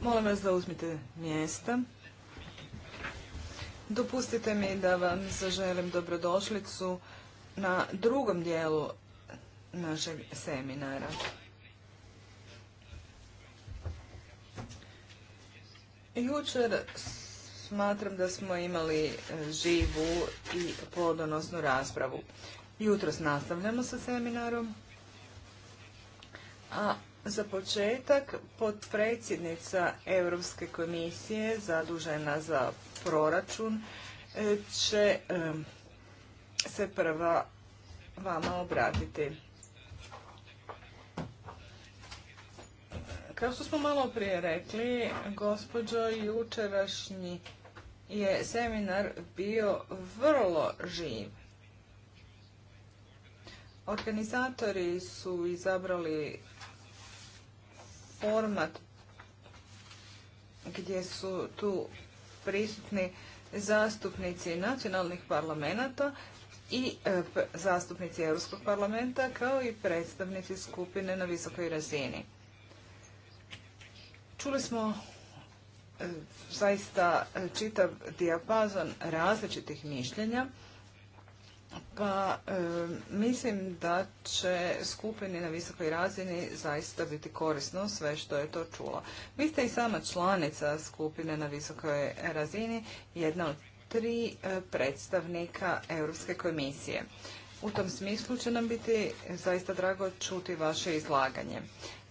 Molim vas da uzmite mjesta. Dopustite mi da vam zaželim dobrodošlicu na drugom dijelu našeg seminara. Jučer smatram da smo imali e, živu i plodonosnu raspravu. Jutros nastavljamo sa seminarom. A za početak, potpredsjednica Europske komisije zadužena za proračun e, će se prva vama obratiti. Kao što smo malo prije rekli, gospođo, jučerašnji je seminar bio vrlo živ. Organizatori su izabrali format gdje su tu prisutni zastupnici nacionalnih parlamenta i e, zastupnici Europskog parlamenta kao i predstavnici skupine na visokoj razini. Čuli smo e, zaista čitav dijapazon različitih mišljenja pa e, mislim da će skupini na visokoj razini zaista biti korisno sve što je to čulo. Vi ste i sama članica skupine na visokoj razini, jedna od tri e, predstavnika Europske komisije. U tom smislu će nam biti zaista drago čuti vaše izlaganje.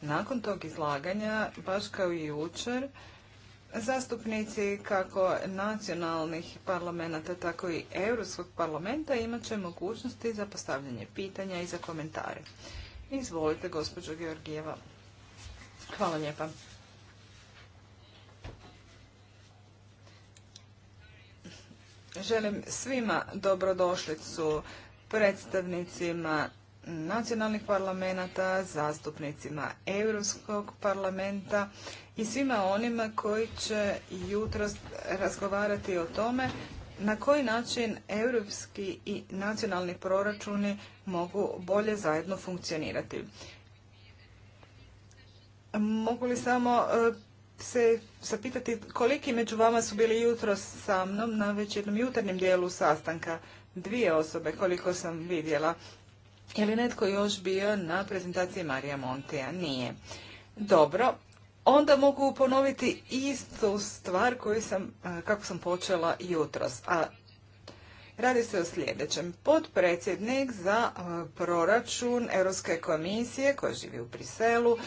Nakon tog izlaganja, baš kao i jučer, Zastupnici kako nacionalnih parlamenta, tako i Europskog parlamenta imat će mogućnosti za postavljanje pitanja i za komentare. Izvolite, gospođo Georgijeva. Hvala lijepa. Želim svima dobrodošlicu predstavnicima nacionalnih parlamenata, zastupnicima Europskog parlamenta i svima onima koji će jutro razgovarati o tome na koji način europski i nacionalni proračuni mogu bolje zajedno funkcionirati. Mogu li samo e, se zapitati koliki među vama su bili jutros sa mnom na već jednom jutarnjem dijelu sastanka? Dvije osobe koliko sam vidjela. Je li netko još bio na prezentaciji Marija Montija? Nije. Dobro, onda mogu ponoviti istu stvar koju sam, kako sam počela jutros. A Radi se o sljedećem. Podpredsjednik za proračun Europske komisije koji živi u Briselu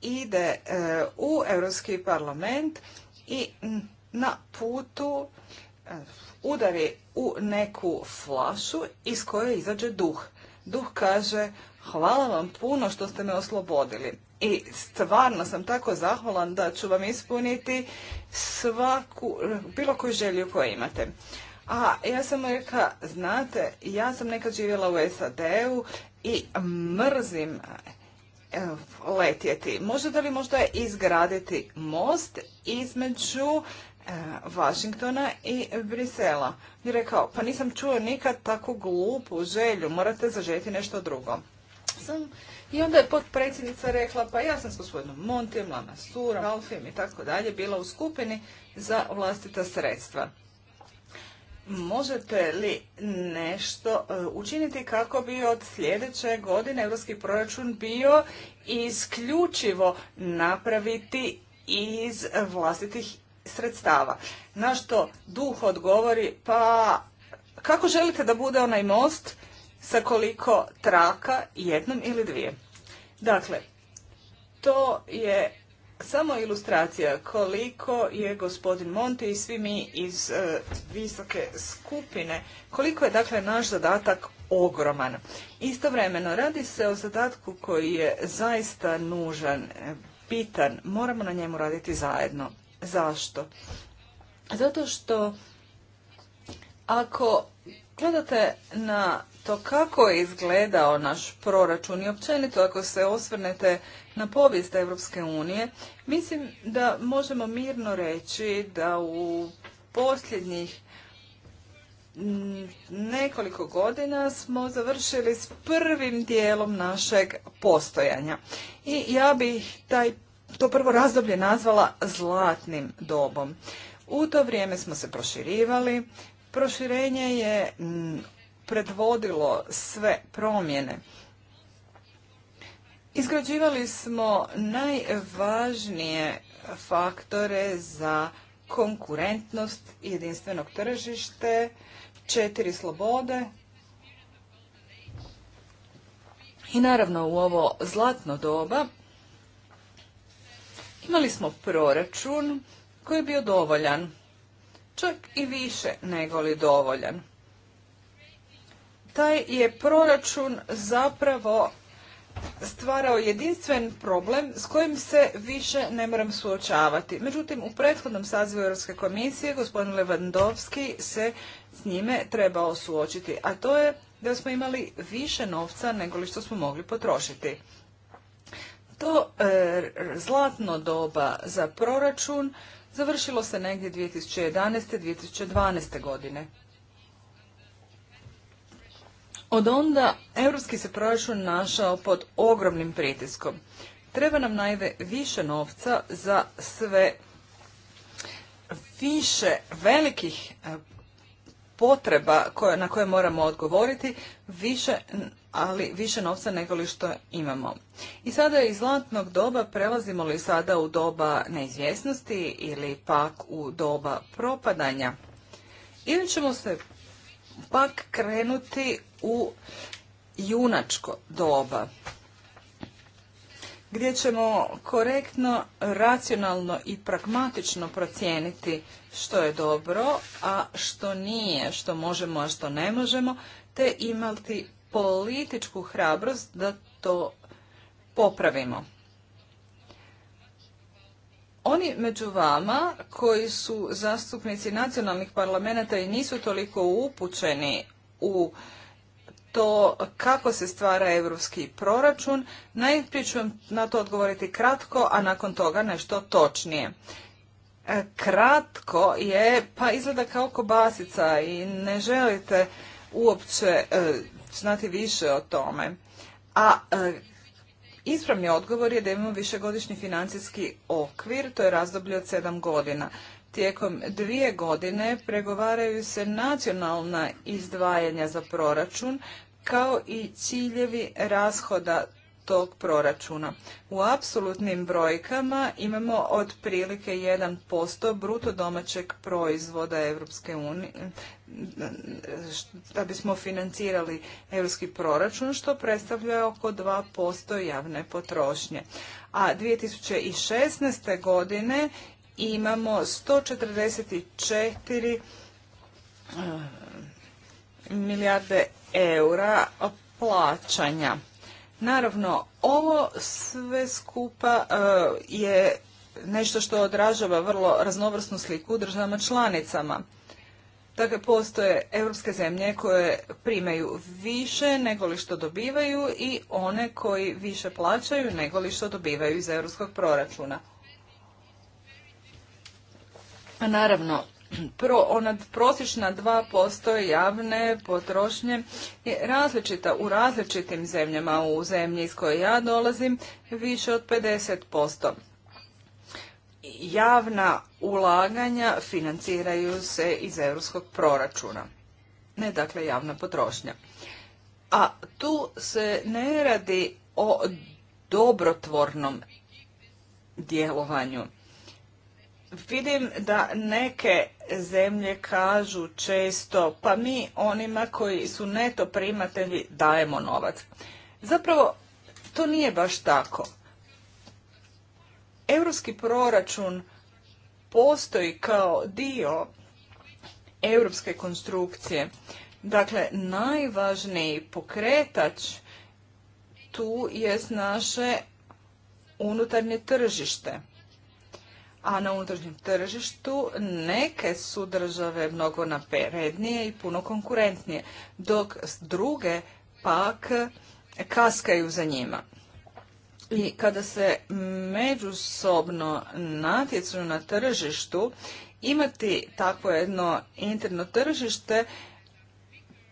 ide e, u Europski parlament i na putu e, udari u neku flašu iz koje izađe duh duh kaže hvala vam puno što ste me oslobodili. I stvarno sam tako zahvalan da ću vam ispuniti svaku, bilo koju želju koju imate. A ja sam rekla, znate, ja sam nekad živjela u SAD-u i mrzim eh, letjeti. Možete li možda izgraditi most između Washingtona e, i Brisela. I rekao, pa nisam čuo nikad tako glupu želju, morate zažeti nešto drugo. I onda je potpredsjednica rekla, pa ja sam s gospodinom Montijem, Lama Surom, i tako dalje bila u skupini za vlastita sredstva. Možete li nešto e, učiniti kako bi od sljedeće godine europski proračun bio isključivo napraviti iz vlastitih sredstava. Na što duh odgovori, pa kako želite da bude onaj most sa koliko traka, jednom ili dvije? Dakle, to je samo ilustracija koliko je gospodin Monte i svi mi iz e, visoke skupine, koliko je dakle naš zadatak ogroman. Istovremeno radi se o zadatku koji je zaista nužan, e, bitan, moramo na njemu raditi zajedno. Zašto? Zato što ako gledate na to kako je izgledao naš proračun i općenito ako se osvrnete na povijest Europske unije, mislim da možemo mirno reći da u posljednjih nekoliko godina smo završili s prvim dijelom našeg postojanja. I ja bih taj to prvo razdoblje nazvala zlatnim dobom. U to vrijeme smo se proširivali. Proširenje je predvodilo sve promjene. Izgrađivali smo najvažnije faktore za konkurentnost jedinstvenog tržište, četiri slobode i naravno u ovo zlatno doba Imali smo proračun koji je bio dovoljan, čak i više nego li dovoljan. Taj je proračun zapravo stvarao jedinstven problem s kojim se više ne moram suočavati. Međutim, u prethodnom sazivu Europske komisije gospodin Levandovski se s njime trebao suočiti, a to je da smo imali više novca nego li što smo mogli potrošiti. To e, zlatno doba za proračun završilo se negdje 2011. 2012. godine. Od onda europski se proračun našao pod ogromnim pritiskom. Treba nam najve više novca za sve više velikih e, potreba na koje moramo odgovoriti, više ali više novca nego li što imamo. I sada iz zlatnog doba prelazimo li sada u doba neizvjesnosti ili pak u doba propadanja. Ili ćemo se pak krenuti u junačko doba gdje ćemo korektno, racionalno i pragmatično procijeniti što je dobro, a što nije, što možemo, a što ne možemo, te imati političku hrabrost da to popravimo. Oni među vama koji su zastupnici nacionalnih parlamenta i nisu toliko upućeni u to kako se stvara europski proračun, najprije ću vam na to odgovoriti kratko, a nakon toga nešto točnije. E, kratko je, pa izgleda kao kobasica i ne želite uopće e, znati više o tome. A e, ispravni odgovor je da imamo višegodišnji financijski okvir, to je razdoblje od sedam godina. Tijekom dvije godine pregovaraju se nacionalna izdvajanja za proračun kao i ciljevi rashoda tog proračuna. U apsolutnim brojkama imamo otprilike 1% bruto domaćeg proizvoda Europske unije da bismo financirali europski proračun što predstavlja oko 2% javne potrošnje. A 2016. godine imamo 144 eh, milijarde eura plaćanja. Naravno, ovo sve skupa e, je nešto što odražava vrlo raznovrsnu sliku u državama članicama. Dakle, postoje europske zemlje koje primaju više nego li što dobivaju i one koji više plaćaju nego li što dobivaju iz europskog proračuna. Naravno, pro, ona prosječna 2% javne potrošnje je različita u različitim zemljama. U zemlji iz koje ja dolazim više od 50%. Javna ulaganja financiraju se iz europskog proračuna. Ne dakle javna potrošnja. A tu se ne radi o dobrotvornom djelovanju. Vidim da neke zemlje kažu često pa mi onima koji su neto primatelji dajemo novac. Zapravo to nije baš tako. Europski proračun postoji kao dio europske konstrukcije. Dakle, najvažniji pokretač tu jest naše unutarnje tržište a na unutrašnjem tržištu neke su države mnogo naprednije i puno konkurentnije, dok druge pak kaskaju za njima. I kada se međusobno natjecaju na tržištu, imati takvo jedno interno tržište,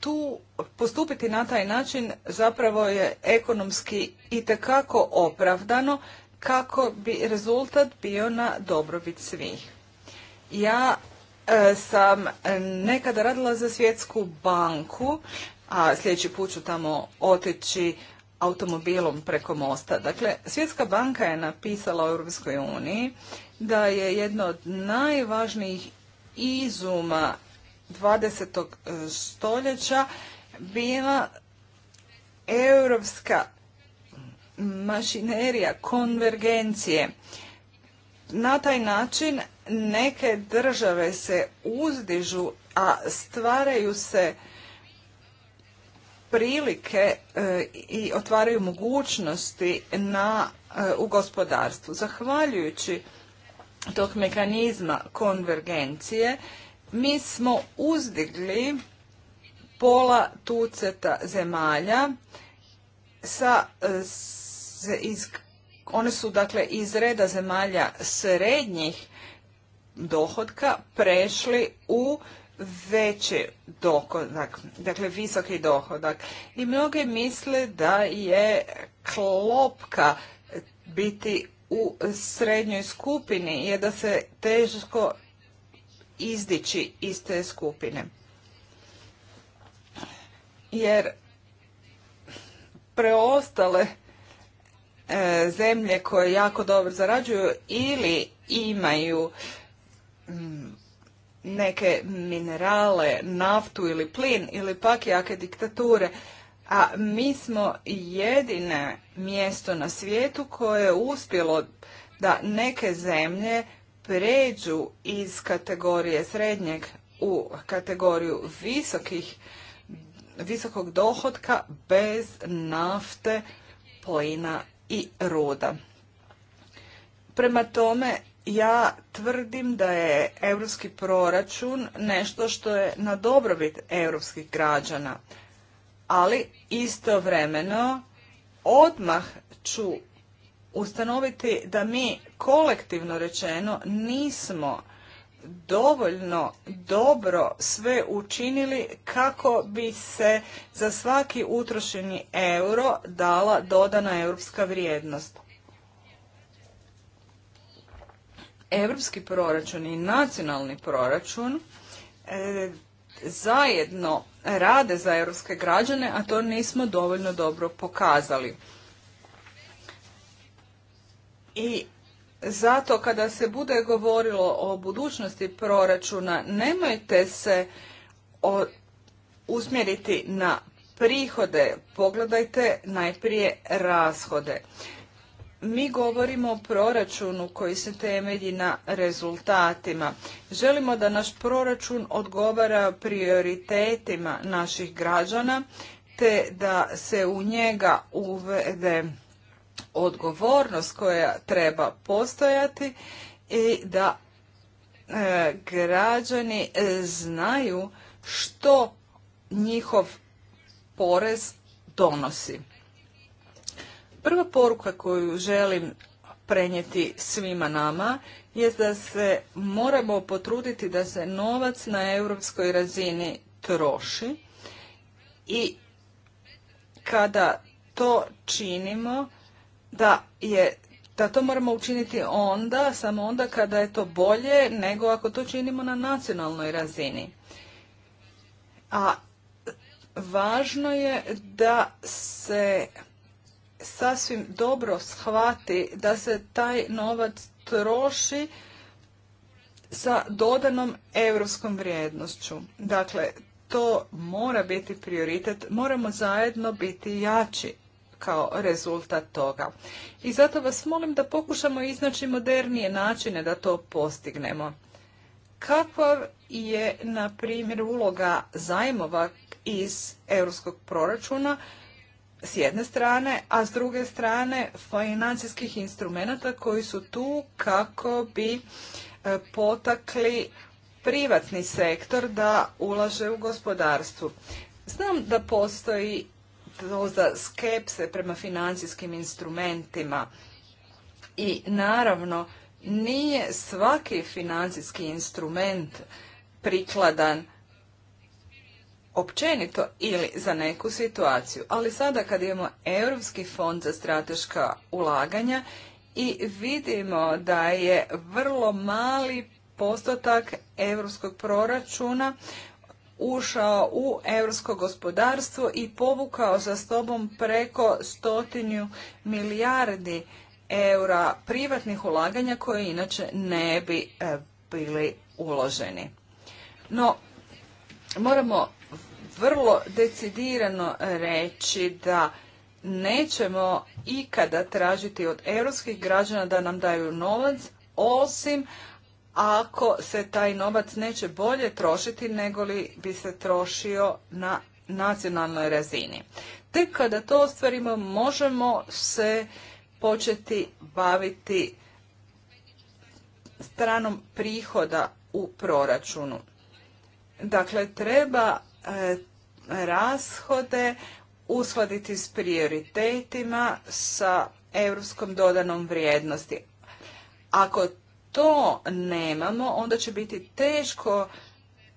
tu postupiti na taj način zapravo je ekonomski i opravdano kako bi rezultat bio na dobrobit svih. Ja e, sam nekada radila za svjetsku banku, a sljedeći put ću tamo otići automobilom preko mosta. Dakle, Svjetska banka je napisala u Europskoj uniji da je jedno od najvažnijih izuma 20. stoljeća bila europska mašinerija, konvergencije. Na taj način neke države se uzdižu, a stvaraju se prilike e, i otvaraju mogućnosti na, e, u gospodarstvu. Zahvaljujući tog mekanizma konvergencije, mi smo uzdigli pola tuceta zemalja sa e, iz, one su dakle iz reda zemalja srednjih dohodka prešli u veći dohodak, dakle visoki dohodak. I mnoge misle da je klopka biti u srednjoj skupini je da se teško izdići iz te skupine. Jer preostale E, zemlje koje jako dobro zarađuju ili imaju mm, neke minerale, naftu ili plin ili pak jake diktature. A mi smo jedine mjesto na svijetu koje je uspjelo da neke zemlje pređu iz kategorije srednjeg u kategoriju visokih, visokog dohotka bez nafte, plina i roda. Prema tome, ja tvrdim da je europski proračun nešto što je na dobrobit europskih građana, ali istovremeno odmah ću ustanoviti da mi kolektivno rečeno nismo dovoljno dobro sve učinili kako bi se za svaki utrošeni euro dala dodana europska vrijednost. Europski proračun i nacionalni proračun e, zajedno rade za europske građane, a to nismo dovoljno dobro pokazali. I zato kada se bude govorilo o budućnosti proračuna, nemojte se usmjeriti na prihode, pogledajte najprije rashode. Mi govorimo o proračunu koji se temelji na rezultatima. Želimo da naš proračun odgovara prioritetima naših građana te da se u njega uvede odgovornost koja treba postojati i da e, građani e, znaju što njihov porez donosi. Prva poruka koju želim prenijeti svima nama je da se moramo potruditi da se novac na europskoj razini troši i kada to činimo da je da to moramo učiniti onda, samo onda kada je to bolje nego ako to činimo na nacionalnoj razini. A važno je da se sasvim dobro shvati da se taj novac troši sa dodanom europskom vrijednošću. Dakle, to mora biti prioritet, moramo zajedno biti jači kao rezultat toga. I zato vas molim da pokušamo iznaći modernije načine da to postignemo. Kako je, na primjer, uloga zajmova iz europskog proračuna s jedne strane, a s druge strane financijskih instrumenata koji su tu kako bi e, potakli privatni sektor da ulaže u gospodarstvu. Znam da postoji za skepse prema financijskim instrumentima. I naravno, nije svaki financijski instrument prikladan općenito ili za neku situaciju. Ali sada kad imamo Europski fond za strateška ulaganja i vidimo da je vrlo mali postotak europskog proračuna ušao u europsko gospodarstvo i povukao za sobom preko stotinju milijardi eura privatnih ulaganja koje inače ne bi e, bili uloženi. No, moramo vrlo decidirano reći da nećemo ikada tražiti od europskih građana da nam daju novac, osim ako se taj novac neće bolje trošiti nego li bi se trošio na nacionalnoj razini. Tek kada to ostvarimo možemo se početi baviti stranom prihoda u proračunu. Dakle, treba e, rashode uskladiti s prioritetima sa europskom dodanom vrijednosti. Ako to nemamo, onda će biti teško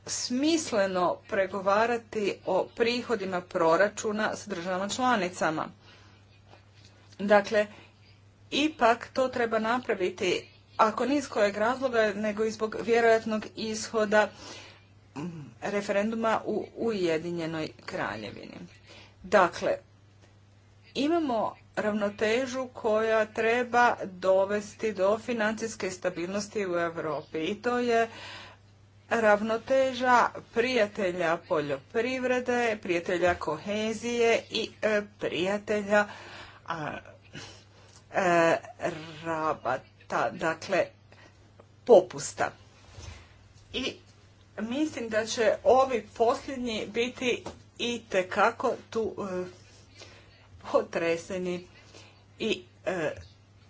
smisleno pregovarati o prihodima proračuna s državama članicama. Dakle, ipak to treba napraviti ako ni iz kojeg razloga, nego i zbog vjerojatnog ishoda mm, referenduma u Ujedinjenoj kraljevini. Dakle, imamo ravnotežu koja treba dovesti do financijske stabilnosti u Europi. I to je ravnoteža prijatelja poljoprivrede, prijatelja kohezije i e, prijatelja a, e, rabata, dakle popusta. I mislim da će ovi posljednji biti i tekako tu e, potreseni i e,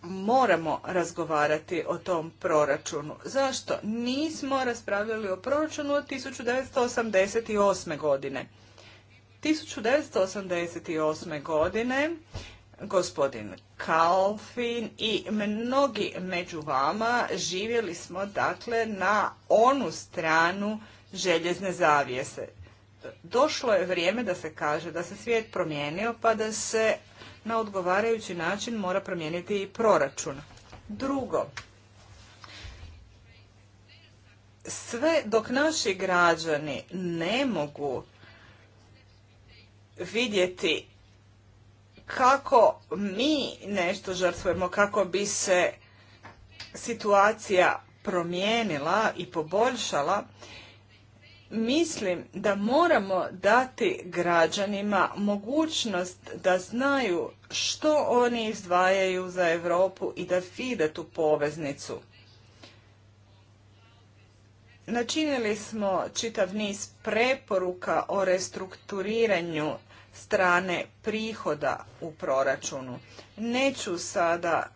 moramo razgovarati o tom proračunu. Zašto? Nismo raspravljali o proračunu od 1988. godine. 1988. godine gospodin Kalfin i mnogi među vama živjeli smo dakle na onu stranu željezne zavijese došlo je vrijeme da se kaže da se svijet promijenio pa da se na odgovarajući način mora promijeniti i proračun. Drugo, sve dok naši građani ne mogu vidjeti kako mi nešto žrtvujemo, kako bi se situacija promijenila i poboljšala, mislim da moramo dati građanima mogućnost da znaju što oni izdvajaju za Europu i da fide tu poveznicu. Načinili smo čitav niz preporuka o restrukturiranju strane prihoda u proračunu. Neću sada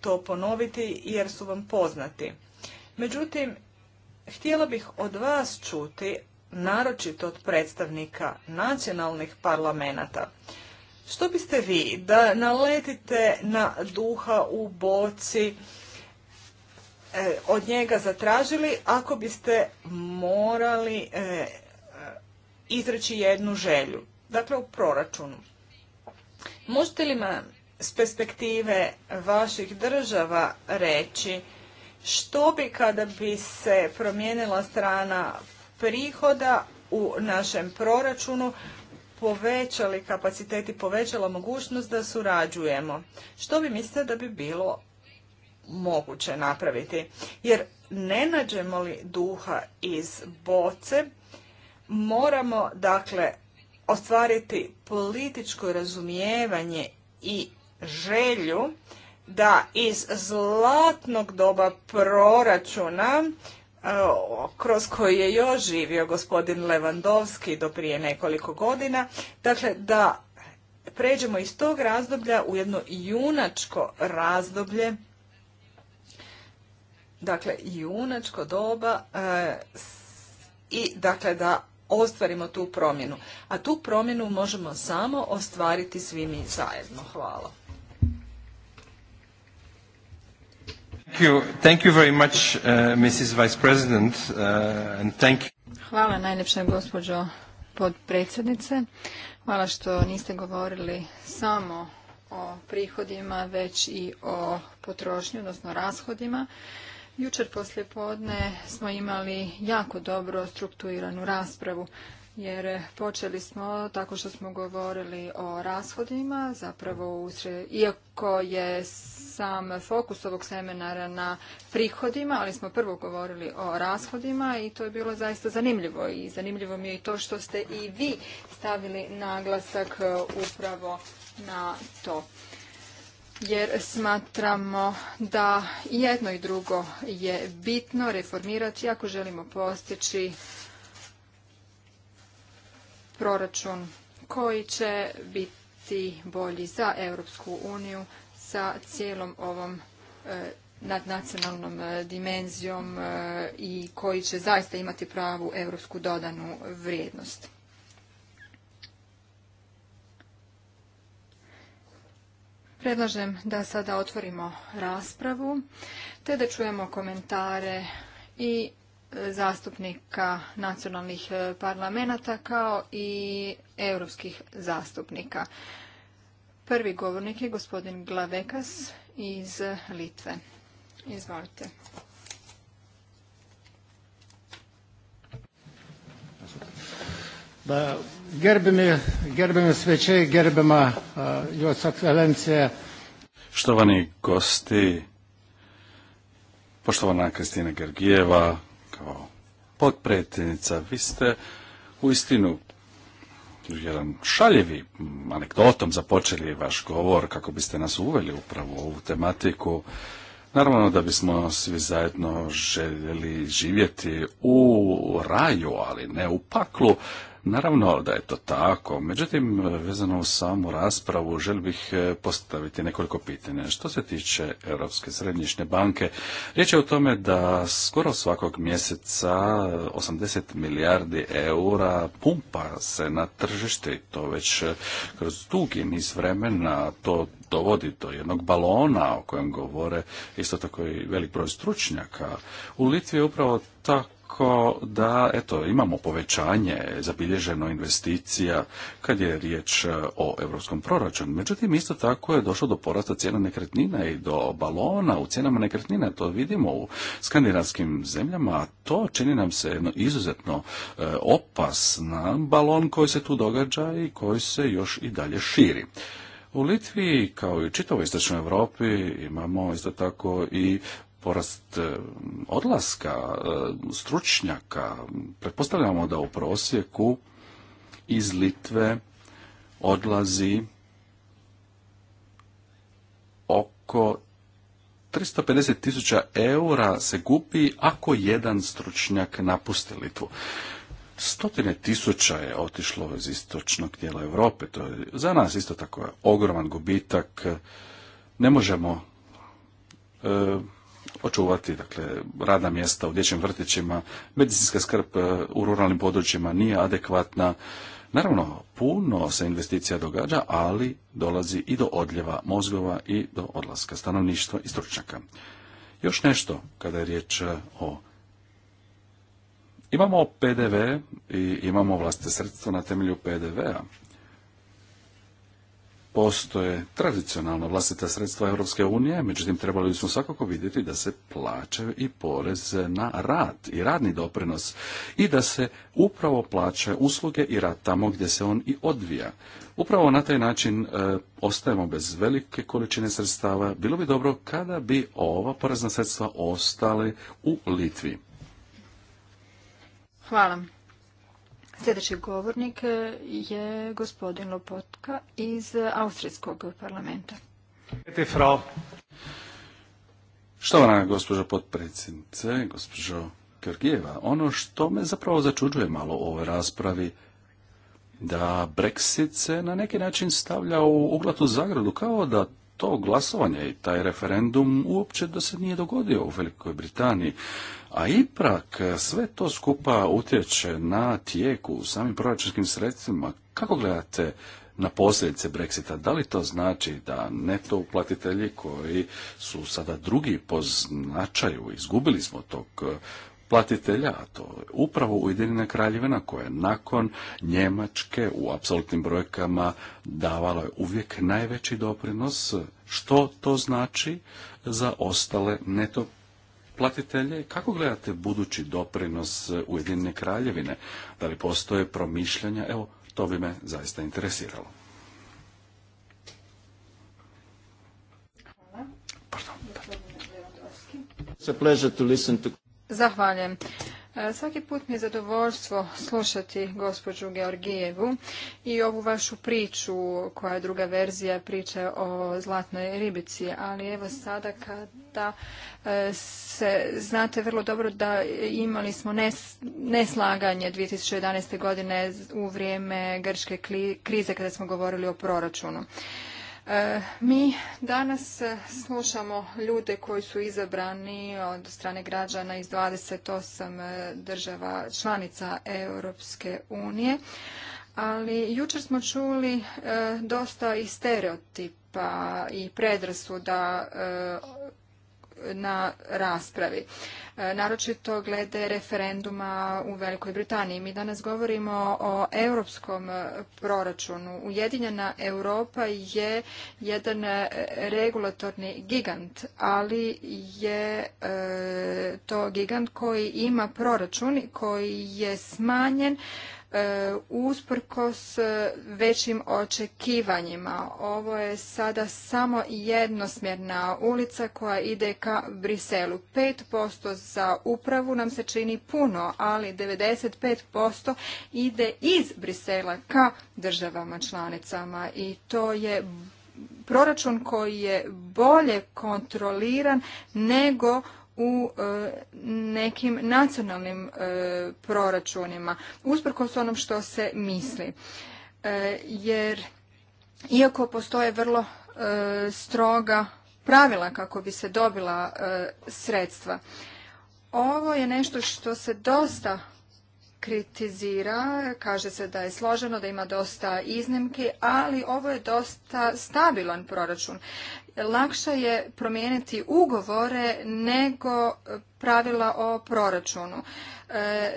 to ponoviti jer su vam poznati. Međutim, Htjela bih od vas čuti, naročito od predstavnika nacionalnih parlamenta, što biste vi da naletite na duha u boci, e, od njega zatražili ako biste morali e, izreći jednu želju, dakle u proračunu. Možete li ma s perspektive vaših država reći što bi kada bi se promijenila strana prihoda u našem proračunu, povećali kapaciteti, povećala mogućnost da surađujemo. Što bi mislite da bi bilo moguće napraviti? Jer ne nađemo li duha iz boce, moramo dakle ostvariti političko razumijevanje i želju da iz zlatnog doba proračuna e, kroz koji je još živio gospodin Levandovski do prije nekoliko godina, dakle da pređemo iz tog razdoblja u jedno junačko razdoblje, dakle junačko doba e, i dakle da ostvarimo tu promjenu. A tu promjenu možemo samo ostvariti svi mi zajedno. Hvala. Hvala najljepša gospođo podpredsjednice. Hvala što niste govorili samo o prihodima, već i o potrošnji, odnosno rashodima. Jučer poslje podne smo imali jako dobro strukturiranu raspravu jer eh, počeli smo tako što smo govorili o rashodima, zapravo iako je sam fokus ovog seminara na prihodima, ali smo prvo govorili o rashodima i to je bilo zaista zanimljivo i zanimljivo mi je i to što ste i vi stavili naglasak eh, upravo na to jer smatramo da jedno i drugo je bitno reformirati ako želimo postići proračun koji će biti bolji za Europsku uniju sa cijelom ovom e, nadnacionalnom e, dimenzijom e, i koji će zaista imati pravu europsku dodanu vrijednost. Predlažem da sada otvorimo raspravu te da čujemo komentare i zastupnika nacionalnih e, parlamenta kao i europskih zastupnika. Prvi govornik je gospodin Glavekas iz Litve. Izvolite. Gerbimi, gerbimi svečiai, gerbima jos Štovani gosti, poštovana Kristina Gergijeva, kao potpredsjednica, vi ste u istinu jedan šaljevi anegdotom započeli vaš govor kako biste nas uveli upravo u ovu tematiku. Naravno da bismo svi zajedno željeli živjeti u raju, ali ne u paklu. Naravno da je to tako, međutim, vezano u samu raspravu, želio bih e, postaviti nekoliko pitanja. Što se tiče Europske središnje banke, riječ je o tome da skoro svakog mjeseca 80 e, milijardi eura pumpa se na tržište i to već e, kroz dugi niz vremena to dovodi do jednog balona o kojem govore isto tako i velik broj stručnjaka. U Litvi je upravo tako tako da eto imamo povećanje zabilježeno investicija kad je riječ e, o europskom proračunu. Međutim, isto tako je došlo do porasta cijena nekretnina i do balona u cijenama nekretnina. To vidimo u skandinavskim zemljama, a to čini nam se jedno izuzetno e, opasna balon koji se tu događa i koji se još i dalje širi. U Litvi, kao i u čitavoj istočnoj Europi, imamo isto tako i porast e, odlaska e, stručnjaka. Pretpostavljamo da u prosjeku iz Litve odlazi oko 350 tisuća eura se gubi ako jedan stručnjak napusti Litvu. Stotine tisuća je otišlo iz istočnog dijela Europe. To je za nas isto tako ogroman gubitak. Ne možemo e, očuvati dakle, radna mjesta u dječjim vrtićima, medicinska skrb e, u ruralnim područjima nije adekvatna. Naravno, puno se investicija događa, ali dolazi i do odljeva mozgova i do odlaska stanovništva i stručnjaka. Još nešto kada je riječ e, o Imamo PDV i imamo vlastne sredstva na temelju PDV-a postoje tradicionalno vlastita sredstva Europske unije, međutim trebali smo svakako vidjeti da se plaćaju i porez na rad i radni doprinos i da se upravo plaćaju usluge i rad tamo gdje se on i odvija. Upravo na taj način e, ostajemo bez velike količine sredstava. Bilo bi dobro kada bi ova porezna sredstva ostale u Litvi. Hvala. Sljedeći govornik je gospodin Lopotka iz Austrijskog parlamenta. Štovana gospođo potpredsjednice, gospođo Georgijeva, ono što me zapravo začuđuje malo u ovoj raspravi, da Brexit se na neki način stavlja u uglatu zagradu, kao da to glasovanje i taj referendum uopće do se nije dogodio u Velikoj Britaniji. A ipak sve to skupa utječe na tijeku u samim proračunskim sredstvima. Kako gledate na posljedice Brexita. Da li to znači da neto uplatitelji koji su sada drugi po značaju, izgubili smo tog e, platitelja, a to je upravo Ujedinjena kraljevina koja je nakon Njemačke u apsolutnim brojkama davala je uvijek najveći doprinos. Što to znači za ostale neto platitelje. Kako gledate budući doprinos Ujedinjene kraljevine? Da li postoje promišljanja? Evo, to bi me zaista interesiralo. Hvala. Pardon. Zahvaljujem. E, svaki put mi je zadovoljstvo slušati gospođu Georgijevu i ovu vašu priču koja je druga verzija priče o zlatnoj ribici, ali evo sada kada e, se znate vrlo dobro da imali smo neslaganje 2011. godine u vrijeme grčke krize kada smo govorili o proračunu. E, mi danas e, slušamo ljude koji su izabrani od strane građana iz 28 e, država članica Europske unije, ali jučer smo čuli dosta i stereotipa i predrasuda na raspravi. E, naročito glede referenduma u Velikoj Britaniji. Mi danas govorimo o europskom e, proračunu. Ujedinjena Europa je jedan e, regulatorni gigant, ali je to gigant koji ima proračun koji je smanjen E, usprkos e, većim očekivanjima. Ovo je sada samo jednosmjerna ulica koja ide ka Briselu. 5% za upravu nam se čini puno, ali 95% ide iz Brisela ka državama članicama i to je proračun koji je bolje kontroliran nego u e, nekim nacionalnim e, proračunima, usprkos onom što se misli. E, jer iako postoje vrlo stroga pravila kako bi se dobila sredstva, ovo je nešto što se dosta kritizira, kaže se da je složeno, da ima dosta iznimke, ali ovo je dosta stabilan proračun lakše je promijeniti ugovore nego pravila o proračunu. E,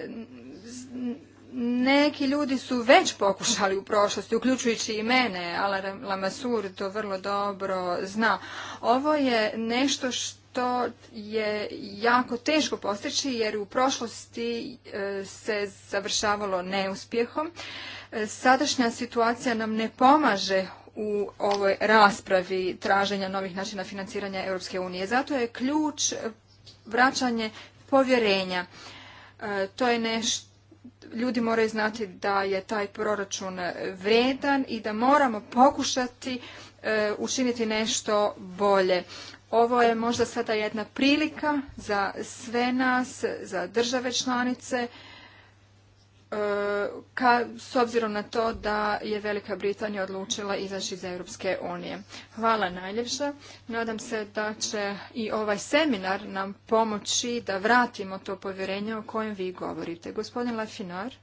neki ljudi su već pokušali u prošlosti, uključujući i mene, Alain Lamassur to vrlo dobro zna. Ovo je nešto što je jako teško postići jer u prošlosti e, se završavalo neuspjehom. E, sadašnja situacija nam ne pomaže u ovoj raspravi traženja novih načina financiranja Europske unije. Zato je ključ vraćanje povjerenja. E, to je nešto, ljudi moraju znati da je taj proračun vredan i da moramo pokušati e, učiniti nešto bolje. Ovo je možda sada jedna prilika za sve nas, za države članice, E, s obzirom na to da je Velika Britanija odlučila izaći iz Europske unije. Hvala najljepša. Nadam se da će i ovaj seminar nam pomoći da vratimo to povjerenje o kojem vi govorite. Gospodin Lafinar.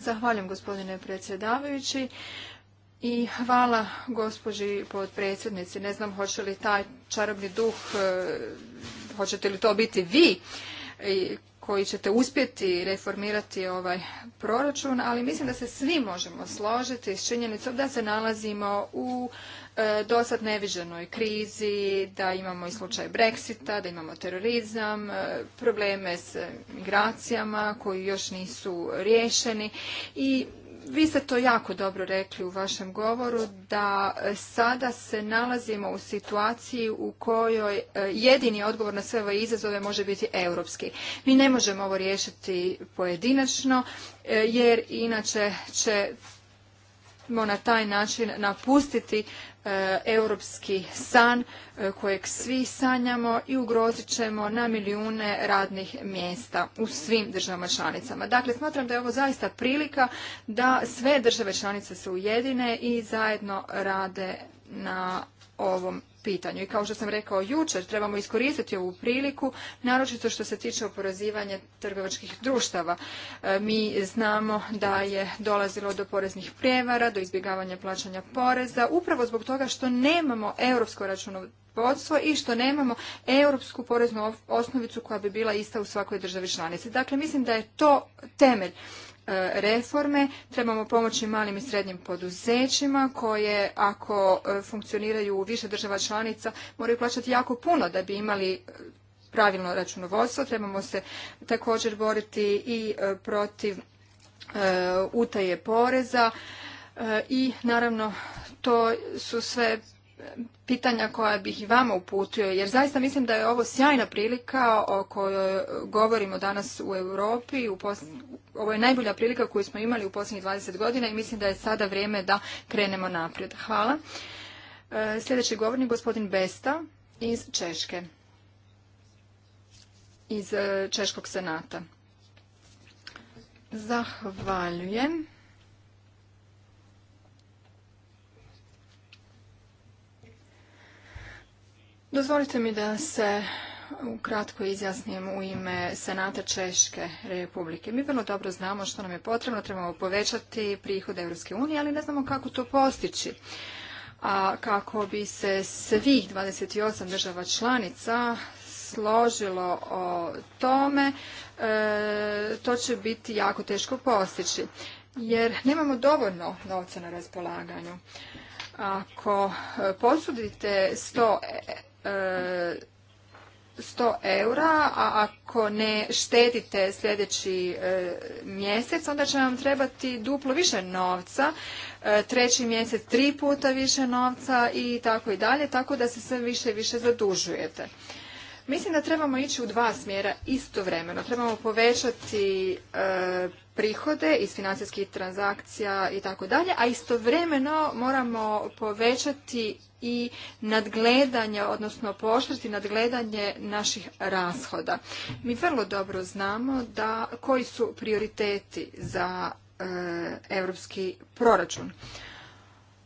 Zahvaljujem gospodine predsjedavajući. I hvala gospođi potpredsjednici. Ne znam hoće li taj čarobni duh, e, hoćete li to biti vi koji ćete uspjeti reformirati ovaj proračun, ali mislim da se svi možemo složiti s činjenicom da se nalazimo u e, dosad neviđenoj krizi, da imamo i slučaj Brexita, da imamo terorizam, e, probleme s migracijama koji još nisu riješeni i vi ste to jako dobro rekli u vašem govoru da e, sada se nalazimo u situaciji u kojoj e, jedini odgovor na sve ove izazove može biti europski. Mi ne možemo ovo riješiti pojedinačno e, jer inače ćemo na taj način napustiti E, europski san e, kojeg svi sanjamo i ugrozit ćemo na milijune radnih mjesta u svim državama članicama. Dakle, smatram da je ovo zaista prilika da sve države članice se ujedine i zajedno rade na ovom pitanju. I kao što sam rekao jučer, trebamo iskoristiti ovu priliku, naročito što se tiče oporezivanja trgovačkih društava. E, mi znamo da je dolazilo do poreznih prijevara, do izbjegavanja plaćanja poreza, upravo zbog toga što nemamo europsko računovodstvo i što nemamo europsku poreznu osnovicu koja bi bila ista u svakoj državi članici. Dakle, mislim da je to temelj E, reforme. Trebamo pomoći malim i srednjim poduzećima koje ako e, funkcioniraju u više država članica moraju plaćati jako puno da bi imali e, pravilno računovodstvo. Trebamo se također boriti i protiv utaje poreza i naravno to su sve pitanja koja bih vama uputio, jer zaista mislim da je ovo sjajna prilika o kojoj govorimo danas u Europi. U Ovo je najbolja prilika koju smo imali u posljednjih 20 godina i mislim da je sada vrijeme da krenemo naprijed. Hvala. E, sljedeći govornik, gospodin Besta iz Češke, iz e, Češkog senata. Zahvaljujem. Dozvolite mi da se ukratko izjasnim u ime Senata Češke republike. Mi vrlo dobro znamo što nam je potrebno, trebamo povećati prihod Europske unije, ali ne znamo kako to postići. A kako bi se svih 28 država članica složilo o tome, e, to će biti jako teško postići. Jer nemamo dovoljno novca na raspolaganju. Ako posudite 100 100 eura, a ako ne štedite sljedeći e, mjesec, onda će vam trebati duplo više novca, e, treći mjesec tri puta više novca i tako i dalje, tako da se sve više i više zadužujete. Mislim da trebamo ići u dva smjera istovremeno. Trebamo povećati e, prihode iz financijskih transakcija i tako dalje, a istovremeno moramo povećati i nadgledanje, odnosno poštriti nadgledanje naših rashoda. Mi vrlo dobro znamo da koji su prioriteti za europski proračun.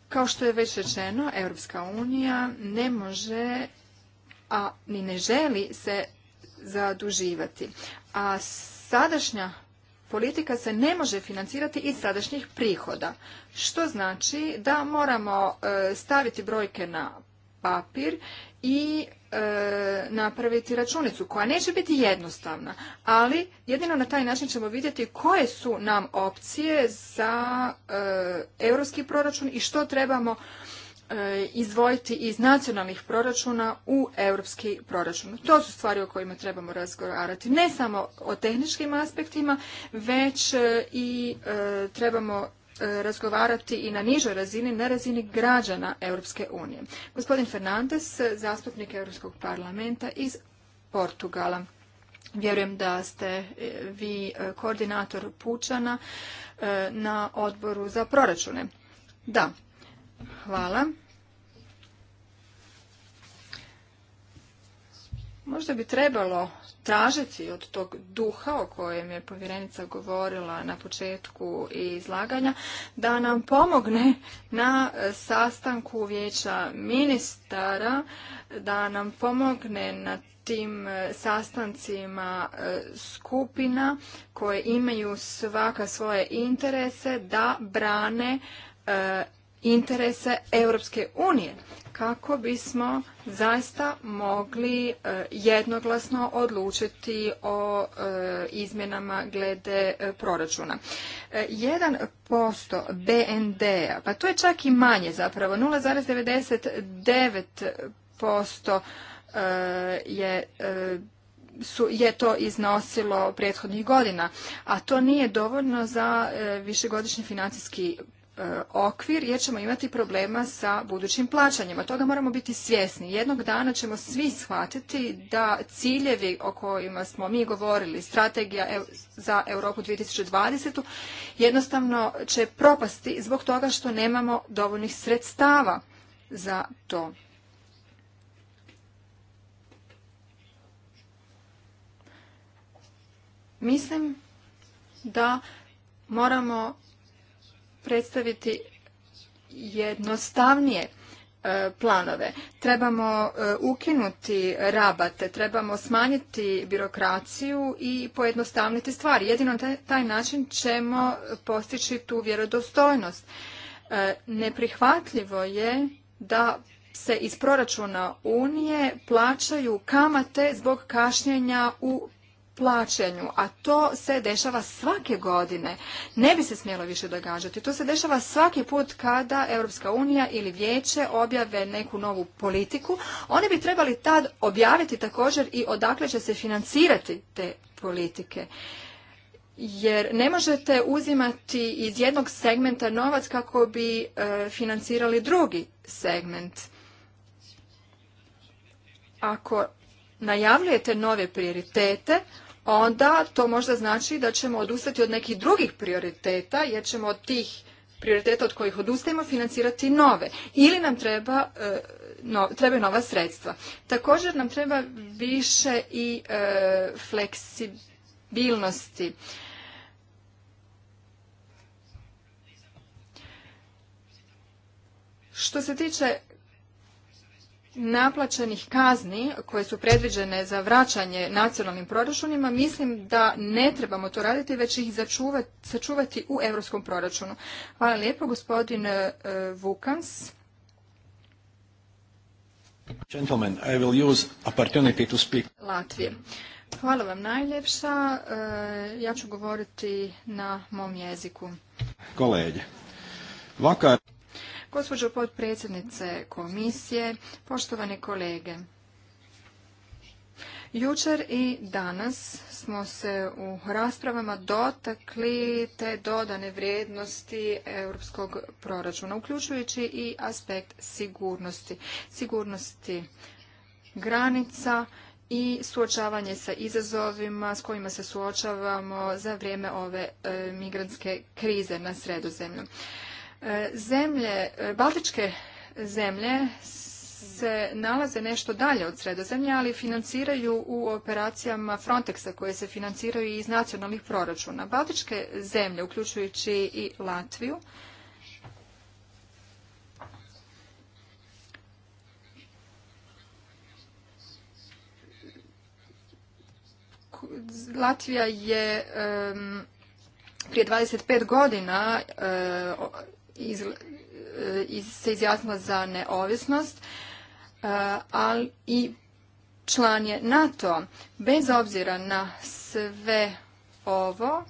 Kao što je već rečeno, Europska unija ne može, a ni ne želi se zaduživati. A sadašnja politika se ne može financirati iz sadašnjih prihoda, što znači da moramo e, staviti brojke na papir i e, napraviti računicu koja neće biti jednostavna, ali jedino na taj način ćemo vidjeti koje su nam opcije za e, europski proračun i što trebamo E, izdvojiti iz nacionalnih proračuna u europski proračun. To su stvari o kojima trebamo razgovarati. Ne samo o tehničkim aspektima, već e, i e, trebamo razgovarati i na nižoj razini, na razini građana Europske unije. Gospodin Fernandes, zastupnik Europskog parlamenta iz Portugala. Vjerujem da ste vi koordinator Pučana na odboru za proračune. Da, Hvala. Možda bi trebalo tražiti od tog duha o kojem je povjerenica govorila na početku izlaganja da nam pomogne na sastanku vijeća ministara, da nam pomogne na tim sastancima e, skupina koje imaju svaka svoje interese da brane e, interese Europske unije kako bismo zaista mogli e, jednoglasno odlučiti o e, izmjenama glede e, proračuna. 1% BND-a, pa to je čak i manje zapravo, 0,99% je su, je to iznosilo prethodnih godina, a to nije dovoljno za višegodišnji financijski E, okvir jer ćemo imati problema sa budućim plaćanjima. Toga moramo biti svjesni. Jednog dana ćemo svi shvatiti da ciljevi o kojima smo mi govorili, strategija za Europu 2020. jednostavno će propasti zbog toga što nemamo dovoljnih sredstava za to. Mislim da moramo predstaviti jednostavnije e, planove. Trebamo e, ukinuti rabate, trebamo smanjiti birokraciju i pojednostavniti stvari. Jedino taj način ćemo postići tu vjerodostojnost. E, neprihvatljivo je da se iz proračuna Unije plaćaju kamate zbog kašnjenja u plaćanju, a to se dešava svake godine. Ne bi se smjelo više događati. To se dešava svaki put kada Europska unija ili vijeće objave neku novu politiku. Oni bi trebali tad objaviti također i odakle će se financirati te politike. Jer ne možete uzimati iz jednog segmenta novac kako bi e, financirali drugi segment. Ako najavljujete nove prioritete, onda to možda znači da ćemo odustati od nekih drugih prioriteta, jer ćemo od tih prioriteta od kojih odustajemo financirati nove. Ili nam treba, e, nova sredstva. Također nam treba više i e, fleksibilnosti. Što se tiče naplaćenih kazni koje su predviđene za vraćanje nacionalnim proračunima, mislim da ne trebamo to raditi, već ih začuvati, sačuvati u europskom proračunu. Hvala lijepo, gospodin e, Vukans. Latvije. Hvala vam najljepša. E, ja ću govoriti na mom jeziku. Kolege, vakar Gospođo potpredsjednice komisije, poštovane kolege, Jučer i danas smo se u raspravama dotakli te dodane vrijednosti europskog proračuna, uključujući i aspekt sigurnosti. Sigurnosti granica i suočavanje sa izazovima s kojima se suočavamo za vrijeme ove e, migrantske krize na sredozemlju. E, zemlje, e, Baltičke zemlje se nalaze nešto dalje od sredozemlja, ali financiraju u operacijama Frontexa koje se financiraju iz nacionalnih proračuna. Baltičke zemlje, uključujući i Latviju, Latvija je prije 25 godina e, E, se izjasnila za neovisnost, e, ali i član je NATO. Bez obzira na sve ovo,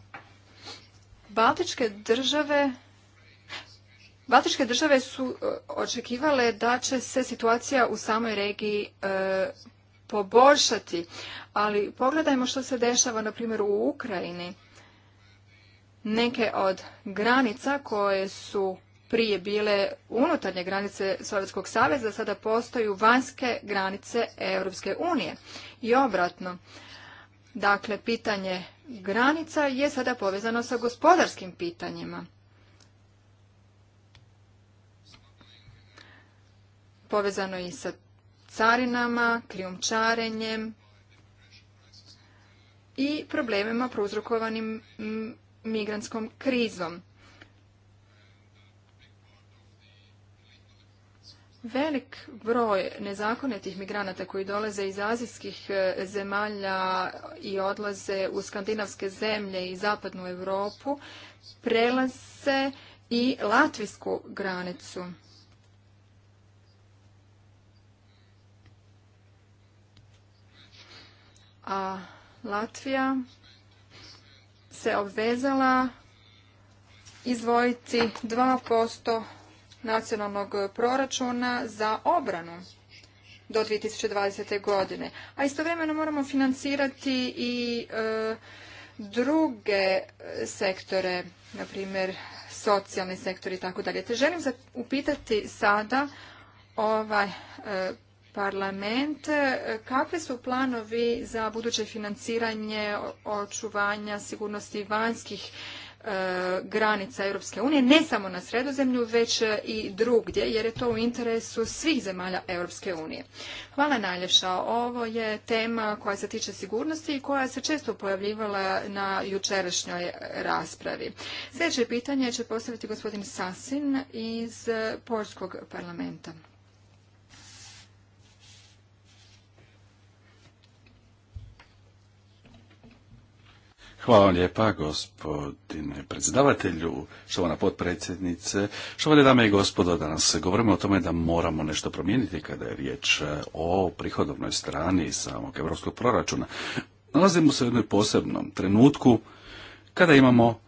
Baltičke države države su e, očekivale da će se situacija u samoj regiji poboljšati, ali pogledajmo što se dešava na primjer u Ukrajini neke od granica koje su prije bile unutarnje granice Sovjetskog saveza sada postaju vanjske granice Europske unije i obratno. Dakle, pitanje granica je sada povezano sa gospodarskim pitanjima. Povezano i sa carinama, krijumčarenjem i problemima prouzrokovanim migrantskom krizom. Velik broj nezakonitih migranata koji dolaze iz azijskih e, zemalja i odlaze u skandinavske zemlje i zapadnu Europu prelaze i latvijsku granicu. A Latvija se obvezala izdvojiti 2% nacionalnog proračuna za obranu do 2020. godine. A istovremeno moramo financirati i e, druge sektore, na primjer socijalni sektor i tako dalje. Te želim upitati sada ovaj e, parlament. E, kakvi su planovi za buduće financiranje očuvanja sigurnosti vanjskih e, granica Europske unije, ne samo na sredozemlju, već e, i drugdje, jer je to u interesu svih zemalja Europske unije. Hvala najljepša. Ovo je tema koja se tiče sigurnosti i koja se često pojavljivala na jučerašnjoj raspravi. Sljedeće pitanje će postaviti gospodin Sasin iz Poljskog parlamenta. Hvala vam lijepa, gospodine predsjedavatelju, štovana potpredsjednice, štovane dame i gospodo, danas govorimo o tome da moramo nešto promijeniti kada je riječ e, o prihodovnoj strani samog evropskog proračuna. Nalazimo se u jednoj posebnom trenutku kada imamo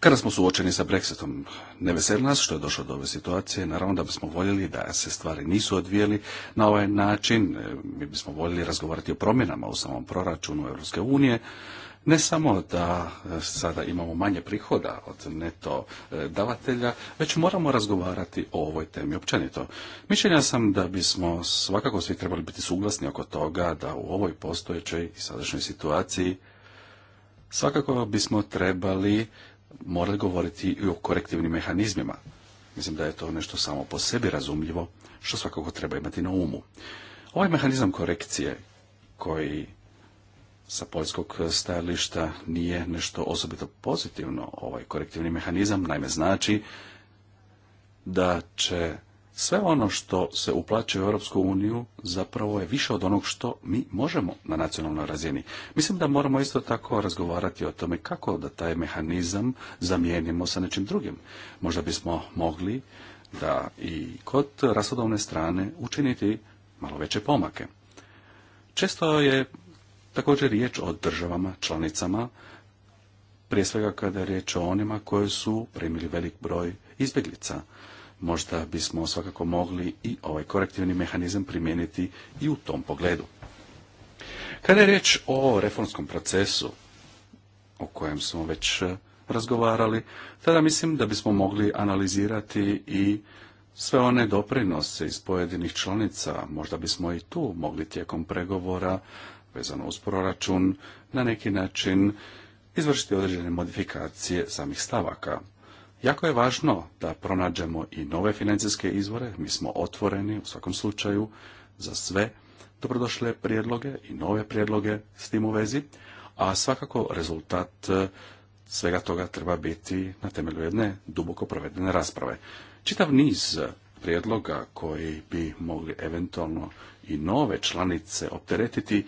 kada smo suočeni sa Brexitom, ne veseli nas što je došlo do ove situacije, naravno da bismo voljeli da se stvari nisu odvijeli na ovaj način, e, mi bismo voljeli razgovarati o promjenama u samom proračunu Europske unije, ne samo da e, sada imamo manje prihoda od neto e, davatelja, već moramo razgovarati o ovoj temi općenito. Mišljenja sam da bismo svakako svi trebali biti suglasni oko toga da u ovoj postojećoj i sadašnjoj situaciji svakako bismo trebali morali govoriti i o korektivnim mehanizmima. Mislim da je to nešto samo po sebi razumljivo, što svakako treba imati na umu. Ovaj mehanizam korekcije koji sa poljskog e, stajališta nije nešto osobito pozitivno ovaj korektivni mehanizam, naime znači da će sve ono što se uplaćuje u Europsku uniju zapravo je više od onog što mi možemo na nacionalnoj razini. Mislim da moramo isto tako razgovarati o tome kako da taj mehanizam zamijenimo sa nečim drugim. Možda bismo mogli da i kod rasodovne strane učiniti malo veće pomake. Često je također riječ o državama, članicama, prije svega kada je riječ o onima koje su primili velik broj izbjeglica. Možda bismo svakako mogli i ovaj korektivni mehanizam primijeniti i u tom pogledu. Kada je riječ o reformskom procesu, o kojem smo već e, razgovarali, tada mislim da bismo mogli analizirati i sve one doprinose iz pojedinih članica. Možda bismo i tu mogli tijekom pregovora vezano uz proračun na neki način izvršiti određene modifikacije samih stavaka. Jako je važno da pronađemo i nove financijske izvore, mi smo otvoreni u svakom slučaju za sve dobrodošle prijedloge i nove prijedloge s tim u vezi, a svakako rezultat eh, svega toga treba biti na temelju jedne duboko provedene rasprave. Čitav niz prijedloga koji bi mogli eventualno i nove članice opteretiti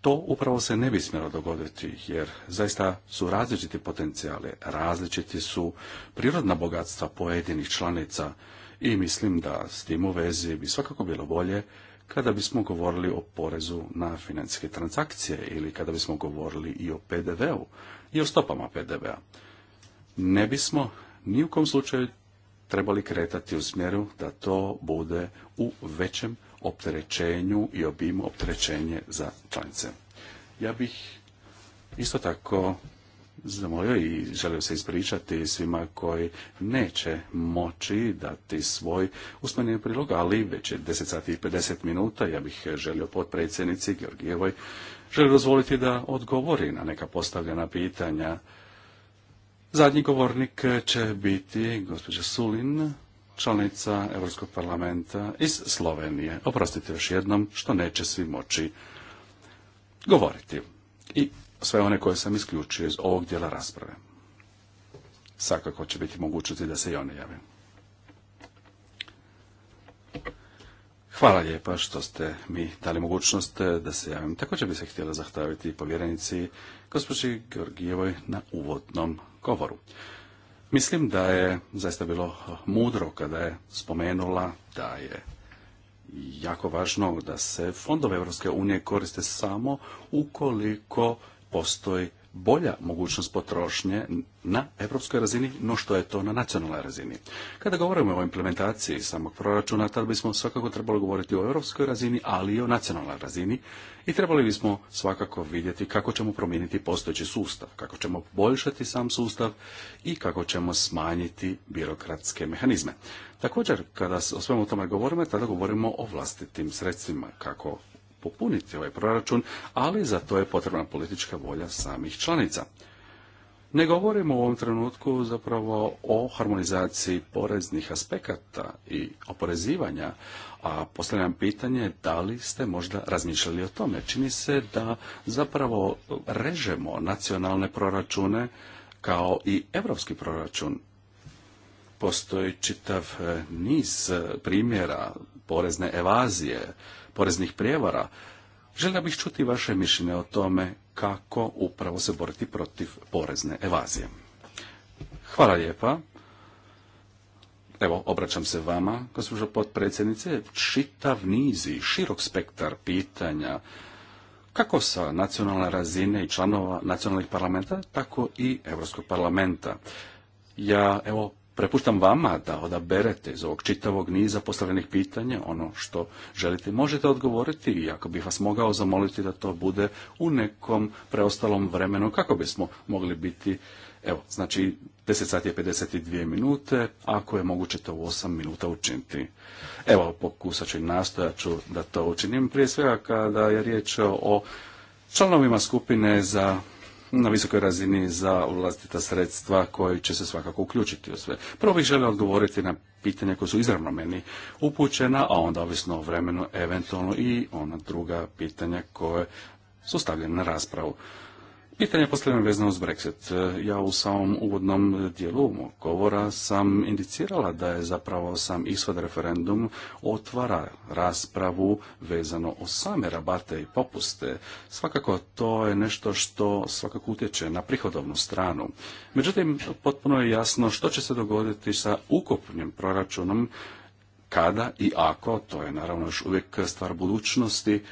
to upravo se ne bi smjelo dogoditi, jer zaista su različiti potencijali, različiti su prirodna bogatstva pojedinih članica i mislim da s tim u vezi bi svakako bilo bolje kada bismo govorili o porezu na financijske transakcije ili kada bismo govorili i o PDV-u i o stopama PDV-a. Ne bismo ni u kom slučaju trebali kretati u smjeru da to bude u većem opterećenju i obimu opterećenje za članice. Ja bih isto tako zamolio i želio se ispričati svima koji neće moći dati svoj usmeni prilog, ali već je 10 sati i 50 minuta. Ja bih želio potpredsjednici Georgijevoj želio dozvoliti da odgovori na neka postavljena pitanja. Zadnji govornik će biti gospođa Sulin članica Europskog parlamenta iz Slovenije. Oprostite još jednom što neće svi moći govoriti. I sve one koje sam isključio iz ovog dijela rasprave. Svakako će biti mogućnosti da se i one jave. Hvala lijepa što ste mi dali mogućnost da se javim. Također bi se htjela zahtaviti povjerenici gospođi Georgijevoj na uvodnom govoru. Mislim da je zaista bilo mudro kada je spomenula da je jako važno da se fondove Europske unije koriste samo ukoliko postoji bolja mogućnost potrošnje na europskoj razini no što je to na nacionalnoj razini. Kada govorimo o implementaciji samog proračuna, tada bismo svakako trebali govoriti o europskoj razini, ali i o nacionalnoj razini i trebali bismo svakako vidjeti kako ćemo promijeniti postojeći sustav, kako ćemo poboljšati sam sustav i kako ćemo smanjiti birokratske mehanizme. Također, kada o svemu tome govorimo, tada govorimo o vlastitim sredstvima, kako popuniti ovaj proračun, ali za to je potrebna politička volja samih članica. Ne govorimo u ovom trenutku zapravo o harmonizaciji poreznih aspekata i oporezivanja, a postavljam pitanje da li ste možda razmišljali o tome. Čini se da zapravo režemo nacionalne proračune kao i europski proračun. Postoji čitav eh, niz eh, primjera porezne evazije, poreznih prijevara. Želio bih čuti vaše mišljenje o tome kako upravo se boriti protiv porezne evazije. Hvala lijepa. Evo, obraćam se vama, gospođo potpredsjednice, čitav niz i širok spektar pitanja kako sa nacionalne razine i članova nacionalnih parlamenta, tako i Europskog parlamenta. Ja evo Prepuštam vama da odaberete iz ovog čitavog niza postavljenih pitanja ono što želite. Možete odgovoriti i ako bih vas mogao zamoliti da to bude u nekom preostalom vremenu kako bismo mogli biti Evo, znači 10 sati je 52 minute, ako je moguće to u 8 minuta učiniti. Evo, pokusat ću i nastojat ću da to učinim. Prije svega kada je riječ o članovima skupine za na visokoj razini za vlastita sredstva koje će se svakako uključiti u sve. Prvo bih želio odgovoriti na pitanja koje su izravno meni upućena, a onda ovisno o vremenu eventualno i ona druga pitanja koje su stavljene na raspravu. Pitanje postavljeno vezano uz Brexit. Ja u samom uvodnom dijelu govora sam indicirala da je zapravo sam ishod referendum otvara raspravu vezano o same rabate i popuste. Svakako to je nešto što svakako utječe na prihodovnu stranu. Međutim, potpuno je jasno što će se dogoditi sa ukupnim proračunom kada i ako, to je naravno još uvijek stvar budućnosti,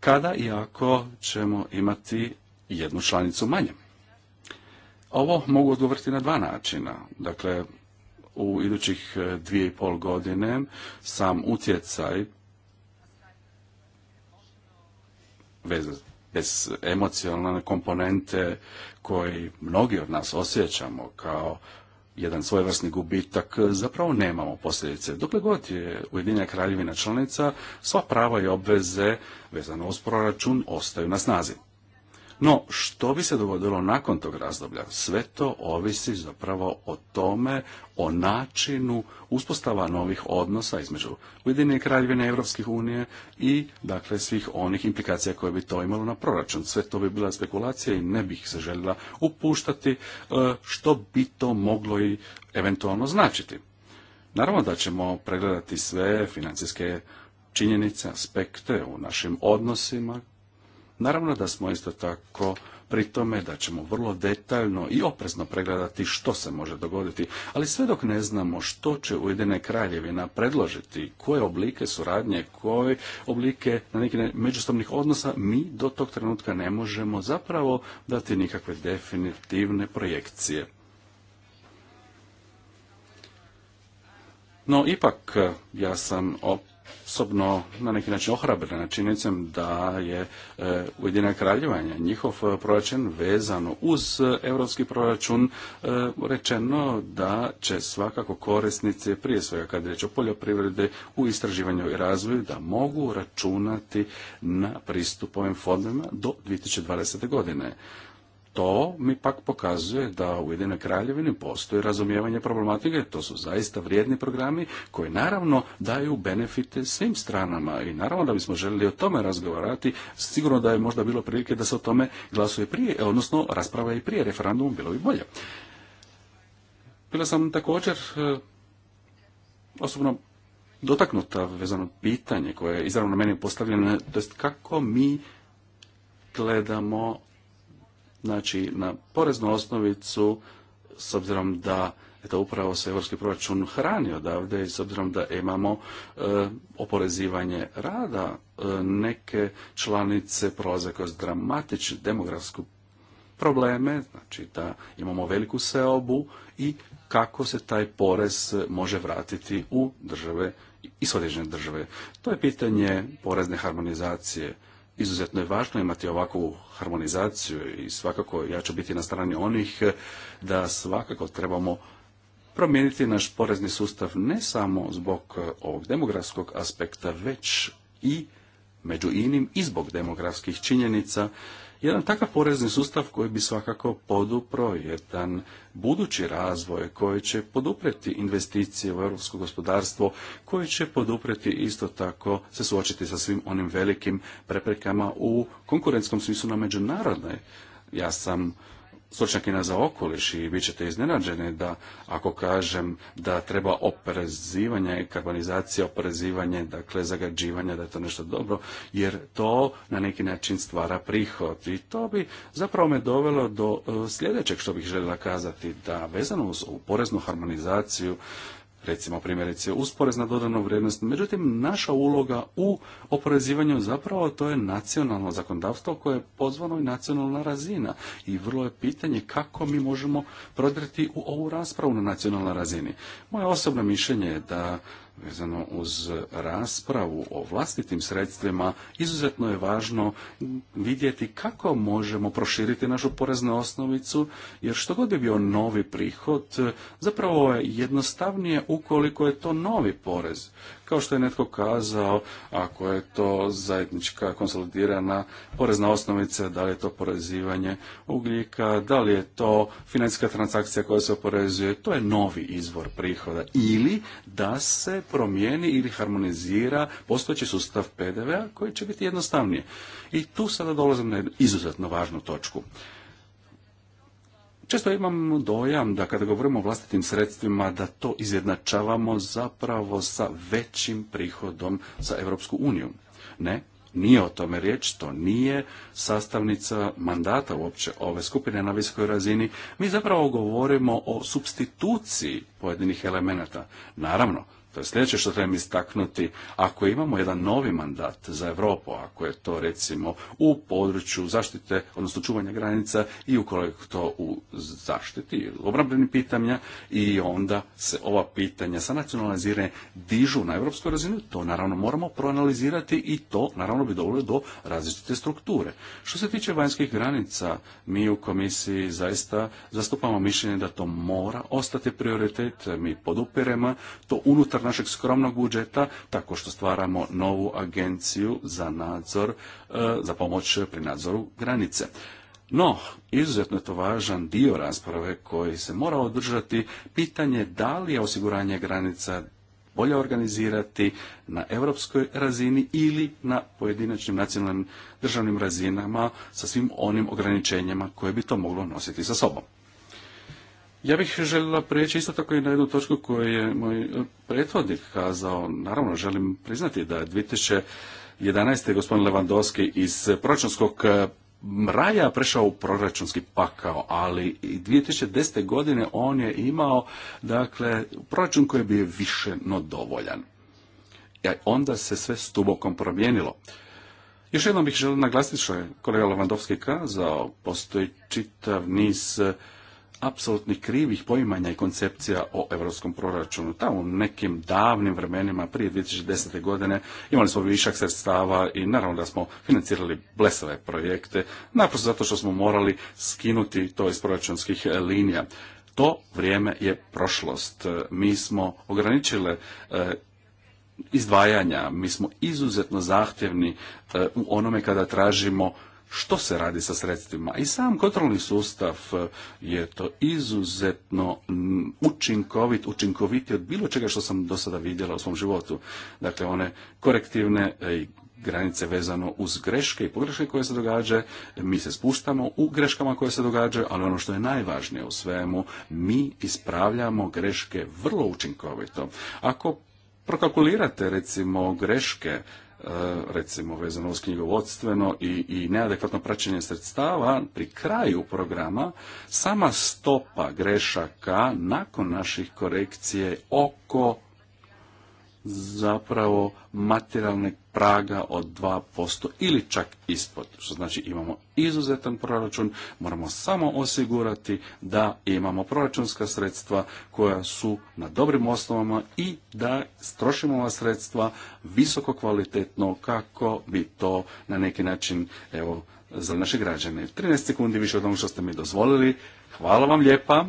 kada i ako ćemo imati jednu članicu manje. Ovo mogu odgovoriti na dva načina. Dakle, u idućih e, dvije i pol godine sam utjecaj bez, bez emocionalne komponente koji mnogi od nas osjećamo kao jedan svojevrsni gubitak, zapravo nemamo posljedice. Dokle god je Ujedinjena kraljevina članica, sva prava i obveze vezano uz proračun ostaju na snazi. No, što bi se dogodilo nakon tog razdoblja? Sve to ovisi zapravo o tome, o načinu uspostava novih odnosa između Ujedinjene kraljevine Evropskih unije i dakle svih onih implikacija koje bi to imalo na proračun. Sve to bi bila spekulacija i ne bih se željela upuštati e, što bi to moglo i eventualno značiti. Naravno da ćemo pregledati sve financijske činjenice, aspekte u našim odnosima Naravno da smo isto tako pri tome da ćemo vrlo detaljno i oprezno pregledati što se može dogoditi, ali sve dok ne znamo što će Ujedine kraljevina predložiti, koje oblike suradnje, koje oblike na neki međusobnih odnosa, mi do tog trenutka ne možemo zapravo dati nikakve definitivne projekcije. No, ipak, ja sam osobno na neki način ohrabrena činjenicom da je e, Ujedina kraljevanja njihov e, proračun vezano uz e, europski proračun rečeno da će svakako korisnici prije svega kad je riječ o poljoprivredi u istraživanju i razvoju da mogu računati na pristup ovim fondovima do 2020. godine to mi pak pokazuje da u Ujedinoj Kraljevini postoji razumijevanje problematike, to su zaista vrijedni programi koji naravno daju benefite svim stranama i naravno da bismo željeli o tome razgovarati, sigurno da je možda bilo prilike da se o tome glasuje prije, odnosno rasprava i prije referendumu, bilo bi bolje. Bila sam također e, osobno dotaknuta vezano pitanje koje je izravno meni postavljeno, to kako mi gledamo znači na poreznu osnovicu s obzirom da eto upravo se europski proračun hrani odavde i s obzirom da imamo e, oporezivanje rada e, neke članice prolaze kroz dramatične demografsku probleme znači da imamo veliku seobu i kako se taj porez može vratiti u države i države to je pitanje porezne harmonizacije Izuzetno je važno imati ovakvu harmonizaciju i svakako ja ću biti na strani onih eh, da svakako trebamo promijeniti naš porezni sustav ne samo zbog eh, ovog demografskog aspekta, već i među inim i zbog demografskih činjenica jedan takav porezni sustav koji bi svakako podupro jedan budući razvoj koji će podupreti investicije u europsko gospodarstvo, koji će podupreti isto tako se suočiti sa svim onim velikim preprekama u konkurentskom smislu na međunarodnoj. Ja sam stručnjakina za okoliš i bit ćete iznenađeni da ako kažem da treba oporezivanje, karbonizacija, oporezivanje, dakle zagađivanje, da je to nešto dobro, jer to na neki način stvara prihod. I to bi zapravo me dovelo do e, sljedećeg što bih željela kazati, da vezano uz poreznu harmonizaciju recimo primjerice uz porez na dodanu vrijednost. Međutim, naša uloga u oporezivanju zapravo to je nacionalno zakonodavstvo koje je pozvano i nacionalna razina. I vrlo je pitanje kako mi možemo prodreti u ovu raspravu na nacionalnoj razini. Moje osobno mišljenje je da vezano uz raspravu o vlastitim sredstvima, izuzetno je važno vidjeti kako možemo proširiti našu poreznu osnovicu, jer što god bi bio novi prihod, zapravo je jednostavnije ukoliko je to novi porez kao što je netko kazao, ako je to zajednička konsolidirana porezna osnovica, da li je to porezivanje ugljika, da li je to financijska transakcija koja se oporezuje, to je novi izvor prihoda. Ili da se promijeni ili harmonizira postojeći sustav PDV-a koji će biti jednostavnije. I tu sada dolazim na jednu izuzetno važnu točku. Često imam dojam da kada govorimo o vlastitim sredstvima da to izjednačavamo zapravo sa većim prihodom za Europsku uniju. Ne, nije o tome riječ, to nije sastavnica mandata uopće ove skupine na visokoj razini. Mi zapravo govorimo o substituciji pojedinih elemenata. Naravno, to je sljedeće što trebam istaknuti. Ako imamo jedan novi mandat za Europu, ako je to recimo u području zaštite, odnosno čuvanja granica i ukoliko to u zaštiti ili pitanja i onda se ova pitanja sa nacionalizirane dižu na europskoj razinu to naravno moramo proanalizirati i to naravno bi dovelo do različite strukture. Što se tiče vanjskih granica, mi u komisiji zaista zastupamo mišljenje da to mora ostati prioritet, mi podupiremo to unutar našeg skromnog budžeta tako što stvaramo novu agenciju za nadzor, e, za pomoć pri nadzoru granice. No, izuzetno je to važan dio rasprave koji se mora održati, pitanje da li je osiguranje granica bolje organizirati na europskoj razini ili na pojedinačnim nacionalnim državnim razinama sa svim onim ograničenjima koje bi to moglo nositi sa sobom. Ja bih željela prijeći isto tako i na jednu točku koju je moj e, prethodnik kazao. Naravno, želim priznati da je 2011. gospodin Lewandowski iz proračunskog e, raja prešao u proračunski pakao, ali i 2010. godine on je imao dakle, proračun koji bi je više no dovoljan. I e, onda se sve tubokom promijenilo. Još jednom bih želio naglasiti što je kolega Levandovski kazao, postoji čitav niz apsolutnih krivih poimanja i koncepcija o europskom proračunu. Tamo u nekim davnim vremenima, prije 2010. godine, imali smo višak sredstava i naravno da smo financirali blesave projekte, naprosto zato što smo morali skinuti to iz proračunskih e, linija. To vrijeme je prošlost. E, mi smo ograničile e, izdvajanja, mi smo izuzetno zahtjevni u onome kada tražimo što se radi sa sredstvima. I sam kontrolni sustav e, je to izuzetno učinkovit, učinkoviti od bilo čega što sam do sada vidjela u svom životu. Dakle, one korektivne e, i granice vezano uz greške i pogreške koje se događaju, mi se spuštamo u greškama koje se događaju, ali ono što je najvažnije u svemu, mi ispravljamo greške vrlo učinkovito. Ako prokalkulirate recimo greške E, recimo vezano uz knjigovodstveno i, i neadekvatno praćenje sredstava, pri kraju programa sama stopa grešaka nakon naših korekcije oko zapravo materijalnog praga od 2% ili čak ispod. Što znači imamo izuzetan proračun, moramo samo osigurati da imamo proračunska sredstva koja su na dobrim osnovama i da strošimo ova sredstva visoko kvalitetno kako bi to na neki način evo, za naše građane. 13 sekundi više od onog što ste mi dozvolili. Hvala vam lijepa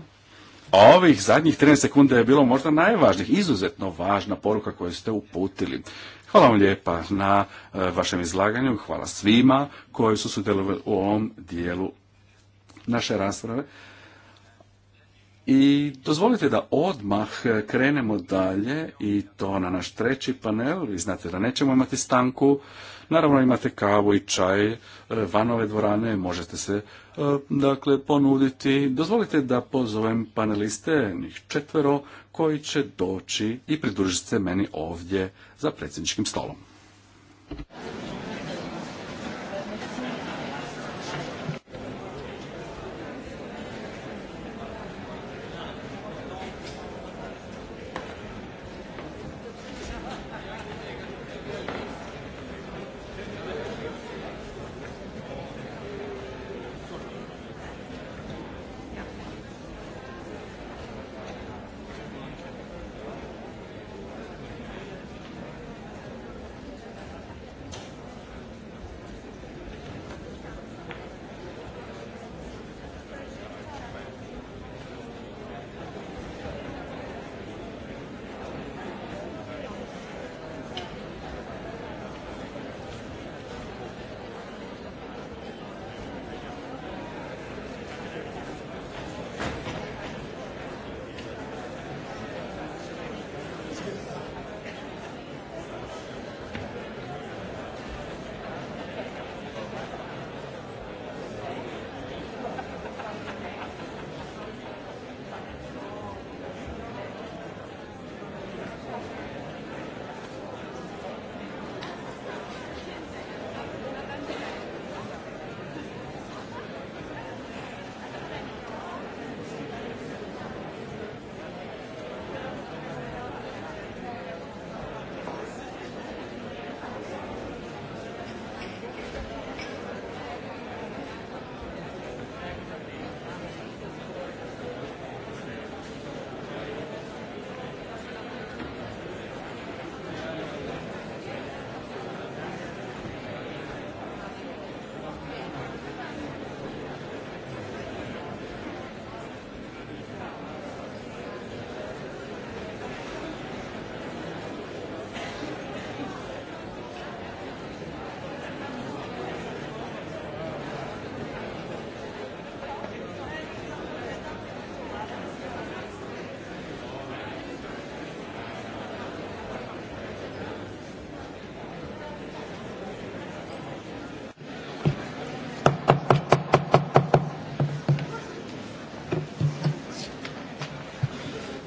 ovih zadnjih 13 sekunda je bilo možda najvažnijih, izuzetno važna poruka koju ste uputili. Hvala vam lijepa na e, vašem izlaganju, hvala svima koji su sudjelovali u ovom dijelu naše rasprave. I dozvolite da odmah krenemo dalje i to na naš treći panel. Vi znate da nećemo imati stanku. Naravno imate kavu i čaj e, van ove dvorane, možete se e, dakle ponuditi. Dozvolite da pozovem paneliste, njih četvero, koji će doći i pridružiti se meni ovdje za predsjedničkim stolom.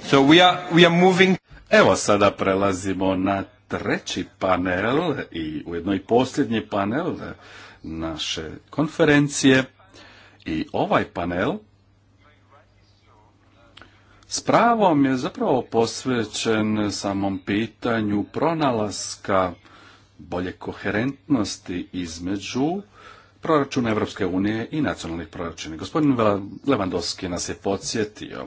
So we are, we are moving... Evo sada prelazimo na treći panel i ujedno i posljednji panel naše konferencije. I ovaj panel s pravom je zapravo posvećen samom pitanju pronalaska bolje koherentnosti između proračuna Europske unije i nacionalnih proračuna. Gospodin Levandovski nas je podsjetio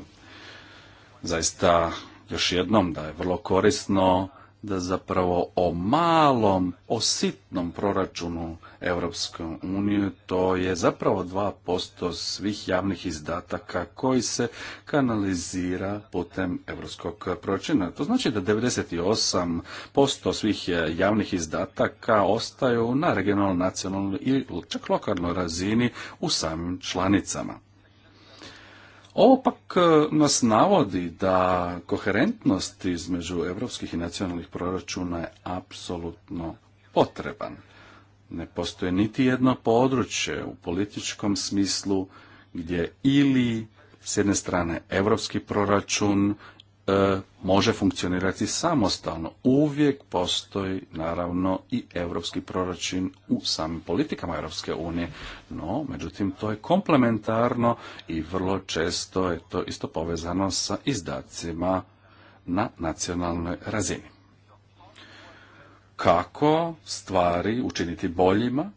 zaista još jednom da je vrlo korisno da zapravo o malom, o sitnom proračunu Europske unije, to je zapravo 2% svih javnih izdataka koji se kanalizira putem europskog proračuna. To znači da 98% svih javnih izdataka ostaju na regionalnoj, nacionalnoj ili čak lokalnoj razini u samim članicama. Ovo pak e, nas navodi da koherentnost između europskih i nacionalnih proračuna je apsolutno potreban. Ne postoje niti jedno područje u političkom smislu gdje ili s jedne strane europski proračun E, može funkcionirati samostalno. Uvijek postoji naravno i europski proračun u samim politikama Europske unije, no međutim to je komplementarno i vrlo često je to isto povezano sa izdacima na nacionalnoj razini. Kako stvari učiniti boljima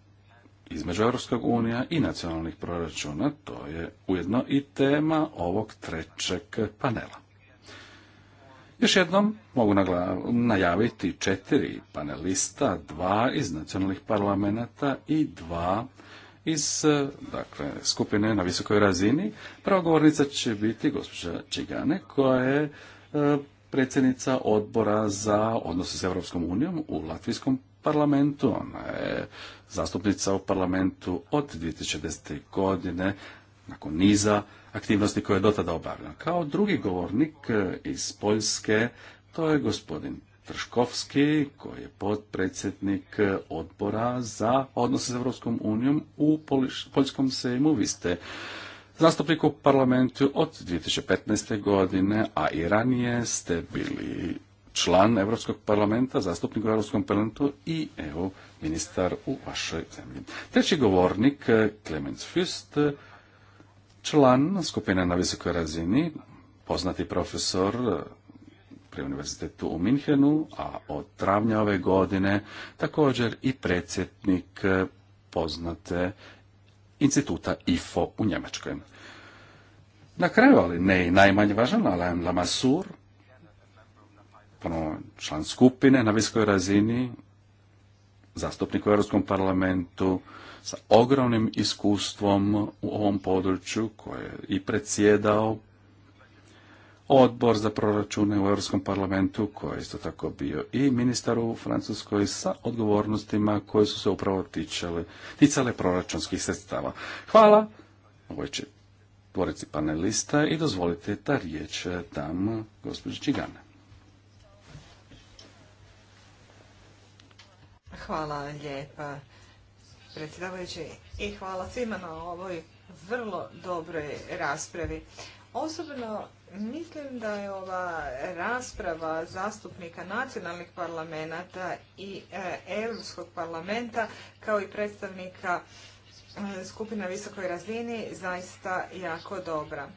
između Europskog unija i nacionalnih proračuna, to je ujedno i tema ovog trećeg panela. Još jednom mogu najaviti četiri panelista, dva iz nacionalnih parlamenta i dva iz e, dakle, skupine na visokoj razini. Prva govornica će biti gospođa Čigane koja je e, predsjednica odbora za odnose s Europskom unijom u Latvijskom parlamentu. Ona je zastupnica u parlamentu od 2010. godine nakon niza aktivnosti koje je do tada Kao drugi govornik e, iz Poljske, to je gospodin Trškovski, koji je potpredsjednik e, odbora za odnose s Evropskom unijom u Poljskom sejmu. Vi ste zastupnik u parlamentu od 2015. godine, a i ranije ste bili član Europskog parlamenta, zastupnik u Europskom parlamentu i EU ministar u vašoj zemlji. Treći govornik, Clemens e, Fust, Član skupine na visokoj razini, poznati profesor eh, pri univerzitetu u Minhenu, a od travnja ove godine također i predsjednik eh, poznate instituta IFO u Njemačkoj. Na kraju, ali ne i najmanje važan, Alain Lamassur, član skupine na viskoj razini, zastupnik u Europskom parlamentu, sa ogromnim iskustvom u ovom području koje je i predsjedao odbor za proračune u Europskom parlamentu, koji je isto tako bio i ministar u Francuskoj sa odgovornostima koje su se upravo tičale, ticale proračunskih sredstava. Hvala ovoj će panelista i dozvolite ta riječ dam gospođi Čigane. Hvala lijepa predsjedavajući i hvala svima na ovoj vrlo dobroj raspravi. Osobno mislim da je ova rasprava zastupnika nacionalnih parlamenta i e, Europskog parlamenta kao i predstavnika e, skupina visokoj razini zaista jako dobra.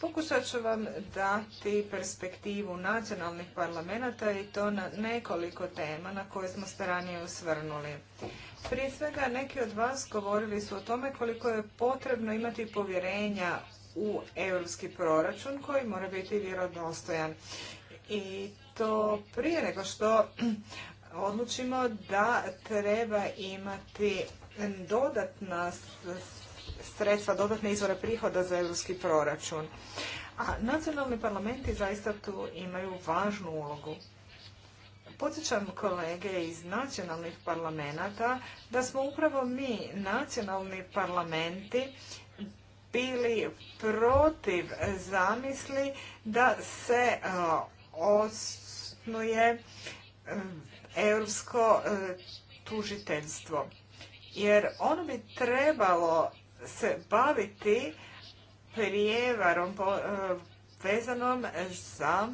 Pokušat ću vam dati perspektivu nacionalnih parlamenta i to na nekoliko tema na koje smo staranije usvrnuli. Prije svega neki od vas govorili su o tome koliko je potrebno imati povjerenja u europski proračun koji mora biti vjerodostojan. I to prije nego što odlučimo da treba imati dodatna sredstva, dodatne izvore prihoda za europski proračun. A nacionalni parlamenti zaista tu imaju važnu ulogu. Podsjećam kolege iz nacionalnih parlamenta da smo upravo mi, nacionalni parlamenti, bili protiv zamisli da se e, osnuje e, europsko e, tužiteljstvo. Jer ono bi trebalo se baviti prijevarom vezanom za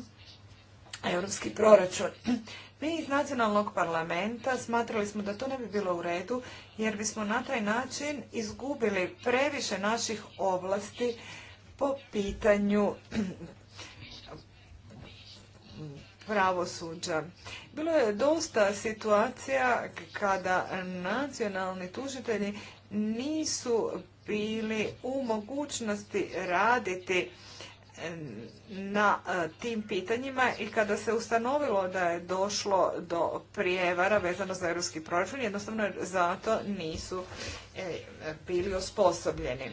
europski proračun. Mi iz nacionalnog parlamenta smatrali smo da to ne bi bilo u redu jer bismo na taj način izgubili previše naših ovlasti po pitanju pravosuđa. Bilo je dosta situacija kada nacionalni tužitelji nisu bili u mogućnosti raditi na e, tim pitanjima i kada se ustanovilo da je došlo do prijevara vezano za europski proračun, jednostavno zato nisu e, bili osposobljeni.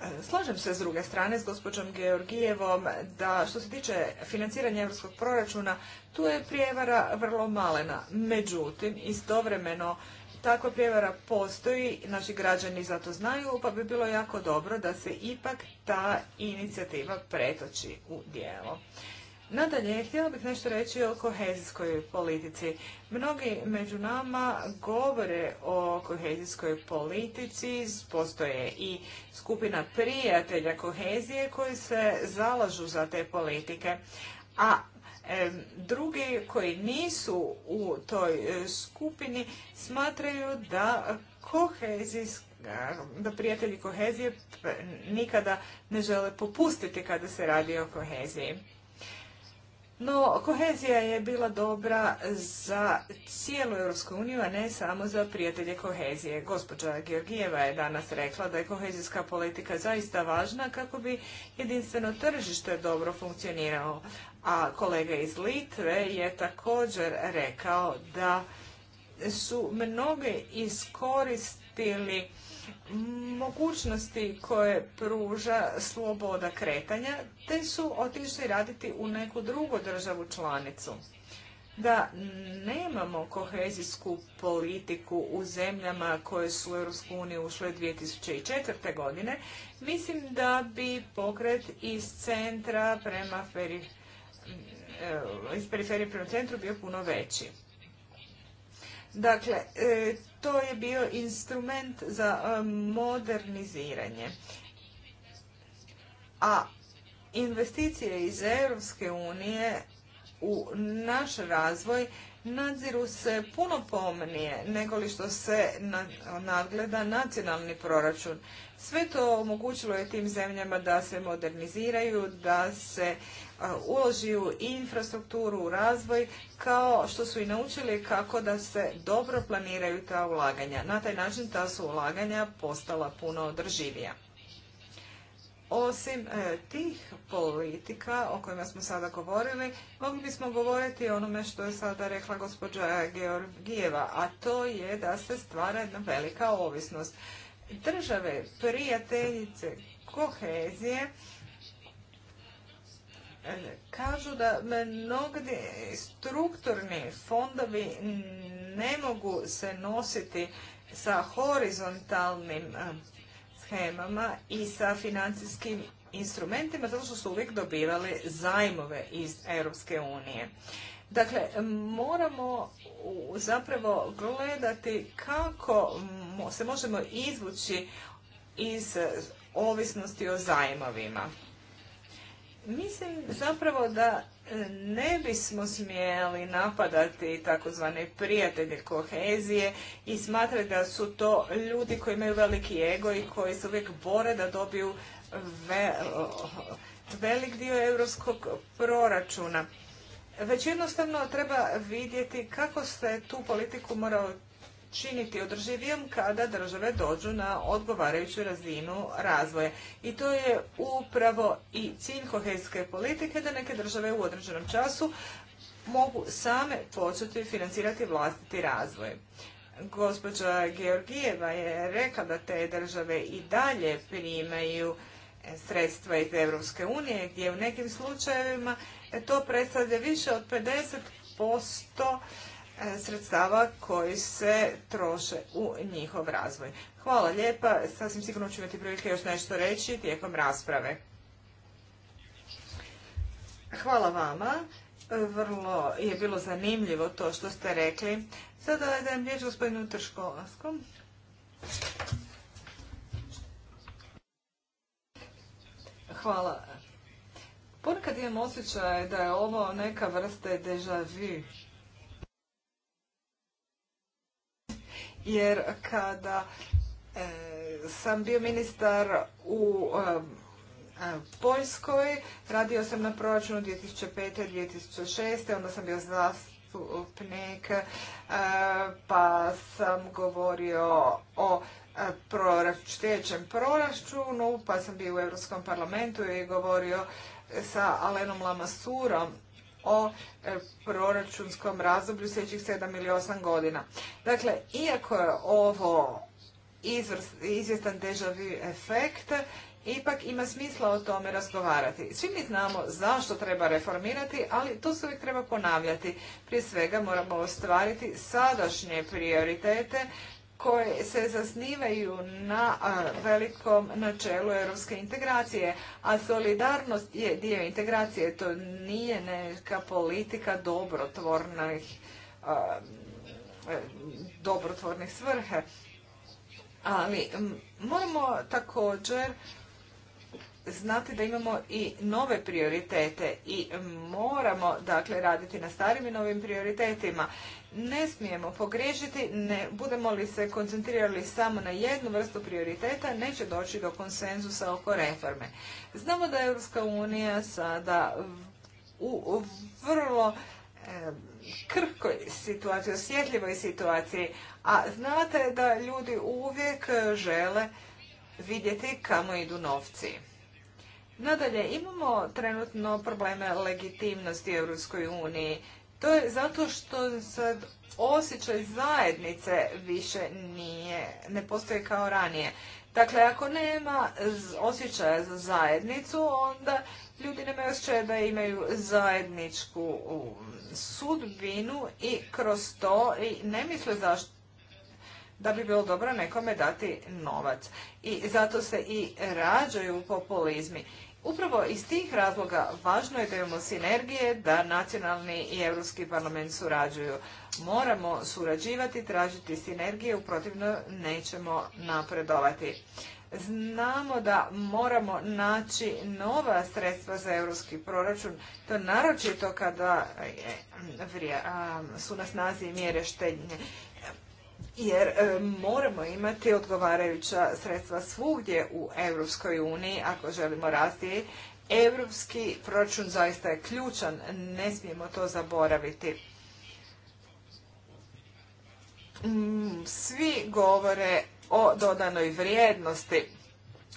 E, slažem se s druge strane s gospođom Georgijevom da što se tiče financiranja europskog proračuna tu je prijevara vrlo malena. Međutim, istovremeno Takva prijevara postoji, naši građani za to znaju, pa bi bilo jako dobro da se ipak ta inicijativa pretoči u dijelo. Nadalje, htjela bih nešto reći o kohezijskoj politici. Mnogi među nama govore o kohezijskoj politici, postoje i skupina prijatelja kohezije koji se zalažu za te politike. A Drugi koji nisu u toj e, skupini smatraju da kohezijska da prijatelji kohezije nikada ne žele popustiti kada se radi o koheziji. No, kohezija je bila dobra za cijelu Europsku uniju, a ne samo za prijatelje kohezije. Gospođa Georgijeva je danas rekla da je kohezijska politika zaista važna kako bi jedinstveno tržište dobro funkcionirao. A kolega iz Litve je također rekao da su mnoge iskoristili mogućnosti koje pruža sloboda kretanja, te su otišli raditi u neku drugu državu članicu. Da nemamo kohezijsku politiku u zemljama koje su u EU ušle 2004. godine, mislim da bi pokret iz centra prema e, iz periferije prema centru bio puno veći. Dakle, e, to je bio instrument za e, moderniziranje. A investicije iz Europske unije u naš razvoj nadziru se puno pomnije nego li što se nadgleda nacionalni proračun. Sve to omogućilo je tim zemljama da se moderniziraju, da se uloži u infrastrukturu, u razvoj, kao što su i naučili kako da se dobro planiraju ta ulaganja. Na taj način ta su ulaganja postala puno održivija. Osim e, tih politika o kojima smo sada govorili, mogli bismo govoriti o onome što je sada rekla gospođa Georgijeva, a to je da se stvara jedna velika ovisnost. Države, prijateljice, kohezije, kažu da mnogi strukturni fondovi ne mogu se nositi sa horizontalnim e, schemama i sa financijskim instrumentima zato što su uvijek dobivali zajmove iz Europske unije. Dakle, moramo zapravo gledati kako se možemo izvući iz ovisnosti o zajmovima. Mislim zapravo da e, ne bismo smjeli napadati takozvane prijatelje kohezije i smatrati da su to ljudi koji imaju veliki ego i koji se uvijek bore da dobiju velik dio europskog proračuna. Već jednostavno treba vidjeti kako se tu politiku mora činiti održivijom kada države dođu na odgovarajuću razinu razvoja. I to je upravo i cilj kohezijske politike da neke države u određenom času mogu same početi financirati vlastiti razvoj. Gospođa Georgijeva je rekla da te države i dalje primaju sredstva iz Europske unije, gdje u nekim slučajevima to predstavlja više od 50% E, sredstava koji se troše u njihov razvoj. Hvala lijepa, sasvim sigurno ću imati prilike još nešto reći tijekom rasprave. Hvala vama, vrlo je bilo zanimljivo to što ste rekli. Sada dajem riječ gospodinu Trškolaskom. Hvala. Ponekad imam osjećaj da je ovo neka vrsta deja vu. jer kada e, sam bio ministar u e, e, Poljskoj, radio sam na proračunu 2005. 2006. onda sam bio zastupnik pa sam govorio o štećem proračunu, pa sam bio u Europskom parlamentu i govorio sa Alenom Lamasurom o e, proračunskom razdoblju sljedećih 7 ili 8 godina. Dakle, iako je ovo izvjestan izvjestan vu efekt, ipak ima smisla o tome razgovarati. Svi mi znamo zašto treba reformirati, ali to se uvijek treba ponavljati. Prije svega moramo ostvariti sadašnje prioritete koje se zasnivaju na velikom načelu europske integracije, a solidarnost je dio integracije, to nije neka politika dobrotvornih dobrotvornih svrhe. Ali moramo također znati da imamo i nove prioritete i moramo dakle raditi na starim i novim prioritetima ne smijemo pogriješiti, ne, budemo li se koncentrirali samo na jednu vrstu prioriteta, neće doći do konsenzusa oko reforme. Znamo da je Europska unija sada u, vrlo e, krhkoj situaciji, osjetljivoj situaciji, a znate da ljudi uvijek žele vidjeti kamo idu novci. Nadalje, imamo trenutno probleme legitimnosti u Europskoj uniji. To je zato što sad osjećaj zajednice više nije, ne postoji kao ranije. Dakle, ako nema osjećaja za zajednicu, onda ljudi nemaju osjećaja da imaju zajedničku um, sudbinu i kroz to i ne misle zašto da bi bilo dobro nekome dati novac. I zato se i rađaju populizmi. Upravo iz tih razloga važno je da imamo sinergije, da nacionalni i europski parlament surađuju. Moramo surađivati, tražiti sinergije, u protivno nećemo napredovati. Znamo da moramo naći nova sredstva za europski proračun, to naročito kada su na snazi mjere štednje jer e, moramo imati odgovarajuća sredstva svugdje u Europskoj uniji ako želimo rasti. Europski proračun zaista je ključan, ne smijemo to zaboraviti. Mm, svi govore o dodanoj vrijednosti,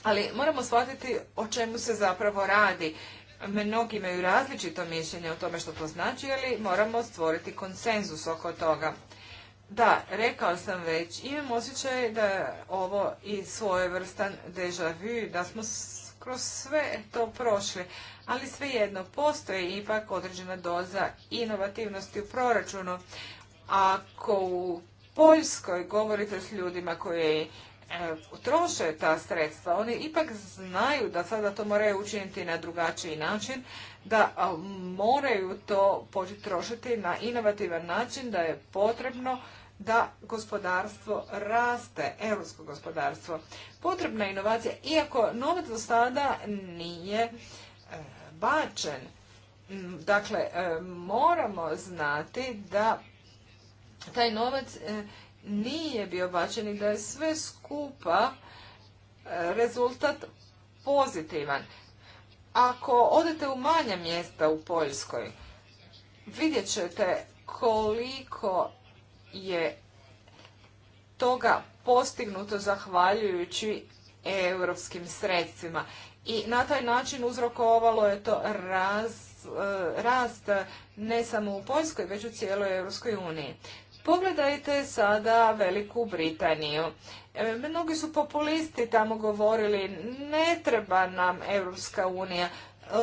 ali moramo shvatiti o čemu se zapravo radi. Mnogi imaju različito mišljenje o tome što to znači, ali moramo stvoriti konsenzus oko toga. Da, rekao sam već, imam osjećaj da je ovo i svojevrstan deja vu, da smo kroz sve to prošli, ali svejedno postoji ipak određena doza inovativnosti u proračunu. Ako u Poljskoj govorite s ljudima koji e, troše ta sredstva, oni ipak znaju da sada to moraju učiniti na drugačiji način, da moraju to početi trošiti na inovativan način, da je potrebno da gospodarstvo raste, europsko gospodarstvo. Potrebna je inovacija, iako novac do sada nije e, bačen. Mm, dakle, e, moramo znati da taj novac e, nije bio bačen i da je sve skupa rezultat pozitivan. Ako odete u manja mjesta u Poljskoj, vidjet ćete koliko je toga postignuto zahvaljujući europskim sredstvima. I na taj način uzrokovalo je to e, rast ne samo u Poljskoj, već u cijeloj Europskoj uniji. Pogledajte sada Veliku Britaniju. E, mnogi su populisti tamo govorili ne treba nam Europska unija, e,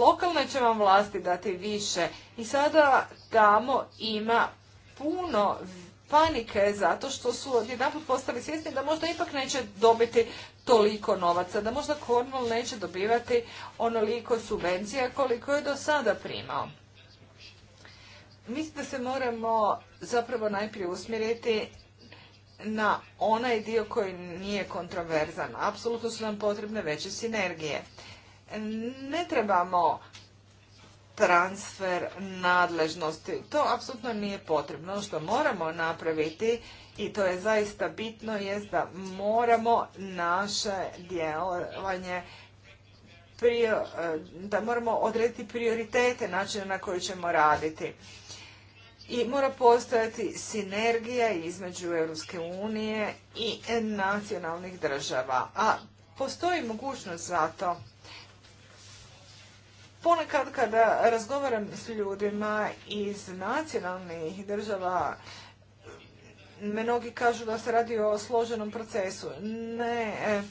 lokalne će vam vlasti dati više. I sada tamo ima puno panike zato što su odjedanput postali svjesni da možda ipak neće dobiti toliko novaca, da možda Cornwall neće dobivati onoliko subvencija koliko je do sada primao. Mislim da se moramo zapravo najprije usmjeriti na onaj dio koji nije kontroverzan. Apsolutno su nam potrebne veće sinergije. Ne trebamo transfer nadležnosti. To apsolutno nije potrebno. Ono što moramo napraviti i to je zaista bitno je da moramo naše djelovanje da moramo odrediti prioritete načina na koji ćemo raditi. I mora postojati sinergija između Europske unije i nacionalnih država. A postoji mogućnost za to Ponekad kada razgovaram s ljudima iz nacionalnih država, mnogi kažu da se radi o složenom procesu. Ne, e,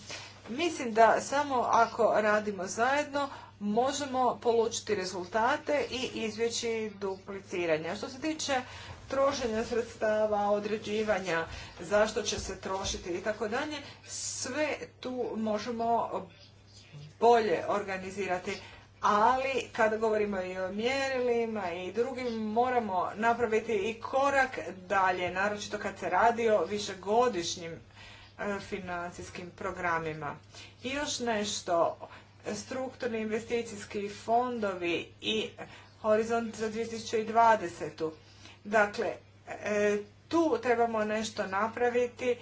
mislim da samo ako radimo zajedno, možemo polučiti rezultate i izvjeći dupliciranja. Što se tiče trošenja sredstava, određivanja, zašto će se trošiti i tako dalje, sve tu možemo bolje organizirati ali kada govorimo i o mjerilima i drugim moramo napraviti i korak dalje, naročito kad se radi o višegodišnjim e, financijskim programima. I još nešto, strukturni investicijski fondovi i horizont za 2020. Dakle, e, tu trebamo nešto napraviti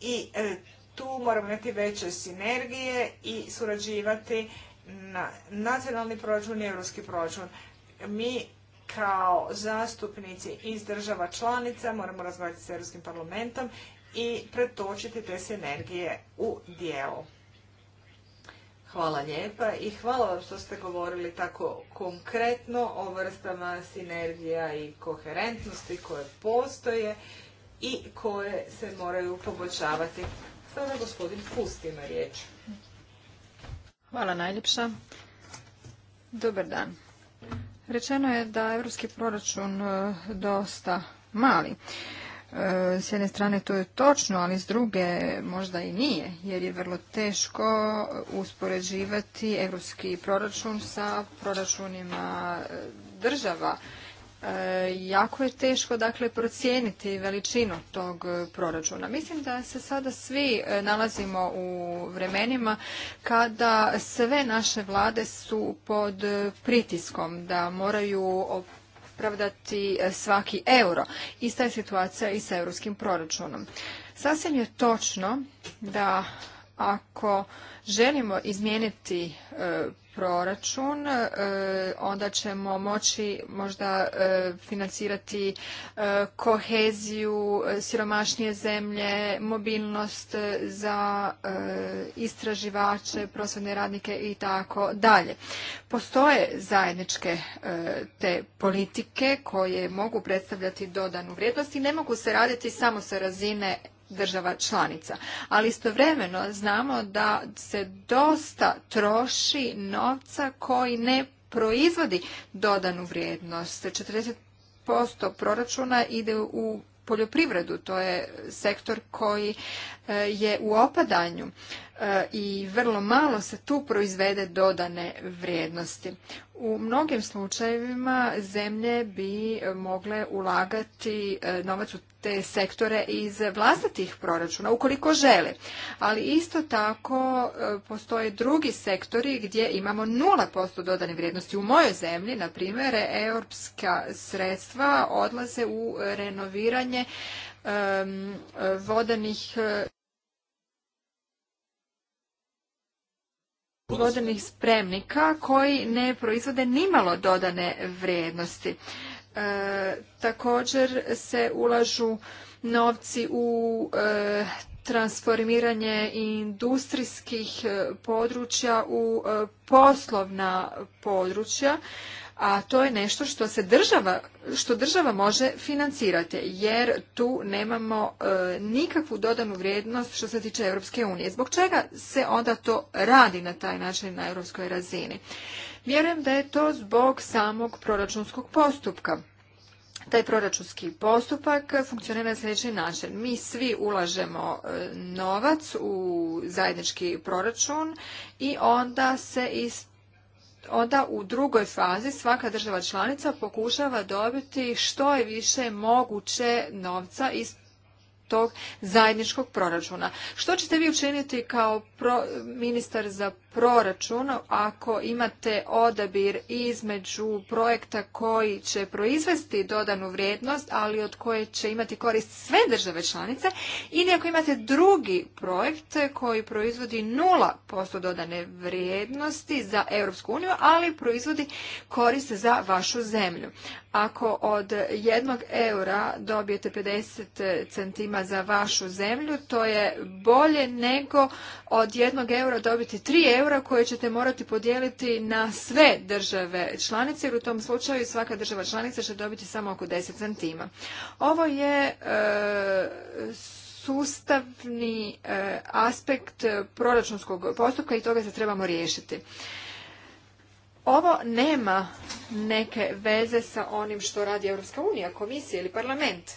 i e, tu moramo imati veće sinergije i surađivati na nacionalni proračun i europski proračun. Mi kao zastupnici iz država članica moramo razgovarati s Europskim parlamentom i pretočiti te sinergije u dijelo. Hvala lijepa i hvala vam što ste govorili tako konkretno o vrstama sinergija i koherentnosti koje postoje i koje se moraju poboljšavati. Sada gospodin pusti na riječ. Hvala najljepša. Dobar dan. Rečeno je da je evropski proračun e, dosta mali. E, s jedne strane to je točno, ali s druge možda i nije, jer je vrlo teško uspoređivati evropski proračun sa proračunima e, država E, jako je teško dakle procijeniti veličinu tog e, proračuna. Mislim da se sada svi e, nalazimo u vremenima kada sve naše vlade su pod pritiskom da moraju opravdati svaki euro. Ista je situacija i sa europskim proračunom. Sasvim je točno da ako želimo izmijeniti e, proračun, e, onda ćemo moći možda e, financirati koheziju, siromašnije zemlje, mobilnost za istraživače, prosvjedne radnike i tako dalje. Postoje zajedničke te politike koje mogu predstavljati dodanu vrijednost i ne mogu se raditi samo sa razine država članica. Ali istovremeno znamo da se dosta troši novca koji ne proizvodi dodanu vrijednost. 40% proračuna ide u poljoprivredu, to je sektor koji e, je u opadanju e, i vrlo malo se tu proizvede dodane vrijednosti. U mnogim slučajevima zemlje bi mogle ulagati e, novac u te sektore iz vlastitih proračuna, ukoliko žele. Ali isto tako e, postoje drugi sektori gdje imamo 0% dodane vrijednosti. U mojoj zemlji, na primjer, europska sredstva odlaze u renoviranje vodanih e, vodanih spremnika koji ne proizvode nimalo dodane vrijednosti. E, također se ulažu novci u e, transformiranje industrijskih e, područja u poslovna područja a to je nešto što se država što država može financirati jer tu nemamo nikakvu dodanu vrijednost što se tiče Europske unije. Zbog čega se onda to radi na taj način na europskoj razini? Vjerujem da je to zbog samog proračunskog postupka. Taj proračunski postupak funkcionira na sljedeći način. Mi svi ulažemo e, novac u zajednički proračun i onda se iz onda u drugoj fazi svaka država članica pokušava dobiti što je više moguće novca iz tog zajedničkog proračuna. Što ćete vi učiniti kao ministar za proračun, ako imate odabir između projekta koji će proizvesti dodanu vrijednost, ali od koje će imati korist sve države članice, ili ako imate drugi projekt koji proizvodi 0% dodane vrijednosti za Europsku uniju, ali proizvodi korist za vašu zemlju. Ako od jednog eura dobijete 50 centima za vašu zemlju, to je bolje nego od jednog eura dobiti 3 eura eura koje ćete morati podijeliti na sve države članice jer u tom slučaju svaka država članica će dobiti samo oko 10 centima. Ovo je e, sustavni e, aspekt proračunskog postupka i toga se trebamo riješiti. Ovo nema neke veze sa onim što radi Europska unija, komisija ili parlament.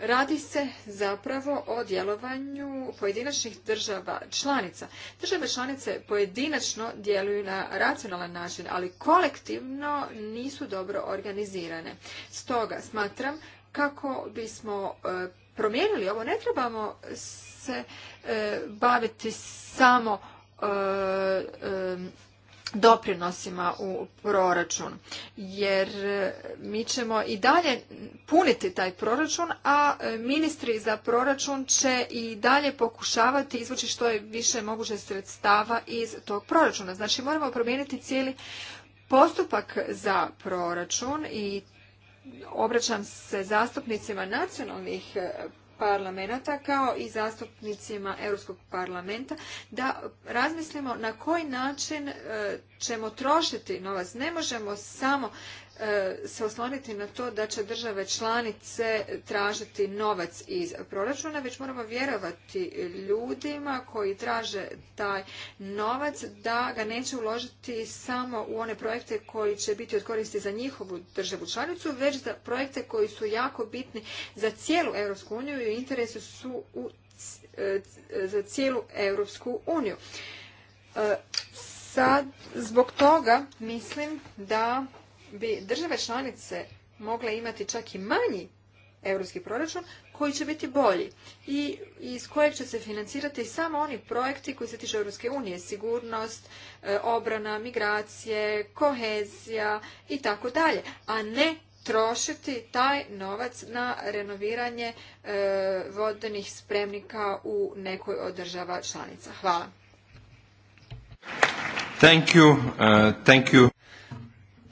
Radi se zapravo o djelovanju pojedinačnih država članica. Države članice pojedinačno djeluju na racionalan način, ali kolektivno nisu dobro organizirane. Stoga smatram kako bismo e, promijenili ovo, ne trebamo se e, baviti samo e, doprinosima u proračun. Jer e, mi ćemo i dalje puniti taj proračun, a e, ministri za proračun će i dalje pokušavati izvući što je više moguće sredstava iz tog proračuna. Znači moramo promijeniti cijeli postupak za proračun i obraćam se zastupnicima nacionalnih parlamenta kao i zastupnicima Europskog parlamenta da razmislimo na koji način e, ćemo trošiti novac. Ne možemo samo E, se osloniti na to da će države članice tražiti novac iz proračuna, već moramo vjerovati ljudima koji traže taj novac da ga neće uložiti samo u one projekte koji će biti od koristi za njihovu državu članicu, već za projekte koji su jako bitni za cijelu Europsku uniju i u interesu su za cijelu Europsku uniju. E, sad, zbog toga mislim da bi države članice mogle imati čak i manji europski proračun koji će biti bolji i iz kojeg će se financirati samo oni projekti koji se tiču Europske unije, sigurnost, e, obrana, migracije, kohezija i tako dalje, a ne trošiti taj novac na renoviranje e, vodenih spremnika u nekoj od država članica. Hvala. Thank you. Uh, thank you.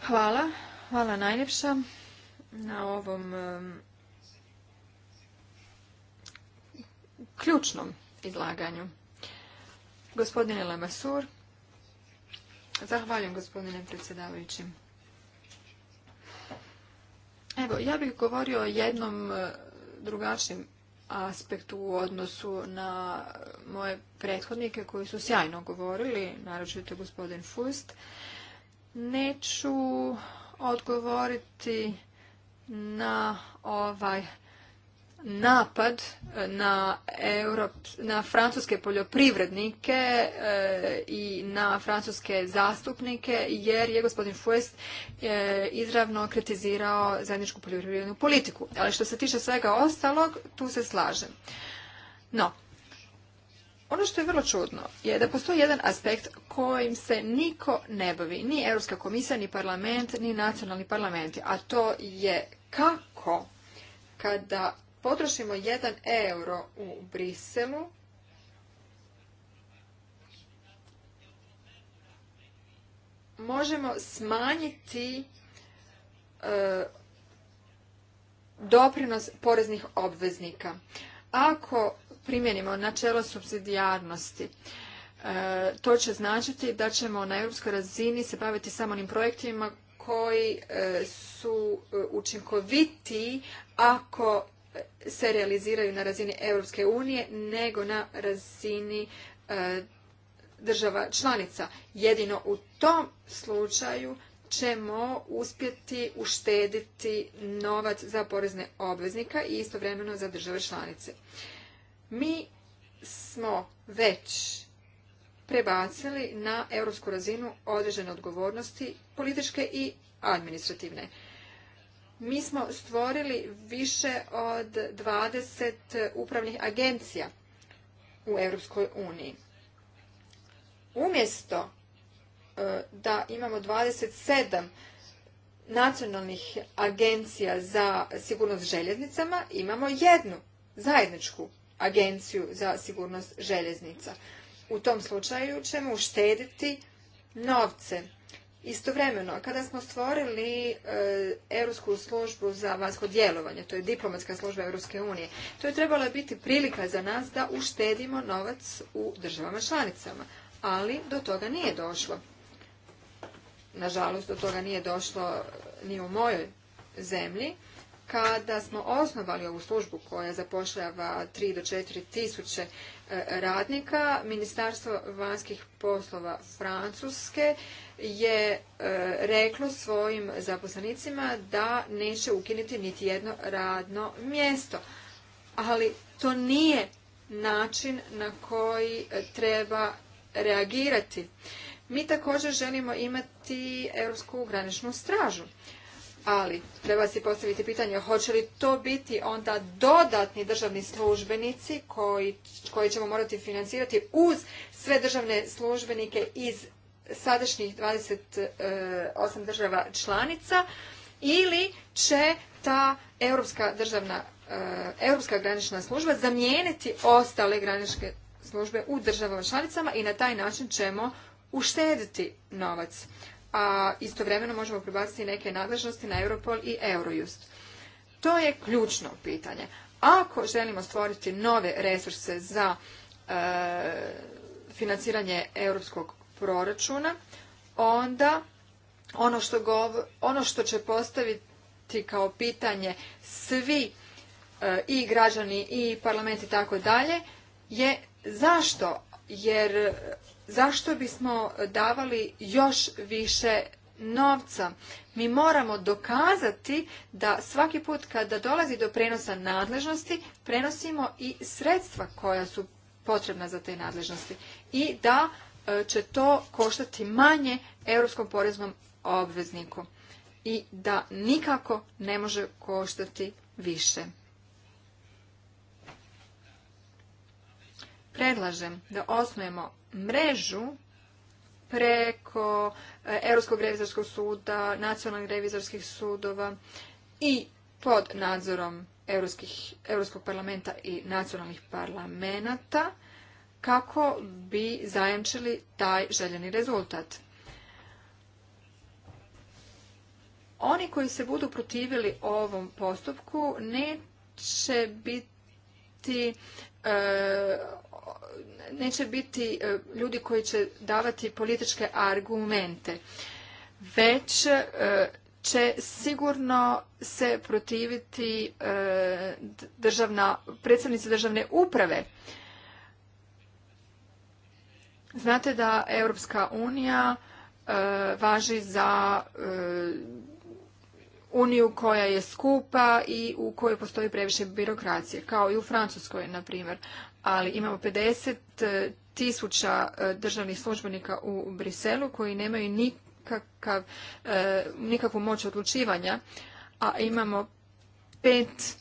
Hvala, hvala najljepša na ovom ključnom izlaganju. Gospodine Lemasur, zahvaljujem gospodine predsjedavajući. Evo, ja bih govorio o jednom e, drugačijem aspektu u odnosu na moje prethodnike koji su sjajno govorili, naročito gospodin Fust. Neću odgovoriti na ovaj napad na, na francuske poljoprivrednike eh, i na francuske zastupnike jer je gospodin Fuest eh, izravno kritizirao zajedničku poljoprivrednu politiku. Ali što se tiče svega ostalog, tu se slažem. No, ono što je vrlo čudno je da postoji jedan aspekt kojim se niko ne bavi, ni Europska komisija, ni parlament, ni nacionalni parlamenti, a to je kako kada potrošimo jedan euro u Briselu, možemo smanjiti e, doprinos poreznih obveznika. Ako primjenimo načelo subsidijarnosti. E, to će značiti da ćemo na europskoj razini se baviti samo onim projektima koji e, su e, učinkovitiji ako se realiziraju na razini Europske unije nego na razini država članica. Jedino u tom slučaju ćemo uspjeti uštediti novac za porezne obveznika i istovremeno za države članice mi smo već prebacili na europsku razinu određene odgovornosti političke i administrativne. Mi smo stvorili više od 20 upravnih agencija u Europskoj uniji. Umjesto e, da imamo 27 nacionalnih agencija za sigurnost željeznicama, imamo jednu zajedničku agenciju za sigurnost željeznica. U tom slučaju ćemo uštediti novce. Istovremeno, kada smo stvorili e, Europsku službu za vanjsko djelovanje, to je diplomatska služba Europske unije, to je trebala biti prilika za nas da uštedimo novac u državama članicama, ali do toga nije došlo. Nažalost, do toga nije došlo ni u mojoj zemlji kada smo osnovali ovu službu koja zapošljava 3 do 4 tisuće e, radnika, Ministarstvo vanjskih poslova Francuske je e, reklo svojim zaposlenicima da neće ukinuti niti jedno radno mjesto. Ali to nije način na koji treba reagirati. Mi također želimo imati Europsku graničnu stražu ali treba si postaviti pitanje hoće li to biti onda dodatni državni službenici koji, koji ćemo morati financirati uz sve državne službenike iz sadašnjih 28 e, država članica ili će ta europska državna e, europska granična služba zamijeniti ostale graničke službe u državama članicama i na taj način ćemo uštediti novac a istovremeno možemo prebaciti neke nadležnosti na Europol i Eurojust. To je ključno pitanje. Ako želimo stvoriti nove resurse za e, financiranje europskog proračuna, onda ono što, gov, ono što će postaviti kao pitanje svi e, i građani i parlament i tako dalje je zašto jer zašto bismo davali još više novca. Mi moramo dokazati da svaki put kada dolazi do prenosa nadležnosti, prenosimo i sredstva koja su potrebna za te nadležnosti i da e, će to koštati manje europskom poreznom obvezniku i da nikako ne može koštati više. Predlažem da osnujemo mrežu preko e, Europskog revizorskog suda, nacionalnih revizorskih sudova i pod nadzorom Europskog parlamenta i nacionalnih parlamenta kako bi zajamčili taj željeni rezultat. Oni koji se budu protivili ovom postupku neće biti e, neće biti e, ljudi koji će davati političke argumente, već e, će sigurno se protiviti e, državna, predstavnici državne uprave. Znate da Europska unija važi za uniju koja je skupa i u kojoj postoji previše birokracije, kao i u Francuskoj, na primjer. Ali imamo 50 tisuća e, državnih službenika u Briselu koji nemaju nikakav, e, nikakvu moć odlučivanja, a imamo pet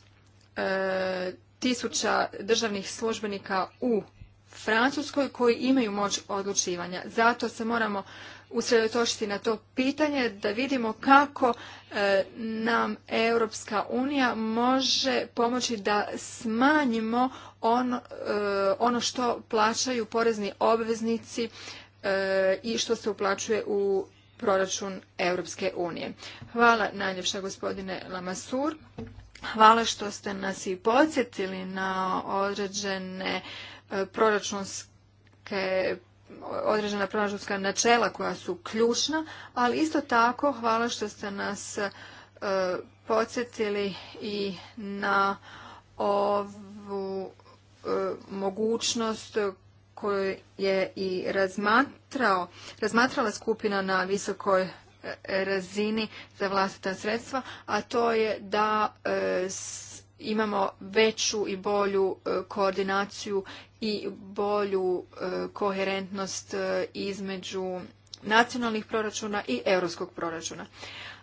e, tisuća državnih službenika u Francuskoj koji imaju moć odlučivanja. Zato se moramo usredotočiti na to pitanje da vidimo kako e, nam Europska unija može pomoći da smanjimo e, ono što plaćaju porezni obveznici e, i što se uplaćuje u proračun Europske unije. Hvala najljepša gospodine Lamasur. Hvala što ste nas i podsjetili na određene proračunske određena pronažutska načela koja su ključna, ali isto tako hvala što ste nas e, podsjetili i na ovu e, mogućnost koju je i razmatrao, razmatrala skupina na visokoj e, razini za vlastita sredstva, a to je da imamo veću i bolju e, koordinaciju i bolju e, koherentnost e, između nacionalnih proračuna i europskog proračuna.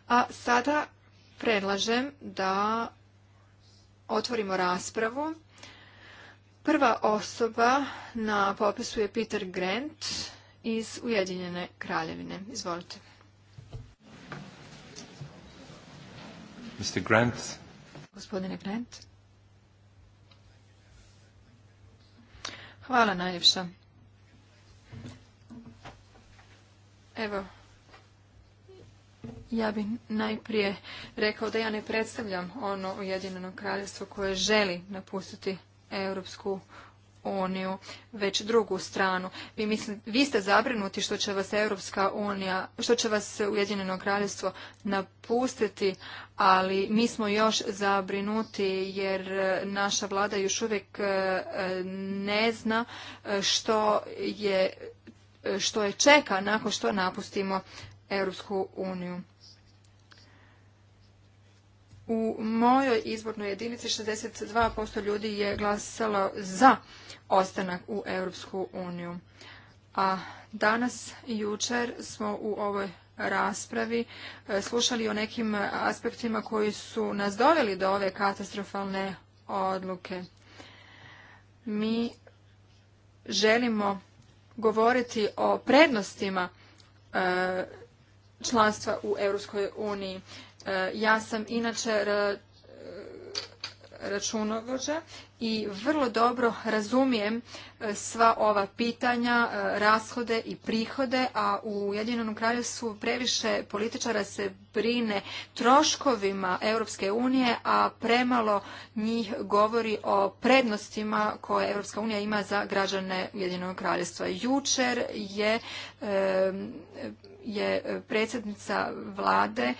A sada predlažem da otvorimo raspravu. Prva osoba na popisu je Peter Grant iz Ujedinjene kraljevine. Izvolite. Mr. Grant, Gospodine Grant. Hvala najljepša. Evo, ja bih najprije rekao da ja ne predstavljam ono Ujedinjeno kraljevstvo koje želi napustiti Europsku uniju, već drugu stranu. Vi, mislim, vi ste zabrinuti što će vas Europska unija, što će vas Ujedinjeno kraljevstvo napustiti, ali mi smo još zabrinuti jer naša vlada još uvijek e, ne zna e, što je, e, što je čeka nakon što napustimo Europsku uniju u mojoj izbornoj jedinici 62% ljudi je glasalo za ostanak u Europsku uniju. A danas i jučer smo u ovoj raspravi e, slušali o nekim aspektima koji su nas doveli do ove katastrofalne odluke. Mi želimo govoriti o prednostima e, članstva u Europskoj uniji. Ja sam inače e, računovođa i vrlo dobro razumijem e, sva ova pitanja, e, rashode i prihode, a u Ujedinjenom kraljevstvu previše političara se brine troškovima Europske unije, a premalo njih govori o prednostima koje Europska unija ima za građane Ujedinjenog kraljevstva. Jučer je, je predsjednica vlade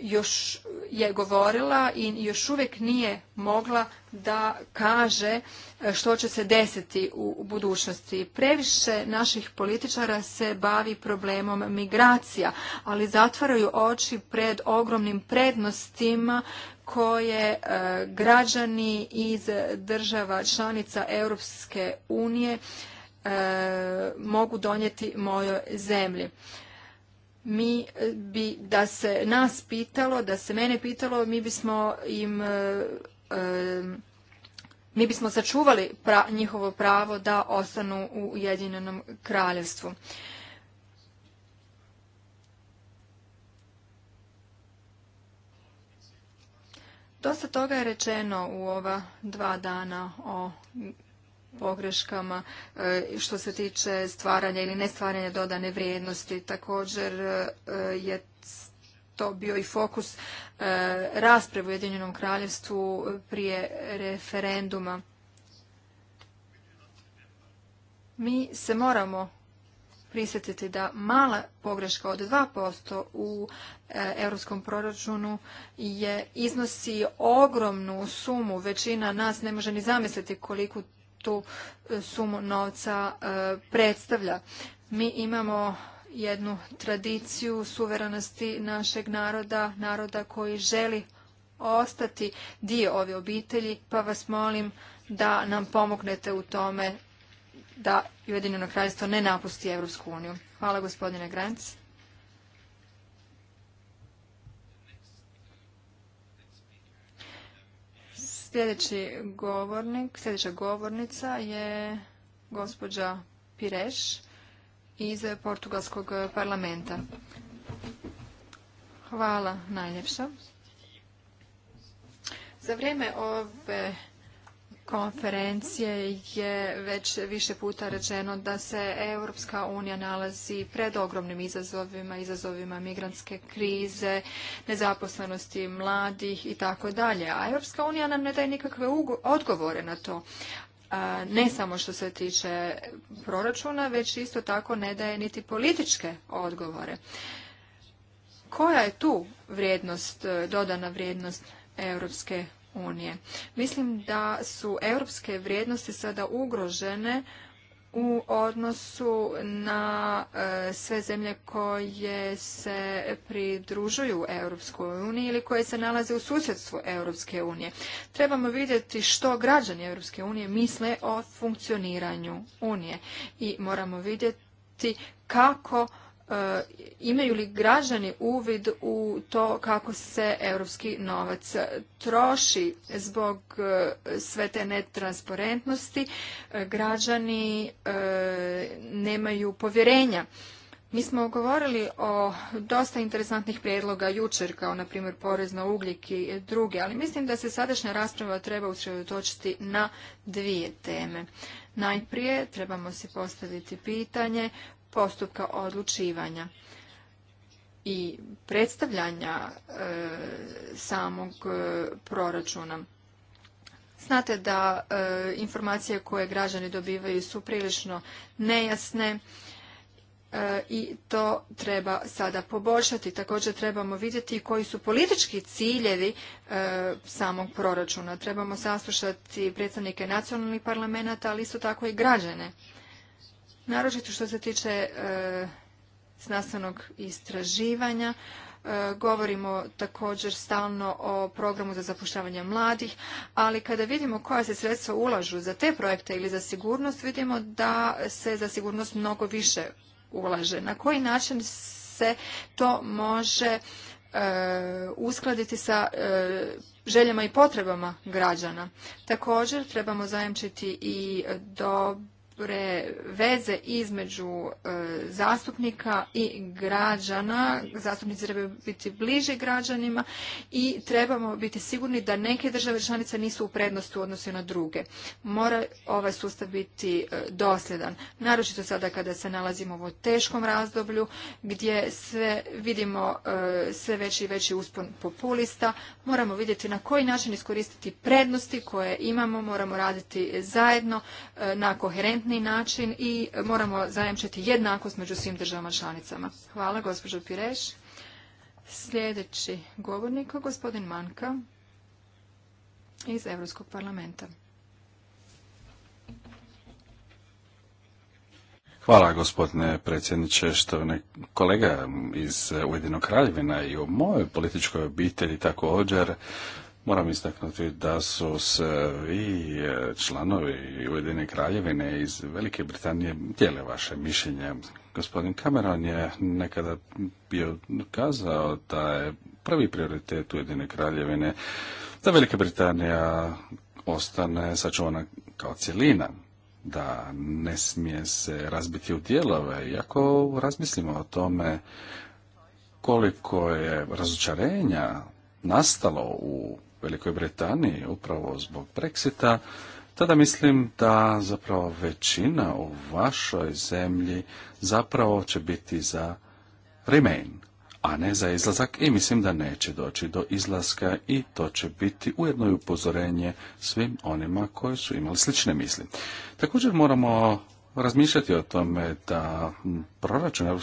još je govorila i još uvijek nije mogla da kaže e, što će se desiti u budućnosti. Previše naših političara se bavi problemom migracija, ali zatvaraju oči pred ogromnim prednostima koje e, građani iz država članica Europske unije e, mogu donijeti mojoj zemlji mi e, bi, da se nas pitalo, da se mene pitalo, mi bismo im e, e, mi bismo sačuvali pra, njihovo pravo da ostanu u Ujedinjenom kraljevstvu. Dosta toga je rečeno u ova dva dana o pogreškama e, što se tiče stvaranja ili nestvaranja dodane vrijednosti. Također e, je to bio i fokus e, rasprave u Ujedinjenom kraljevstvu prije referenduma. Mi se moramo prisjetiti da mala pogreška od 2% u europskom proračunu je iznosi ogromnu sumu. Većina nas ne može ni zamisliti koliku tu e, sumu novca e, predstavlja. Mi imamo jednu tradiciju suverenosti našeg naroda, naroda koji želi ostati dio ove obitelji, pa vas molim da nam pomognete u tome da Ujedinjeno kraljstvo ne napusti Europsku uniju. Hvala gospodine Granc. Sljedeći govornik, sljedeća govornica je gospođa Pireš iz Portugalskog parlamenta. Hvala najljepša. Za vrijeme ove konferencije je već više puta rečeno da se Europska unija nalazi pred ogromnim izazovima, izazovima migrantske krize, nezaposlenosti mladih i tako dalje. A Europska unija nam ne daje nikakve odgovore na to. Ne samo što se tiče proračuna, već isto tako ne daje niti političke odgovore. Koja je tu vrijednost, dodana vrijednost Europske unije. Mislim da su europske vrijednosti sada ugrožene u odnosu na e, sve zemlje koje se pridružuju Europskoj uniji ili koje se nalaze u susjedstvu Europske unije. Trebamo vidjeti što građani Europske unije misle o funkcioniranju unije i moramo vidjeti kako E, imaju li građani uvid u to kako se europski novac troši zbog e, sve te netransparentnosti e, građani nemaju povjerenja mi smo govorili o dosta interesantnih prijedloga jučer, kao na primjer porez na ugljik i druge, ali mislim da se sadašnja rasprava treba usredotočiti na dvije teme. Najprije trebamo si postaviti pitanje postupka odlučivanja i predstavljanja e, samog e, proračuna. Znate da e, informacije koje građani dobivaju su prilično nejasne i to treba sada poboljšati. Također trebamo vidjeti koji su politički ciljevi samog proračuna. Trebamo saslušati predstavnike nacionalnih parlamenta, ali isto tako i građane naročito što se tiče e, znanstvenog istraživanja. E, govorimo također stalno o programu za zapošljavanje mladih, ali kada vidimo koja se sredstva ulažu za te projekte ili za sigurnost, vidimo da se za sigurnost mnogo više ulaže. Na koji način se to može e, uskladiti sa željama i potrebama građana. Također trebamo zajamčiti i dobro dobre veze između e, zastupnika i građana. Zastupnici trebaju biti bliže građanima i trebamo biti sigurni da neke države članice nisu u prednosti u odnosu na druge. Mora ovaj sustav biti e, dosljedan. Naročito sada kada se nalazimo u teškom razdoblju gdje sve vidimo e, sve veći i veći uspon populista. Moramo vidjeti na koji način iskoristiti prednosti koje imamo. Moramo raditi zajedno na koherentnosti način i moramo zajamčiti jednakost među svim državama članicama. Hvala, gospođo Pireš. Sljedeći govornik, gospodin Manka iz Europskog parlamenta. Hvala gospodine predsjedniče, što ne kolega iz Ujedinog kraljevina i u mojoj političkoj obitelji također Moram istaknuti da su svi e, članovi Ujedine kraljevine iz Velike Britanije dijele vaše mišljenje. Gospodin Cameron je nekada bio kazao da je prvi prioritet Ujedine kraljevine da Velika Britanija ostane sačuvana kao cjelina, da ne smije se razbiti u dijelove. Iako razmislimo o tome koliko je razočarenja nastalo u Velikoj Britaniji upravo zbog Brexita, tada mislim da zapravo većina u vašoj zemlji zapravo će biti za remain, a ne za izlazak i mislim da neće doći do izlaska i to će biti ujedno i upozorenje svim onima koji su imali slične misli. Također moramo razmišljati o tome da proračun EU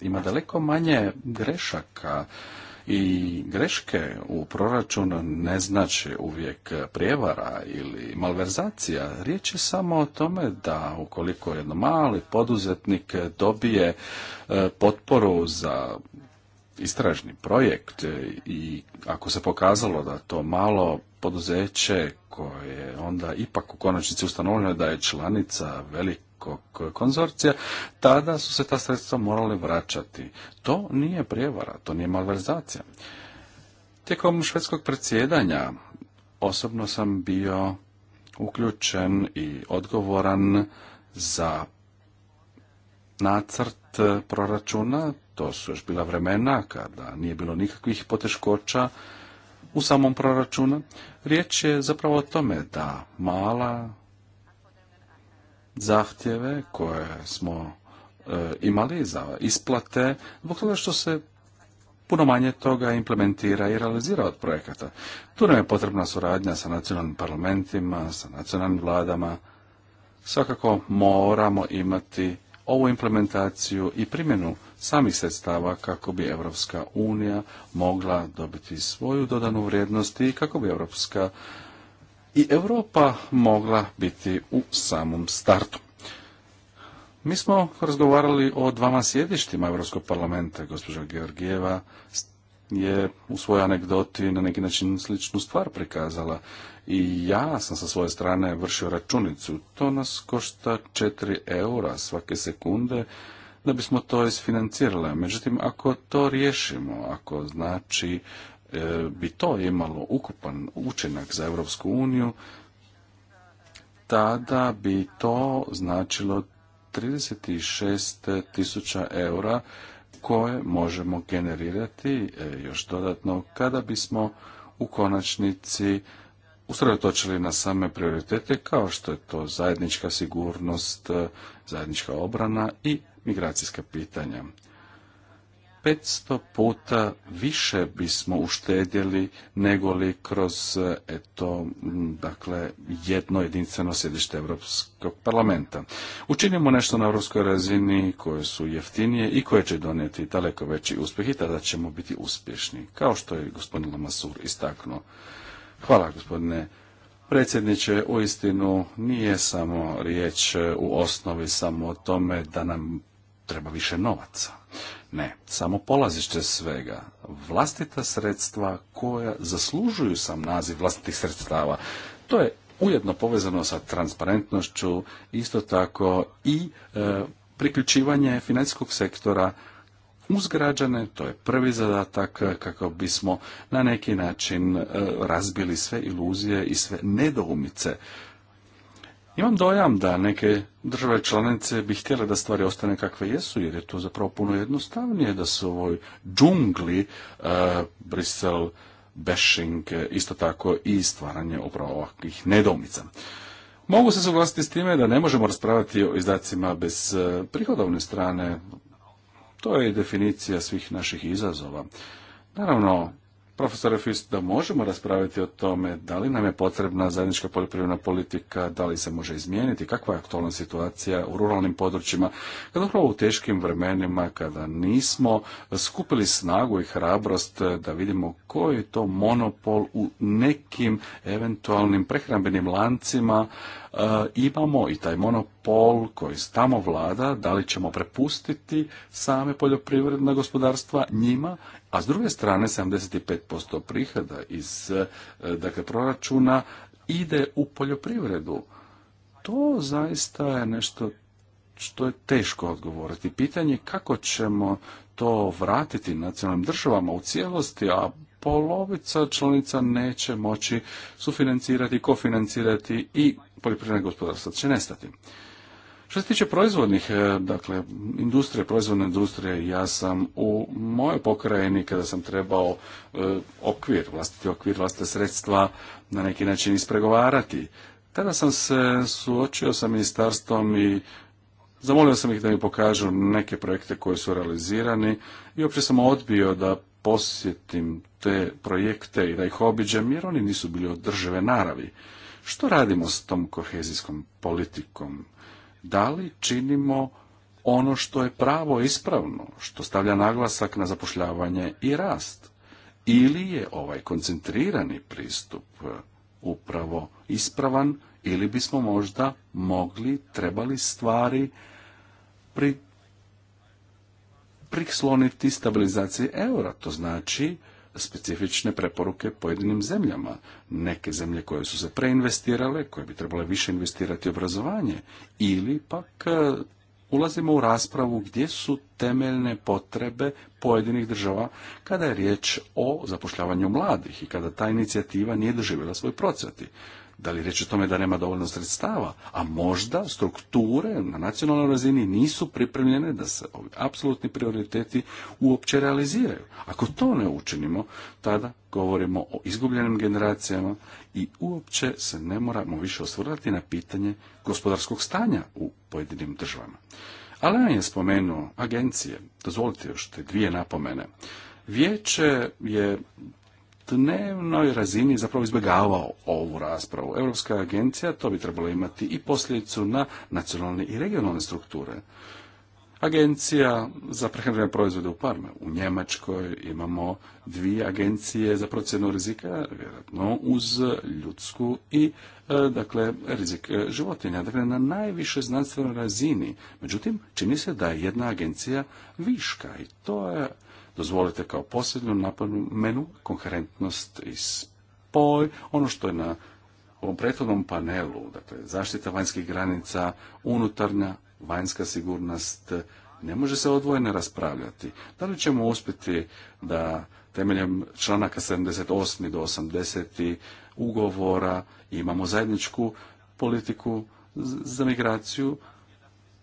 ima daleko manje grešaka i greške u proračunu ne znači uvijek prijevara ili malverzacija. Riječ je samo o tome da ukoliko jedno mali poduzetnik dobije e, potporu za istražni projekt i ako se pokazalo da to malo poduzeće koje onda ipak u konačnici ustanovljeno da je članica veliki konzorcija, tada su se ta sredstva morale vraćati. To nije prijevara, to nije malverzacija. Tijekom švedskog predsjedanja osobno sam bio uključen i odgovoran za nacrt proračuna, to su još bila vremena kada nije bilo nikakvih poteškoća u samom proračunu. Riječ je zapravo o tome da mala zahtjeve koje smo e, imali za isplate, zbog toga što se puno manje toga implementira i realizira od projekata. Tu nam je potrebna suradnja sa nacionalnim parlamentima, sa nacionalnim vladama. Svakako moramo imati ovu implementaciju i primjenu samih sredstava kako bi Europska unija mogla dobiti svoju dodanu vrijednost i kako bi Europska i Europa mogla biti u samom startu. Mi smo razgovarali o dvama sjedištima Europskog parlamenta. Gospođa Georgijeva je u svojoj anegdoti na neki način sličnu stvar prikazala. I ja sam sa svoje strane vršio računicu. To nas košta 4 eura svake sekunde da bismo to isfinancirali. Međutim, ako to riješimo, ako znači E, bi to imalo ukupan učinak za Europsku uniju, tada bi to značilo 36 tisuća eura koje možemo generirati e, još dodatno kada bismo u konačnici usredotočili na same prioritete kao što je to zajednička sigurnost, e, zajednička obrana i migracijska pitanja. 500 puta više bismo uštedjeli nego li kroz eto, dakle, jedno jedinstveno sjedište Europskog parlamenta. Učinimo nešto na europskoj razini koje su jeftinije i koje će donijeti daleko veći uspjeh i tada ćemo biti uspješni, kao što je gospodin Lamasur istaknuo. Hvala gospodine predsjedniče, istinu, nije samo riječ u osnovi samo o tome da nam treba više novaca. Ne, samo polazište svega, vlastita sredstva koja zaslužuju sam naziv vlastitih sredstava. To je ujedno povezano sa transparentnošću, isto tako i e, priključivanje financijskog sektora uz građane, to je prvi zadatak kako bismo na neki način e, razbili sve iluzije i sve nedoumice imam dojam da neke države članice bi htjele da stvari ostane kakve jesu, jer je to zapravo puno jednostavnije da se u ovoj džungli uh, Brisel bashing, e, isto tako i stvaranje upravo ovakvih nedomica. Mogu se suglasiti s time da ne možemo raspravati o izdacima bez e, prihodovne strane. To je definicija svih naših izazova. Naravno, profesore Fist, da možemo raspraviti o tome da li nam je potrebna zajednička poljoprivredna politika, da li se može izmijeniti, kakva je aktualna situacija u ruralnim područjima, kada upravo u teškim vremenima, kada nismo skupili snagu i hrabrost da vidimo koji je to monopol u nekim eventualnim prehrambenim lancima, eh, imamo i taj monopol koji tamo vlada, da li ćemo prepustiti same poljoprivredna gospodarstva njima a s druge strane 75% prihoda iz e, dakle, proračuna ide u poljoprivredu. To zaista je nešto što je teško odgovoriti. Pitanje kako ćemo to vratiti nacionalnim državama u cijelosti, a polovica članica neće moći sufinancirati, kofinancirati i poljoprivredna gospodarstva će nestati. Što se tiče proizvodnih, e, dakle, industrije, proizvodne industrije, ja sam u mojoj pokrajini, kada sam trebao e, okvir, vlastiti okvir, vlastite sredstva, na neki način ispregovarati, tada sam se suočio sa ministarstvom i zamolio sam ih da mi pokažu neke projekte koji su realizirani i uopće sam odbio da posjetim te projekte i da ih obiđem, jer oni nisu bili od države, naravi. Što radimo s tom kohezijskom politikom? da li činimo ono što je pravo ispravno, što stavlja naglasak na zapošljavanje i rast. Ili je ovaj koncentrirani pristup e, upravo ispravan, ili bismo možda mogli, trebali stvari pri, prisloniti stabilizaciji eura. To znači specifične preporuke pojedinim zemljama. Neke zemlje koje su se preinvestirale, koje bi trebale više investirati u obrazovanje, ili pak e, ulazimo u raspravu gdje su temeljne potrebe pojedinih država kada je riječ o zapošljavanju mladih i kada ta inicijativa nije doživjela svoj procjati. Da li reći o tome da nema dovoljno sredstava, a možda strukture na nacionalnoj razini nisu pripremljene da se ovi apsolutni prioriteti uopće realiziraju. Ako to ne učinimo, tada govorimo o izgubljenim generacijama i uopće se ne moramo više osvrtati na pitanje gospodarskog stanja u pojedinim državama. Ali je spomenuo agencije, dozvolite još te dvije napomene. Vijeće je dnevnoj razini zapravo izbjegavao ovu raspravu. Europska agencija to bi trebalo imati i posljedicu na nacionalne i regionalne strukture. Agencija za prehrambene proizvode u Parme. U Njemačkoj imamo dvije agencije za procjenu rizika, vjerojatno uz ljudsku i e, dakle rizik e, životinja, dakle na najviše znanstvenoj razini. Međutim, čini se da je jedna agencija viška i to je Dozvolite kao posljednju napomenu koherentnost i spoj, ono što je na ovom prethodnom panelu, dakle zaštita vanjskih granica, unutarnja, vanjska sigurnost, ne može se odvojeno raspravljati. Da li ćemo uspjeti da temeljem članaka 78. do 80. ugovora imamo zajedničku politiku za migraciju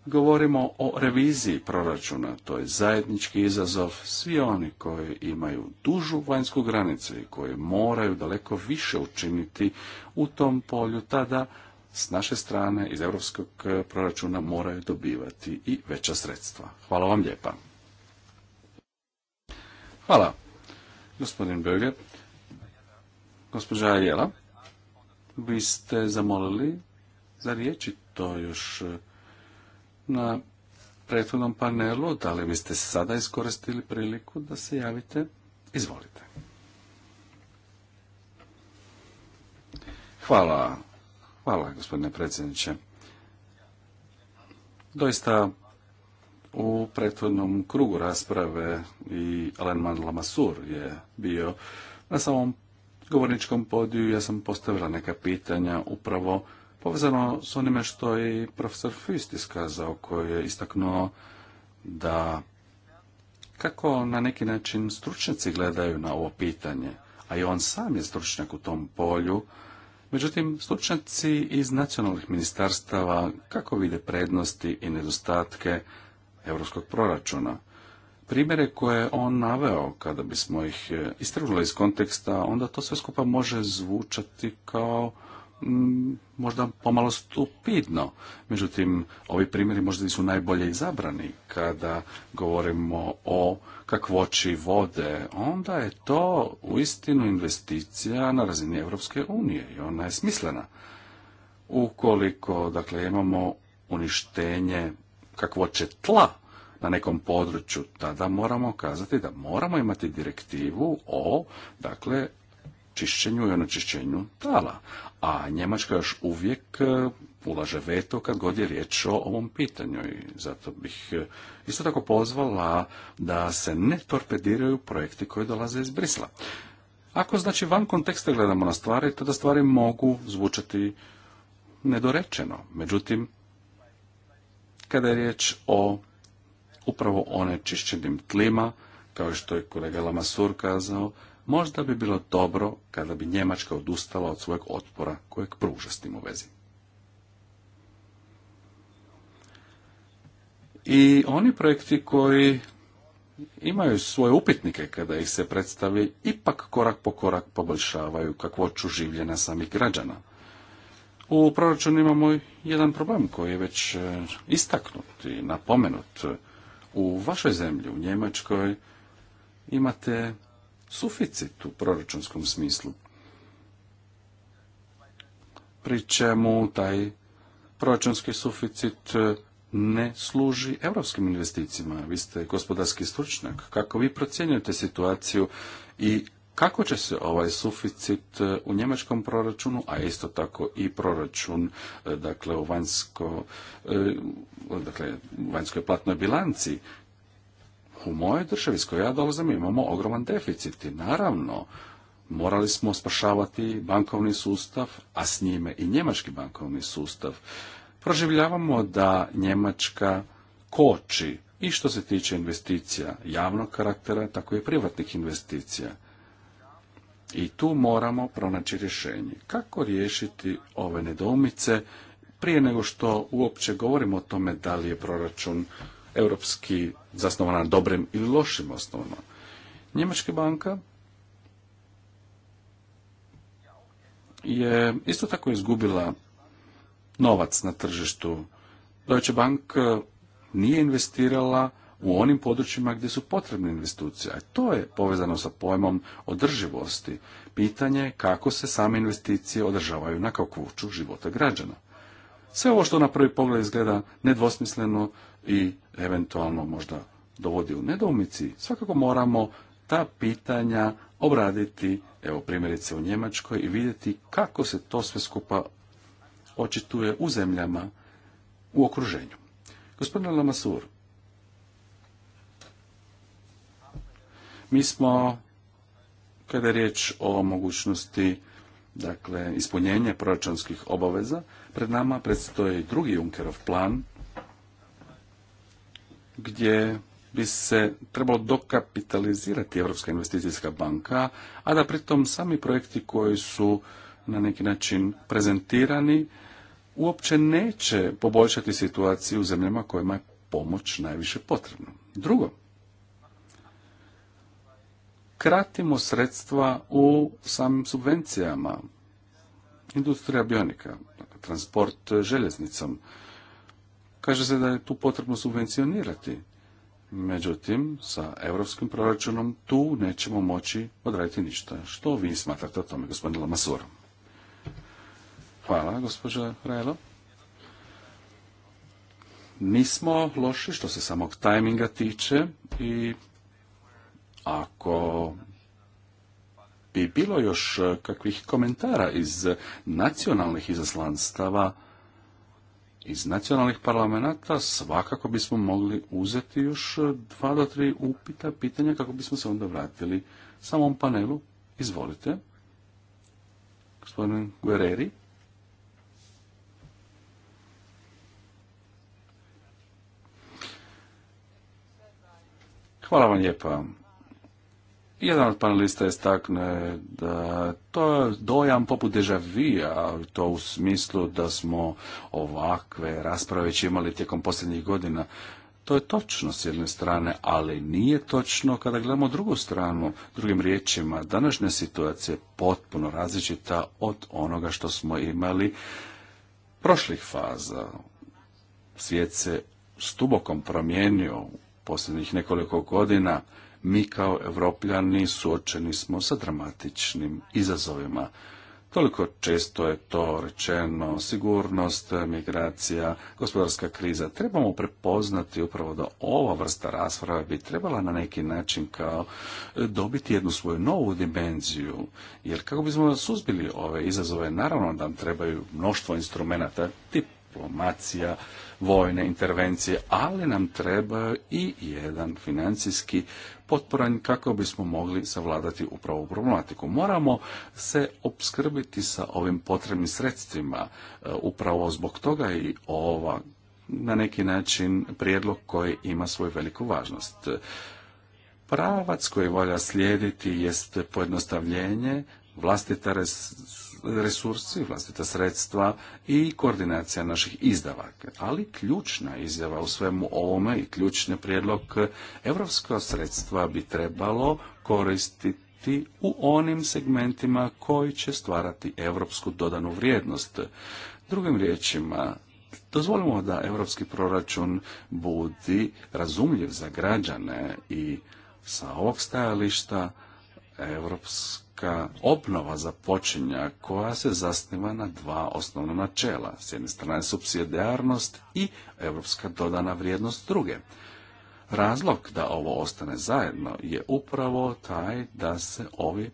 govorimo o reviziji proračuna, to je zajednički izazov. Svi oni koji imaju dužu vanjsku granicu i koji moraju daleko više učiniti u tom polju, tada s naše strane iz europskog proračuna moraju dobivati i veća sredstva. Hvala vam lijepa. Hvala. Gospodin Böge, gospođa Jela, vi ste zamolili za riječi to još na prethodnom panelu. Da li biste sada iskoristili priliku da se javite? Izvolite. Hvala. Hvala, gospodine predsjedniče. Doista, u prethodnom krugu rasprave i Alan Mandlamasur je bio na samom govorničkom podiju. Ja sam postavila neka pitanja upravo povezano s onime što je i profesor Fist iskazao, koji je istaknuo da kako na neki način stručnjaci gledaju na ovo pitanje, a i on sam je stručnjak u tom polju, međutim stručnjaci iz nacionalnih ministarstava kako vide prednosti i nedostatke europskog proračuna. Primjere koje on naveo, kada bismo ih e, istrgnuli iz konteksta, onda to sve skupa može zvučati kao Mm, možda pomalo stupidno. Međutim, ovi primjeri možda nisu najbolje izabrani kada govorimo o kakvoći vode, onda je to uistinu investicija na razini Europske unije i ona je smislena. Ukoliko, dakle, imamo uništenje kakvoće tla na nekom području, tada moramo kazati da moramo imati direktivu o, dakle, čišćenju i onečišćenju tala a Njemačka još uvijek e, ulaže veto kad god je riječ o ovom pitanju i zato bih e, isto tako pozvala da se ne torpediraju projekti koji dolaze iz Brisla. Ako znači van konteksta gledamo na stvari, tada stvari mogu zvučati nedorečeno. Međutim, kada je riječ o upravo onečišćenim tlima, kao što je kolega Lamasur kazao, Možda bi bilo dobro kada bi Njemačka odustala od svojeg otpora kojeg pruža s tim u vezi. I oni projekti koji imaju svoje upitnike kada ih se predstavi, ipak korak po korak poboljšavaju kakvoću življenja samih građana. U proračunu imamo jedan problem koji je već e, istaknut i napomenut. U vašoj zemlji, u Njemačkoj, imate suficit u proračunskom smislu. Pri čemu taj proračunski suficit e, ne služi europskim investicijama. Vi ste gospodarski stručnjak. Kako vi procjenjujete situaciju i kako će se ovaj suficit e, u njemačkom proračunu, a isto tako i proračun e, dakle, u vanjsko, dakle, vanjskoj platnoj bilanci, u mojoj državi s kojoj ja dolazim imamo ogroman deficit i naravno morali smo spašavati bankovni sustav, a s njime i njemački bankovni sustav. Proživljavamo da Njemačka koči i što se tiče investicija javnog karaktera, tako i privatnih investicija. I tu moramo pronaći rješenje. Kako riješiti ove nedoumice prije nego što uopće govorimo o tome da li je proračun europski zasnovana na dobrim ili lošim osnovama. Njemačka banka je isto tako izgubila novac na tržištu. Deutsche Bank nije investirala u onim područjima gdje su potrebne investicije. A to je povezano sa pojmom održivosti. Pitanje je kako se same investicije održavaju na kakvuću života građana. Sve ovo što na prvi pogled izgleda nedvosmisleno i eventualno možda dovodi u nedoumici. Svakako moramo ta pitanja obraditi, evo primjerice u Njemačkoj, i vidjeti kako se to sve skupa očituje u zemljama u okruženju. Gospodine Lamasur, mi smo, kada je riječ o mogućnosti dakle, ispunjenja proračunskih obaveza, pred nama predstoji drugi Junkerov plan, gdje bi se trebalo dokapitalizirati Europska investicijska banka, a da pritom sami projekti koji su na neki način prezentirani uopće neće poboljšati situaciju u zemljama kojima je pomoć najviše potrebna. Drugo, kratimo sredstva u samim subvencijama. Industrija bionika, dakle, transport željeznicom, Kaže se da je tu potrebno subvencionirati. Međutim, sa europskim proračunom tu nećemo moći odraditi ništa. Što vi smatrate o tome, gospodin Lamasur? Hvala, gospođa Rajlo. Nismo loši što se samog tajminga tiče i ako bi bilo još kakvih komentara iz nacionalnih izaslanstava, iz nacionalnih parlamenta svakako bismo mogli uzeti još dva do tri upita, pitanja kako bismo se onda vratili samom panelu. Izvolite. Gospodin Guerreri. Hvala vam lijepa. Jedan od panelista stakne da to je dojam poput dežavija, to u smislu da smo ovakve rasprave već imali tijekom posljednjih godina. To je točno s jedne strane, ali nije točno kada gledamo drugu stranu. Drugim riječima, današnja situacija je potpuno različita od onoga što smo imali prošlih faza. Svijet se tubokom promijenio posljednjih nekoliko godina mi kao evropljani suočeni smo sa dramatičnim izazovima. Toliko često je to rečeno, sigurnost, migracija, gospodarska kriza. Trebamo prepoznati upravo da ova vrsta rasprave bi trebala na neki način kao e, dobiti jednu svoju novu dimenziju. Jer kako bismo suzbili ove izazove, naravno nam trebaju mnoštvo instrumenta, tip diplomacija, vojne intervencije, ali nam treba i jedan financijski potporan kako bismo mogli savladati upravo problematiku. Moramo se opskrbiti sa ovim potrebnim sredstvima. E, upravo zbog toga i ova na neki način prijedlog koji ima svoju veliku važnost. Pravac koji valja slijediti jest pojednostavljenje vlastite. res resursi, vlastita sredstva i koordinacija naših izdavaka. Ali ključna izjava u svemu ovome i ključni prijedlog evropska sredstva bi trebalo koristiti u onim segmentima koji će stvarati europsku dodanu vrijednost. Drugim riječima, dozvolimo da europski proračun budi razumljiv za građane i sa ovog stajališta evropski obnova započinja koja se zasniva na dva osnovna načela. S jedne strane subsidijarnost i europska dodana vrijednost druge. Razlog da ovo ostane zajedno je upravo taj da se ovi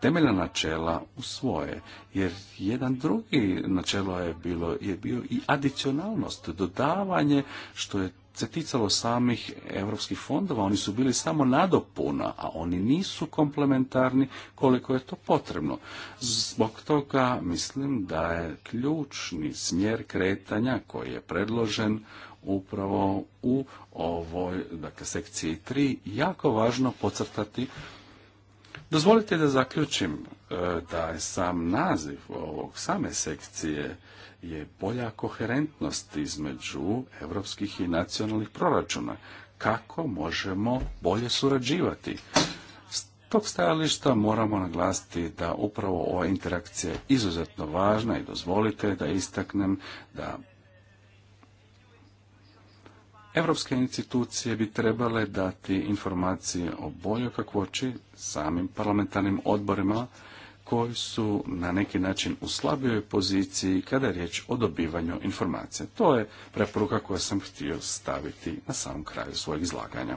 temeljna načela usvoje, jer jedan drugi načelo je bilo je bio i adicionalnost, dodavanje što je se ticalo samih europskih fondova, oni su bili samo nadopuna, a oni nisu komplementarni koliko je to potrebno. Zbog toga mislim da je ključni smjer kretanja koji je predložen upravo u ovoj dakle, sekciji 3 jako važno pocrtati Dozvolite da zaključim e, da je sam naziv ovog same sekcije je bolja koherentnost između europskih i nacionalnih proračuna. Kako možemo bolje surađivati? S tog stajališta moramo naglasiti da upravo ova interakcija je izuzetno važna i dozvolite da istaknem da Evropske institucije bi trebale dati informacije o boljoj kakvoći samim parlamentarnim odborima, koji su na neki način u slabijoj poziciji kada je riječ o dobivanju informacija. To je preporuka koju sam htio staviti na samom kraju svojeg izlaganja.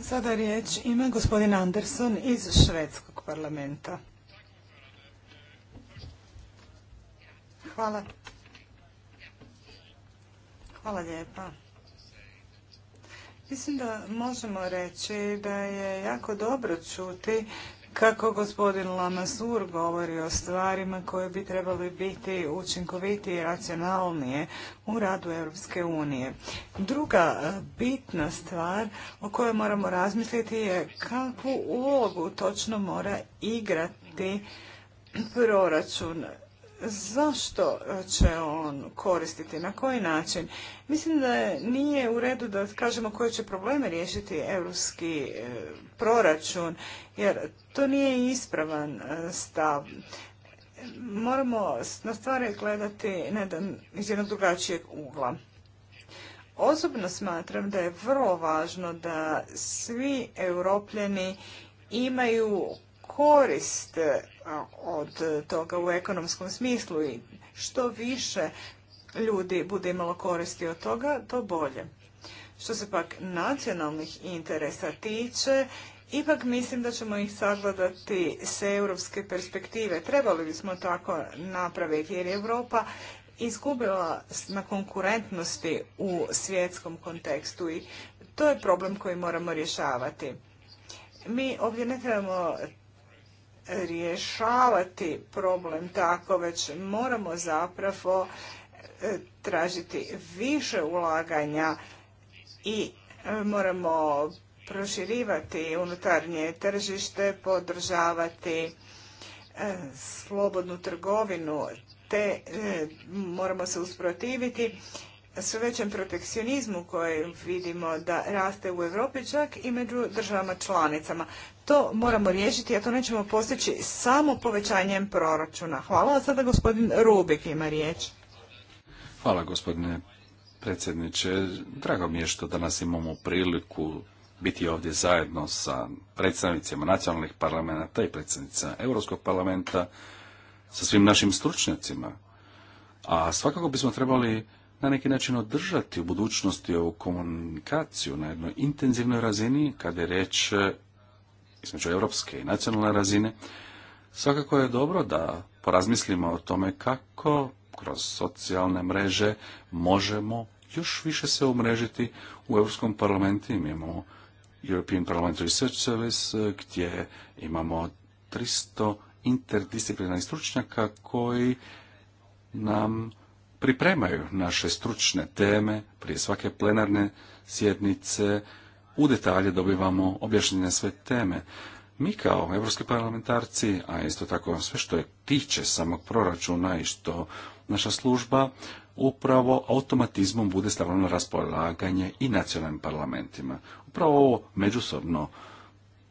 Sada riječ ima gospodin Anderson iz Švedskog parlamenta. Hvala. Hvala lijepa. Mislim da možemo reći da je jako dobro čuti kako gospodin Lamasur govori o stvarima koje bi trebali biti učinkovitije i racionalnije u radu Europske unije. Druga e, bitna stvar o kojoj moramo razmisliti je kakvu ulogu točno mora igrati proračun zašto e, će on koristiti, na koji način. Mislim da nije u redu da kažemo koje će probleme riješiti europski e, proračun, jer to nije ispravan e, stav. Moramo na stvari gledati iz jednog drugačijeg ugla. Osobno smatram da je vrlo važno da svi europljeni imaju korist e, od toga u ekonomskom smislu i što više ljudi bude imalo koristi od toga, to bolje. Što se pak nacionalnih interesa tiče, ipak mislim da ćemo ih sagledati s europske perspektive. Trebali bismo tako napraviti jer je Europa izgubila na konkurentnosti u svjetskom kontekstu i to je problem koji moramo rješavati. Mi ovdje ne trebamo rješavati problem tako, već moramo zapravo e, tražiti više ulaganja i e, moramo proširivati unutarnje tržište, podržavati e, slobodnu trgovinu, te moramo se usprotiviti sve većem protekcionizmu koji vidimo da raste u Europi čak i među državama članicama. To moramo riješiti, a to nećemo postići samo povećanjem proračuna. Hvala, sada gospodin Rubik ima riječ. Hvala gospodine predsjedniče. Drago mi je što danas imamo priliku biti ovdje zajedno sa predstavnicima nacionalnih parlamenta i predsjednica Europskog parlamenta, sa svim našim stručnjacima. A svakako bismo trebali na neki način održati u budućnosti ovu komunikaciju na jednoj intenzivnoj razini kada je reč između europske i nacionalne razine, svakako je dobro da porazmislimo o tome kako kroz socijalne mreže možemo još više se umrežiti u Europskom parlamentu. Imamo European Parliament Research Service gdje imamo 300 interdisciplinarnih stručnjaka koji nam pripremaju naše stručne teme prije svake plenarne sjednice u detalje dobivamo objašnjene sve teme. Mi kao evropski parlamentarci, a isto tako sve što je tiče samog proračuna i što naša služba upravo automatizmom bude stavljeno na raspolaganje i nacionalnim parlamentima. Upravo ovo međusobno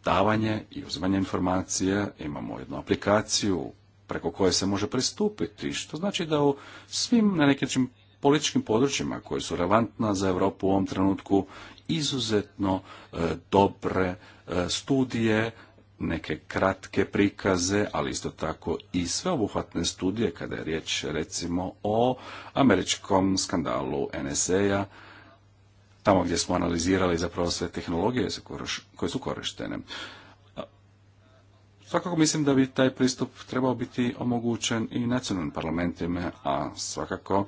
davanje i uzimanje informacija, imamo jednu aplikaciju preko koje se može pristupiti, što znači da u svim na nekim političkim područjima koji su relevantna za Europu u ovom trenutku izuzetno e, dobre e, studije, neke kratke prikaze, ali isto tako i sveobuhvatne studije kada je riječ recimo o američkom skandalu NSA-a, tamo gdje smo analizirali zapravo sve tehnologije koje su korištene. E, svakako mislim da bi taj pristup trebao biti omogućen i nacionalnim parlamentima, a svakako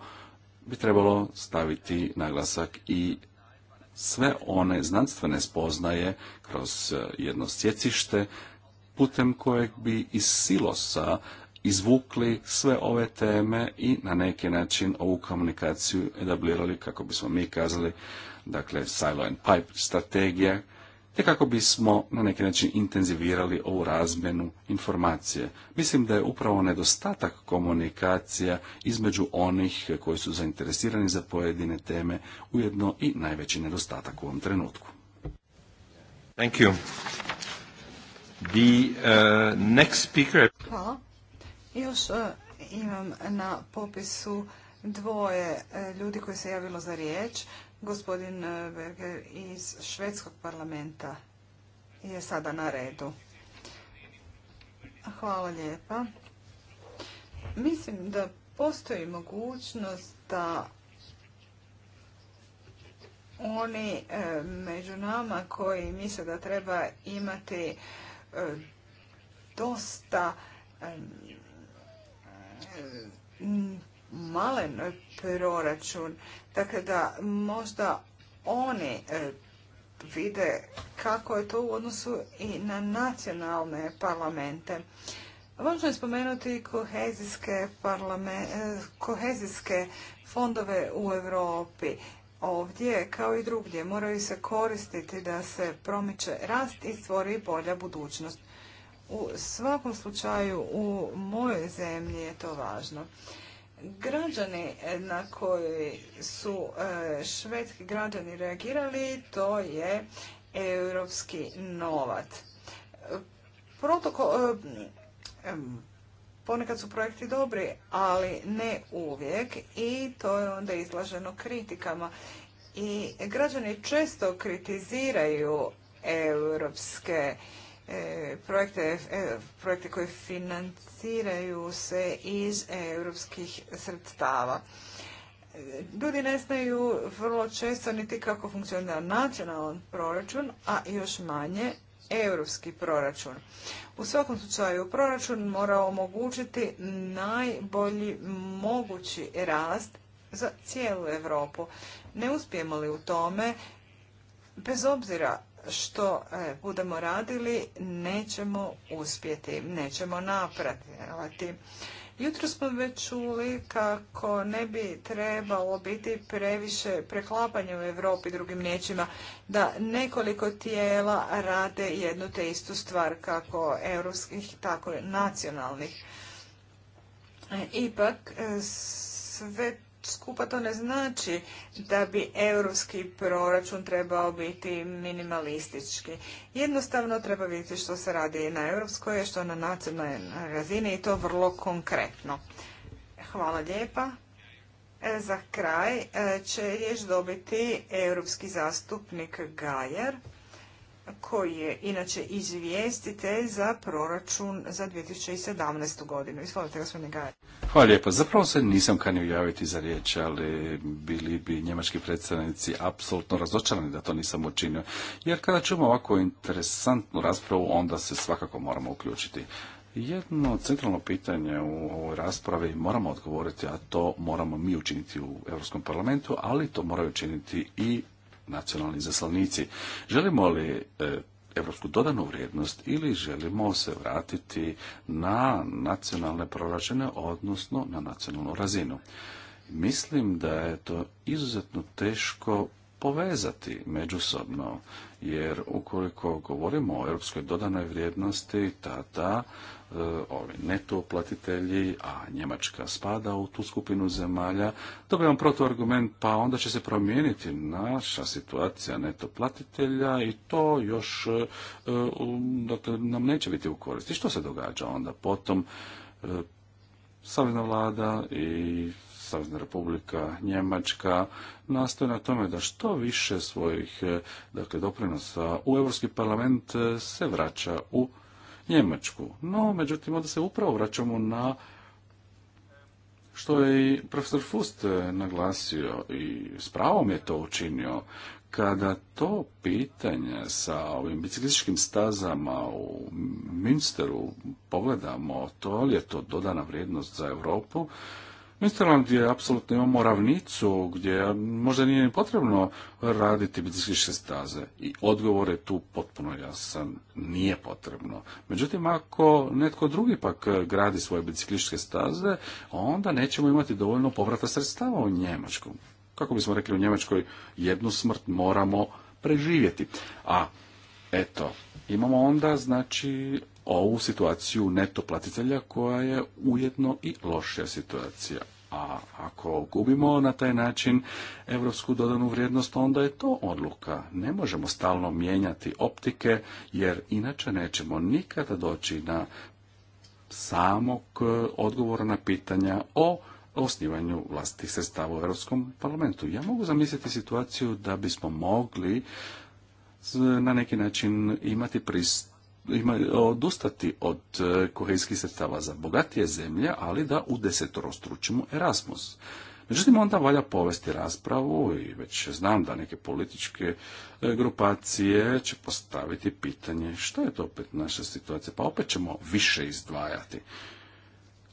bi trebalo staviti naglasak i sve one znanstvene spoznaje kroz e, jedno sjecište putem kojeg bi iz silosa izvukli sve ove teme i na neki način ovu komunikaciju etablirali kako bismo mi kazali dakle silo and pipe strategija te kako bismo na neki način intenzivirali ovu razmenu informacije. Mislim da je upravo nedostatak komunikacija između onih koji su zainteresirani za pojedine teme ujedno i najveći nedostatak u ovom trenutku. Thank you. The, uh, next speaker... Još uh, imam na popisu dvoje uh, ljudi koji se javilo za riječ. Gospodin e, Berger iz Švedskog parlamenta je sada na redu. Hvala lijepa. Mislim da postoji mogućnost da oni e, među nama koji misle da treba imati e, dosta malen e, proračun, tako da možda oni e, vide kako je to u odnosu i na nacionalne parlamente. Važno je spomenuti kohezijske, e, kohezijske fondove u Europi. Ovdje, kao i drugdje, moraju se koristiti da se promiče rast i stvori bolja budućnost. U svakom slučaju u mojoj zemlji je to važno građani eh, na koji su eh, švedski građani reagirali, to je europski novac. Eh, ponekad su projekti dobri, ali ne uvijek i to je onda izlaženo kritikama. I građani često kritiziraju europske E, projekte, e, projekte koje financiraju se iz europskih sredstava. Ljudi ne znaju vrlo često niti kako funkcionira nacionalan proračun, a još manje europski proračun. U svakom slučaju proračun mora omogućiti najbolji mogući rast za cijelu Europu. Ne uspijemo li u tome, bez obzira što e, budemo radili nećemo uspjeti, nećemo napraviti Jutro smo već čuli kako ne bi trebalo biti previše preklapanje u Europi drugim riječima, da nekoliko tijela rade jednu te istu stvar kako europskih tako i nacionalnih. E, ipak e, sve skupa to ne znači da bi europski proračun trebao biti minimalistički. Jednostavno treba vidjeti što se radi na europskoj, što na nacionalnoj razini i to vrlo konkretno. Hvala lijepa. E, za kraj e, će riječ dobiti europski zastupnik Gajer koji je inače izvijestite za proračun za 2017. godinu. Izvolite, gospodine Gajer. Hvala lijepa. Zapravo se nisam kanio javiti za riječ, ali bili bi njemački predstavnici apsolutno razočarani da to nisam učinio. Jer kada čujemo ovako interesantnu raspravu, onda se svakako moramo uključiti. Jedno centralno pitanje u ovoj raspravi moramo odgovoriti, a to moramo mi učiniti u Europskom parlamentu, ali to moraju učiniti i nacionalni zaslanici. Želimo li e, evropsku dodanu vrijednost ili želimo se vratiti na nacionalne proračune, odnosno na nacionalnu razinu. Mislim da je to izuzetno teško povezati međusobno, jer ukoliko govorimo o europskoj dodanoj vrijednosti, tada E, ovi neto platitelji, a Njemačka spada u tu skupinu zemalja, dobijam protuargument, pa onda će se promijeniti naša situacija neto platitelja i to još e, e, dakle, nam neće biti u koristi. Što se događa onda potom? Savezna vlada i Savezna republika Njemačka nastoje na tome da što više svojih dakle, doprinosa u Europski parlament se vraća u Njemačku. No, međutim, onda se upravo vraćamo na što je i profesor Fust naglasio i s pravom je to učinio, kada to pitanje sa ovim biciklističkim stazama u Münsteru pogledamo, to li je to dodana vrijednost za Europu, Instagram je apsolutno imamo ravnicu, gdje možda nije potrebno raditi biciklističke staze. I odgovor je tu potpuno jasan, nije potrebno. Međutim, ako netko drugi pak gradi svoje biciklističke staze, onda nećemo imati dovoljno povrata sredstava u Njemačkom. Kako bismo rekli u Njemačkoj, jednu smrt moramo preživjeti. A, eto, imamo onda, znači, ovu situaciju neto platitelja koja je ujedno i lošija situacija a ako gubimo na taj način europsku dodanu vrijednost, onda je to odluka. Ne možemo stalno mijenjati optike, jer inače nećemo nikada doći na samog e, odgovora na pitanja o osnivanju vlastitih sredstava u Europskom parlamentu. Ja mogu zamisliti situaciju da bismo mogli na neki način imati pristup imaju e, odustati od e, kohezijskih sredstava za bogatije zemlje, ali da u desetorostručimo Erasmus. Međutim, onda valja povesti raspravu i već znam da neke političke e, grupacije će postaviti pitanje što je to opet naša situacija, pa opet ćemo više izdvajati.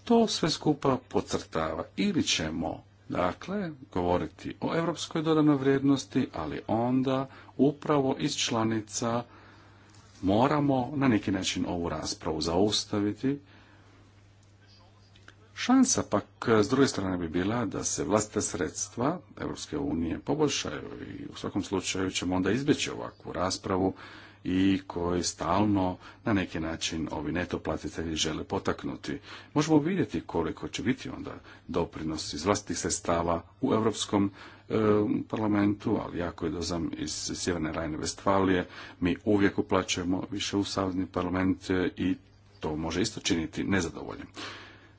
To sve skupa pocrtava. Ili ćemo, dakle, govoriti o europskoj dodanoj vrijednosti, ali onda upravo iz članica moramo na neki način ovu raspravu zaustaviti. Šansa pak s druge strane bi bila da se vlastite sredstva Europske unije poboljšaju i u svakom slučaju ćemo onda izbjeći ovakvu raspravu i koji stalno na neki način ovi neto žele potaknuti. Možemo vidjeti koliko će biti onda doprinos iz vlastitih sredstava u europskom E, parlamentu, ali jako je dozam iz Sjeverne Rajne Vestfalije. Mi uvijek uplaćujemo više u Savezni parlament e, i to može isto činiti nezadovoljno.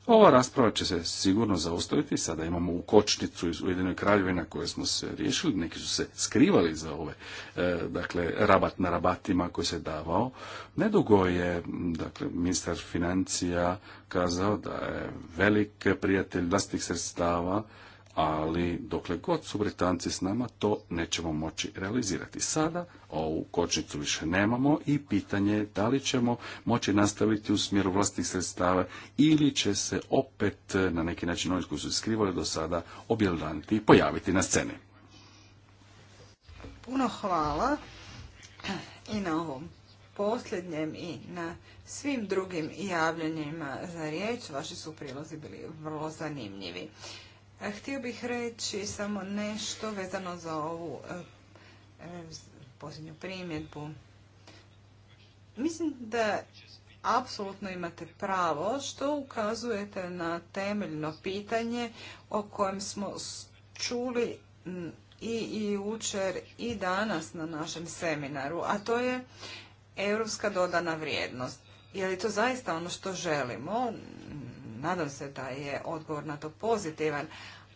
Ova rasprava će se sigurno zaustaviti. Sada imamo u kočnicu iz Ujedinoj kraljevina koje smo se riješili. Neki su se skrivali za ove, e, dakle, rabat na rabatima koji se davao. Nedugo je, dakle, ministar financija kazao da je velik prijatelj vlastnih sredstava ali dokle god su Britanci s nama, to nećemo moći realizirati. Sada ovu kočnicu više nemamo i pitanje je da li ćemo moći nastaviti u smjeru vlastnih sredstava ili će se opet na neki način oni koji su skrivali do sada objeldanti i pojaviti na sceni. Puno hvala i na ovom posljednjem i na svim drugim javljanjima za riječ. Vaši su prilozi bili vrlo zanimljivi. E, htio bih reći samo nešto vezano za ovu e, e, posljednju primjedbu. Mislim da apsolutno imate pravo što ukazujete na temeljno pitanje o kojem smo čuli i učer i danas na našem seminaru, a to je europska dodana vrijednost. Je li to zaista ono što želimo? Nadam se da je odgovor na to pozitivan,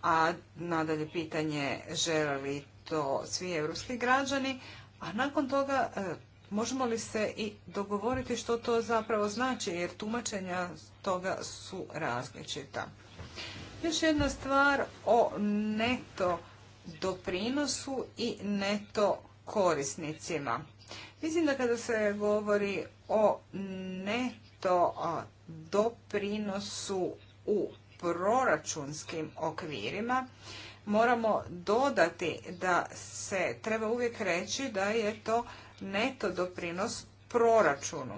a nadalje pitanje žele li to svi europski građani, a nakon toga e, možemo li se i dogovoriti što to zapravo znači, jer tumačenja toga su različita. Još jedna stvar o neto doprinosu i neto korisnicima. Mislim da kada se govori o neto to doprinosu u proračunskim okvirima, moramo dodati da se treba uvijek reći da je to neto doprinos proračunu.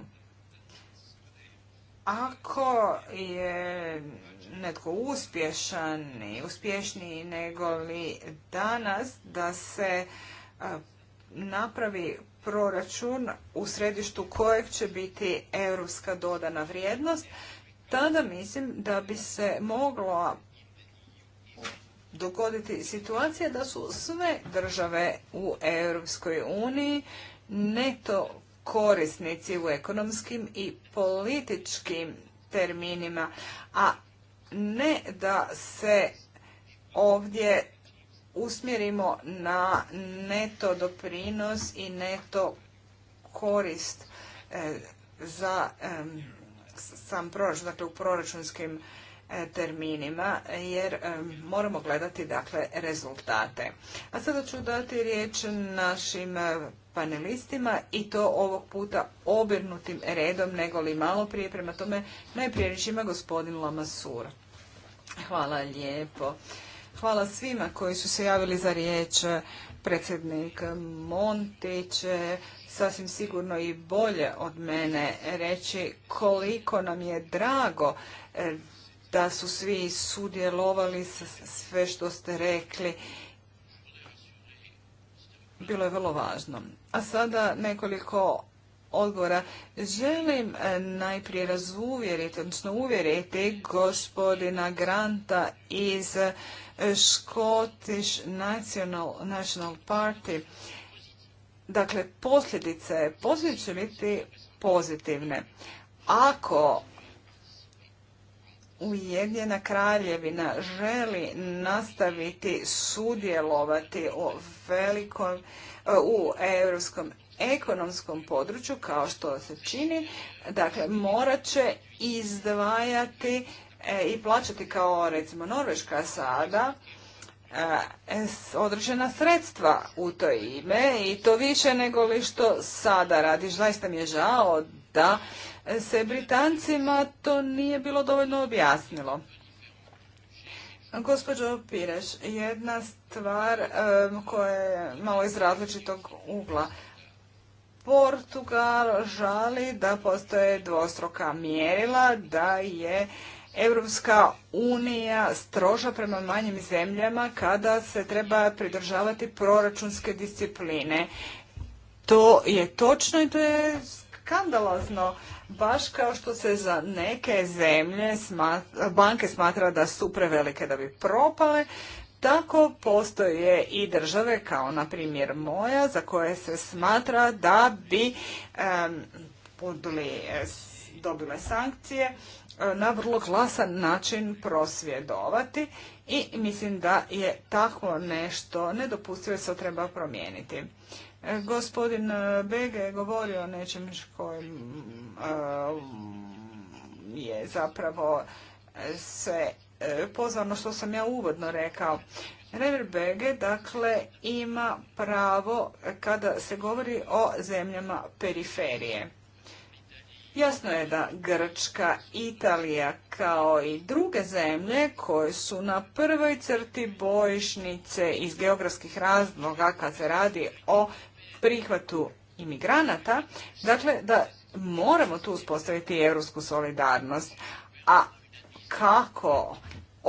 Ako je netko uspješan i uspješniji nego li danas da se napravi proračun u središtu kojeg će biti europska dodana vrijednost, tada mislim da bi se moglo dogoditi situacija da su sve države u Europskoj uniji neto korisnici u ekonomskim i političkim terminima, a ne da se ovdje usmjerimo na neto doprinos i neto korist e, za e, sam proračun, dakle u proračunskim e, terminima, jer moramo gledati dakle rezultate. A sada ću dati riječ našim panelistima i to ovog puta obrnutim redom nego li malo prije. Prema tome najprije riječ ima gospodin Lamasur. Hvala lijepo. Hvala svima koji su se javili za riječ. Predsjednik Monti će sasvim sigurno i bolje od mene reći koliko nam je drago e, da su svi sudjelovali sve što ste rekli. Bilo je vrlo važno. A sada nekoliko odgovora. Želim e, najprije razuvjeriti, odnosno uvjeriti gospodina Granta iz e, Scottish National, National Party. Dakle, posljedice, posljedice će biti pozitivne. Ako Ujedinjena kraljevina želi nastaviti sudjelovati u velikom e, u europskom ekonomskom području, kao što se čini, dakle, morat će izdvajati e, i plaćati kao recimo Norveška sada e, određena sredstva u to ime i to više nego li što sada radiš. Zaista mi je žao da se Britancima to nije bilo dovoljno objasnilo. Gospođo Pireš, jedna stvar e, koja je malo iz različitog ugla. Portugal žali da postoje dvostroka mjerila, da je Europska unija stroža prema manjim zemljama kada se treba pridržavati proračunske discipline. To je točno i to je skandalozno. Baš kao što se za neke zemlje banke smatra da su prevelike da bi propale, tako postoje i države kao na primjer moja za koje se smatra da bi dobile sankcije e, na vrlo glasan način prosvjedovati i mislim da je tako nešto nedopustivo se treba promijeniti. E, gospodin e, Bege je govorio o nečem kojim je zapravo se E, pozorno što sam ja uvodno rekao. Rever Bege, dakle, ima pravo kada se govori o zemljama periferije. Jasno je da Grčka, Italija kao i druge zemlje koje su na prvoj crti bojišnice iz geografskih razloga kad se radi o prihvatu imigranata, dakle da moramo tu uspostaviti europsku solidarnost. A kako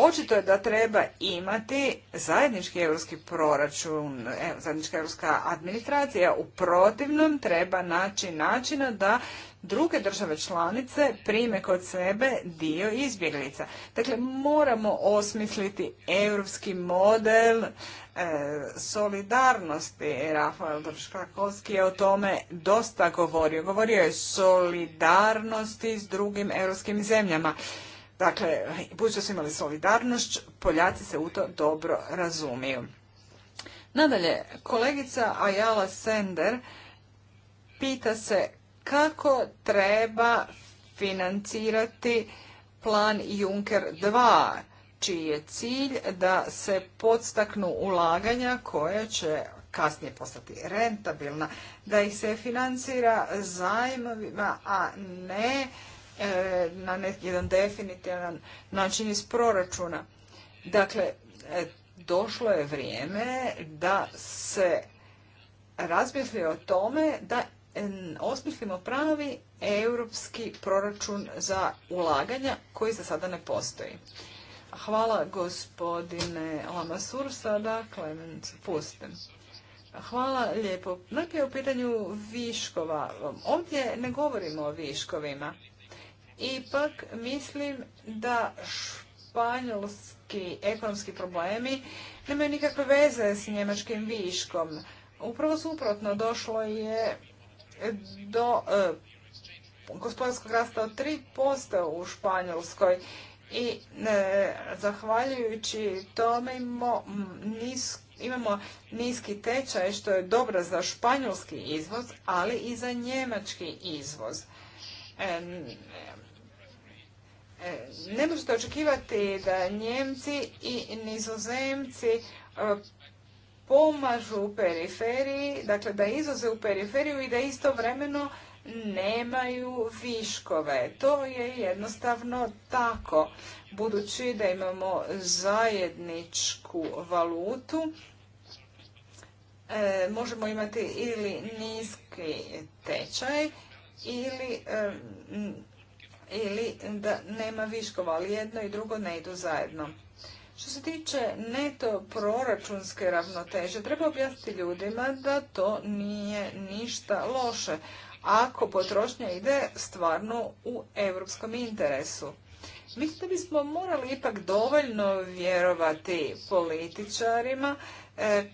Očito je da treba imati zajednički europski proračun, zajednička europska administracija. U protivnom treba naći načina da druge države članice prime kod sebe dio izbjeglica. Dakle, moramo osmisliti europski model e, solidarnosti. Rafael Drškakovski je o tome dosta govorio. Govorio je solidarnosti s drugim europskim zemljama. Dakle, budući da su imali solidarnost, Poljaci se u to dobro razumiju. Nadalje, kolegica Ajala Sender pita se kako treba financirati plan Juncker 2, čiji je cilj da se podstaknu ulaganja koja će kasnije postati rentabilna, da ih se financira zajmovima, a ne E, na neki jedan definitivan način iz proračuna. Dakle, e, došlo je vrijeme da se razmisli o tome da e, osmislimo pravi europski proračun za ulaganja koji za sada ne postoji. Hvala gospodine Lamasur, sada Clemens pustim. Hvala lijepo. Najprije u pitanju viškova. Ovdje ne govorimo o viškovima. Ipak mislim da španjolski ekonomski problemi nemaju nikakve veze s njemačkim viškom. Upravo suprotno došlo je do e, gospodarskog rasta od 3% u Španjolskoj i e, zahvaljujući tome imamo, niski tečaj što je dobro za španjolski izvoz, ali i za njemački izvoz. E, E, ne možete očekivati da Njemci i Nizozemci e, pomažu u periferiji, dakle da izoze u periferiju i da istovremeno nemaju viškove. To je jednostavno tako. Budući da imamo zajedničku valutu, e, možemo imati ili niski tečaj ili ili da nema viškova, ali jedno i drugo ne idu zajedno. Što se tiče neto proračunske ravnoteže, treba objasniti ljudima da to nije ništa loše ako potrošnja ide stvarno u europskom interesu. Mislim da bismo morali ipak dovoljno vjerovati političarima e,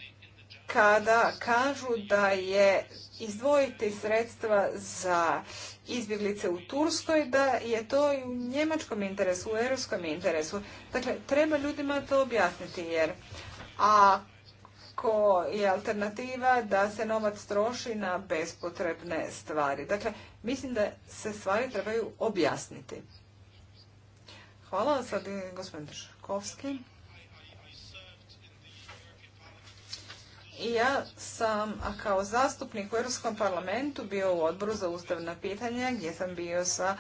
kada kažu da je izdvojiti sredstva za izbjeglice u Turskoj, da je to i u njemačkom interesu, u europskom interesu. Dakle, treba ljudima to objasniti jer ako je alternativa da se novac troši na bespotrebne stvari. Dakle, mislim da se stvari trebaju objasniti. Hvala, sad je gospodin Ja sam kao zastupnik u Europskom parlamentu bio u odboru za ustavna pitanja gdje sam bio sa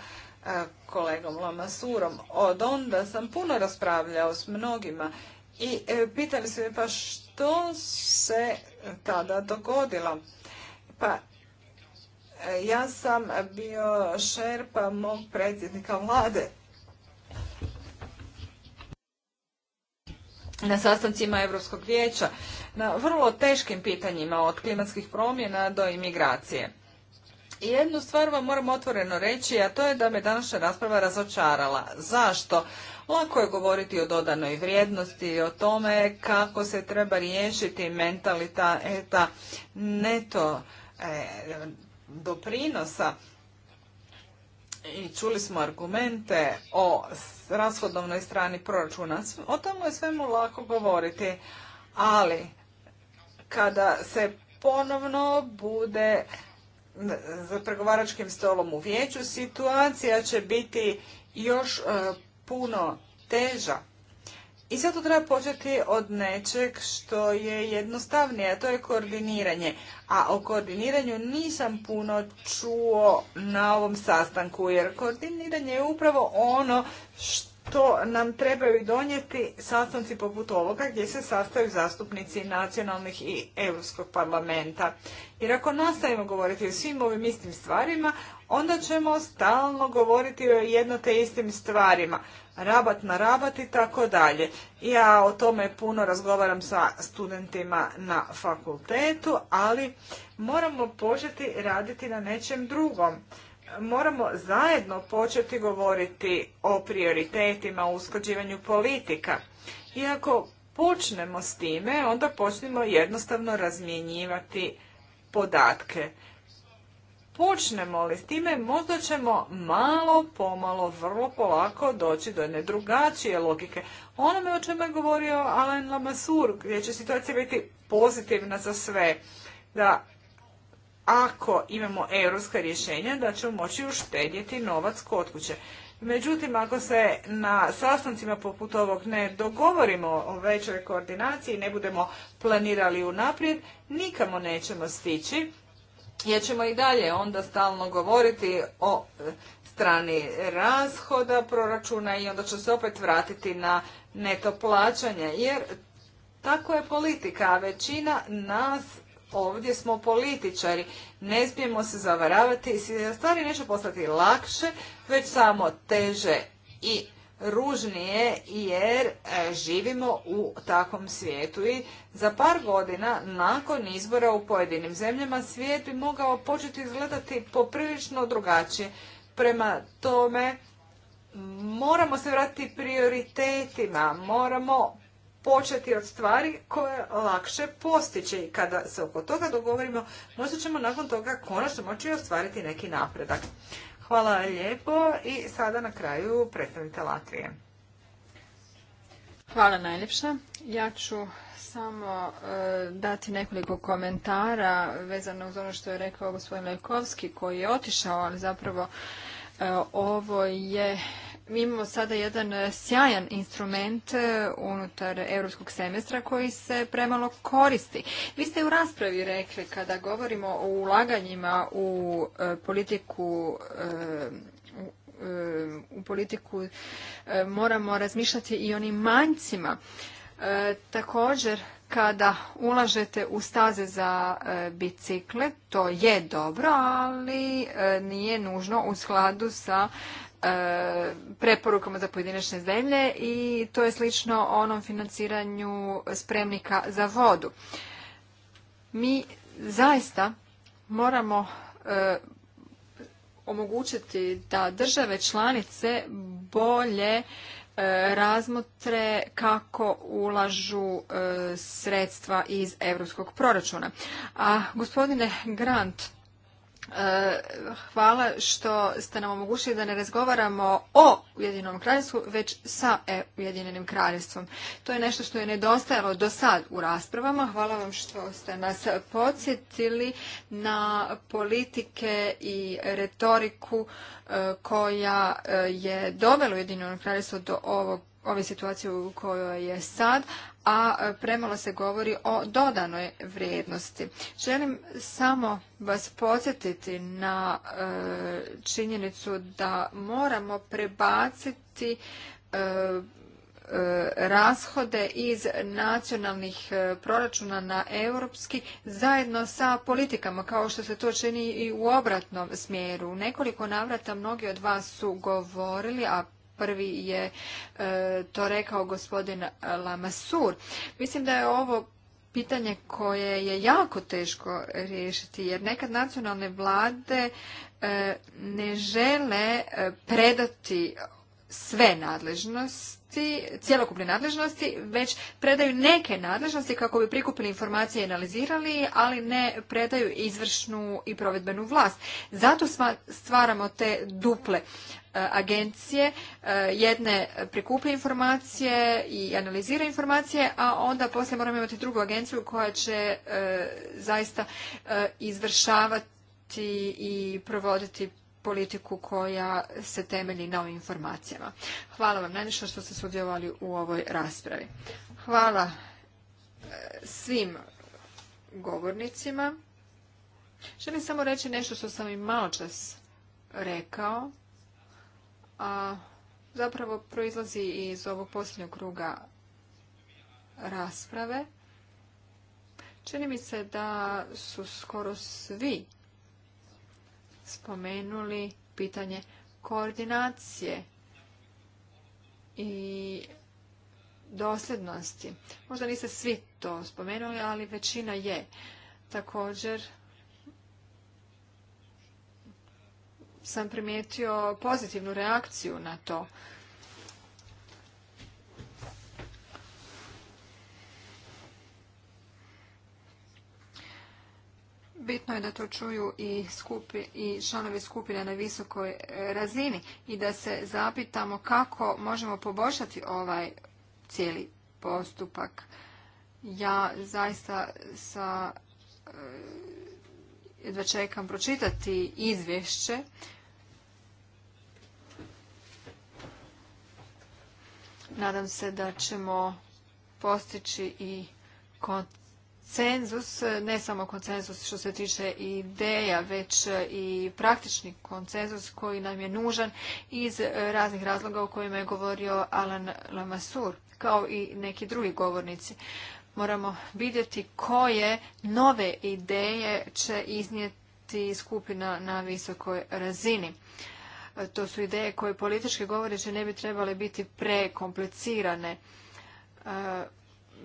e, kolegom Lamasurom. Od onda sam puno raspravljao s mnogima i e, pitali su me pa što se tada dogodilo. Pa e, ja sam bio šerpa mog predsjednika vlade na sastancima Europskog vijeća na vrlo teškim pitanjima od klimatskih promjena do imigracije. I jednu stvar vam moram otvoreno reći, a to je da me današnja rasprava razočarala. Zašto? Lako je govoriti o dodanoj vrijednosti i o tome kako se treba riješiti mentaliteta neto e, doprinosa, i čuli smo argumente o rashodovnoj strani proračuna. O tome je svemu lako govoriti, ali kada se ponovno bude za pregovaračkim stolom u vijeću, situacija će biti još e, puno teža. I to treba početi od nečeg što je jednostavnije, a to je koordiniranje. A o koordiniranju nisam puno čuo na ovom sastanku, jer koordiniranje je upravo ono što nam trebaju donijeti sastanci poput ovoga gdje se sastaju zastupnici nacionalnih i Europskog parlamenta. Jer ako nastavimo govoriti o svim ovim istim stvarima, onda ćemo stalno govoriti o jedno te istim stvarima. Rabat na rabat i tako dalje. Ja o tome puno razgovaram sa studentima na fakultetu, ali moramo početi raditi na nečem drugom. Moramo zajedno početi govoriti o prioritetima, o usklađivanju politika. Iako počnemo s time, onda počnemo jednostavno razmjenjivati podatke počnemo li s time, možda ćemo malo, pomalo, vrlo polako doći do jedne drugačije logike. Onome o čemu je govorio Alain Lamassur, gdje će situacija biti pozitivna za sve. Da ako imamo europska rješenja, da ćemo moći uštedjeti novac kod kuće. Međutim, ako se na sastancima poput ovog ne dogovorimo o većoj koordinaciji, ne budemo planirali unaprijed, nikamo nećemo stići jer ćemo i dalje onda stalno govoriti o e, strani rashoda proračuna i onda će se opet vratiti na neto plaćanje jer tako je politika. a Većina nas ovdje smo političari. Ne smijemo se zavaravati i stvari neće postati lakše, već samo teže i ružnije jer e, živimo u takvom svijetu i za par godina nakon izbora u pojedinim zemljama svijet bi mogao početi izgledati poprilično drugačije. Prema tome moramo se vratiti prioritetima, moramo početi od stvari koje lakše postići i kada se oko toga dogovorimo možda ćemo nakon toga konačno moći ostvariti neki napredak. Hvala lijepo i sada na kraju predstavite Latvije. Hvala najljepša. Ja ću samo e, dati nekoliko komentara vezano uz ono što je rekao gospodin Majkovski koji je otišao, ali zapravo e, ovo je mi imamo sada jedan e, sjajan instrument e, unutar europskog semestra koji se premalo koristi. Vi ste u raspravi rekli kada govorimo o ulaganjima u e, politiku u politiku moramo razmišljati i onim manjcima. Također kada ulažete u staze za bicikle, to je dobro, ali nije nužno u skladu sa E, preporukama za pojedinačne zemlje i to je slično onom financiranju spremnika za vodu. Mi zaista moramo e, omogućiti da države članice bolje e, razmotre kako ulažu sredstva iz europskog proračuna. A gospodine Grant, Eh, hvala što ste nam omogućili da ne razgovaramo o Ujedinjenom kraljevstvu, već sa e, Ujedinjenim kraljevstvom. To je nešto što je nedostajalo do sad u raspravama. Hvala vam što ste nas podsjetili na politike i retoriku eh, koja eh, je dovela Ujedinjeno kraljevstvo do ovog ove situacije u kojoj je sad, a e, premalo se govori o dodanoj vrijednosti. Želim samo vas podsjetiti na e, činjenicu da moramo prebaciti e, rashode iz nacionalnih proračuna na europski zajedno sa politikama kao što se to čini i u obratnom smjeru. nekoliko navrata mnogi od vas su govorili, a prvi je e, to rekao gospodin Lamasur. Mislim da je ovo pitanje koje je jako teško riješiti jer nekad nacionalne vlade e, ne žele e, predati sve nadležnosti, cjelokupne nadležnosti, već predaju neke nadležnosti kako bi prikupili informacije i analizirali, ali ne predaju izvršnu i provedbenu vlast. Zato stvaramo te duple e, agencije e, jedne prikupe informacije i analizira informacije, a onda poslije moramo imati drugu agenciju koja će e, zaista izvršavati i provoditi politiku koja se temelji na ovim informacijama. Hvala vam najviše što ste sudjelovali u ovoj raspravi. Hvala e, svim govornicima. Želim samo reći nešto što sam i malo čas rekao, a zapravo proizlazi iz ovog posljednjeg kruga rasprave. Čini mi se da su skoro svi spomenuli pitanje koordinacije i dosljednosti. Možda niste svi to spomenuli, ali većina je. Također sam primijetio pozitivnu reakciju na to. Bitno je da to čuju i, skupi, članovi skupine na visokoj e, razini i da se zapitamo kako možemo poboljšati ovaj cijeli postupak. Ja zaista sa e, jedva čekam pročitati izvješće. Nadam se da ćemo postići i kontakt konsenzus, ne samo konsenzus što se tiče ideja, već i praktični konsenzus koji nam je nužan iz raznih razloga o kojima je govorio Alan Lamassur, kao i neki drugi govornici. Moramo vidjeti koje nove ideje će iznijeti skupina na visokoj razini. To su ideje koje politički govoreće ne bi trebale biti prekomplicirane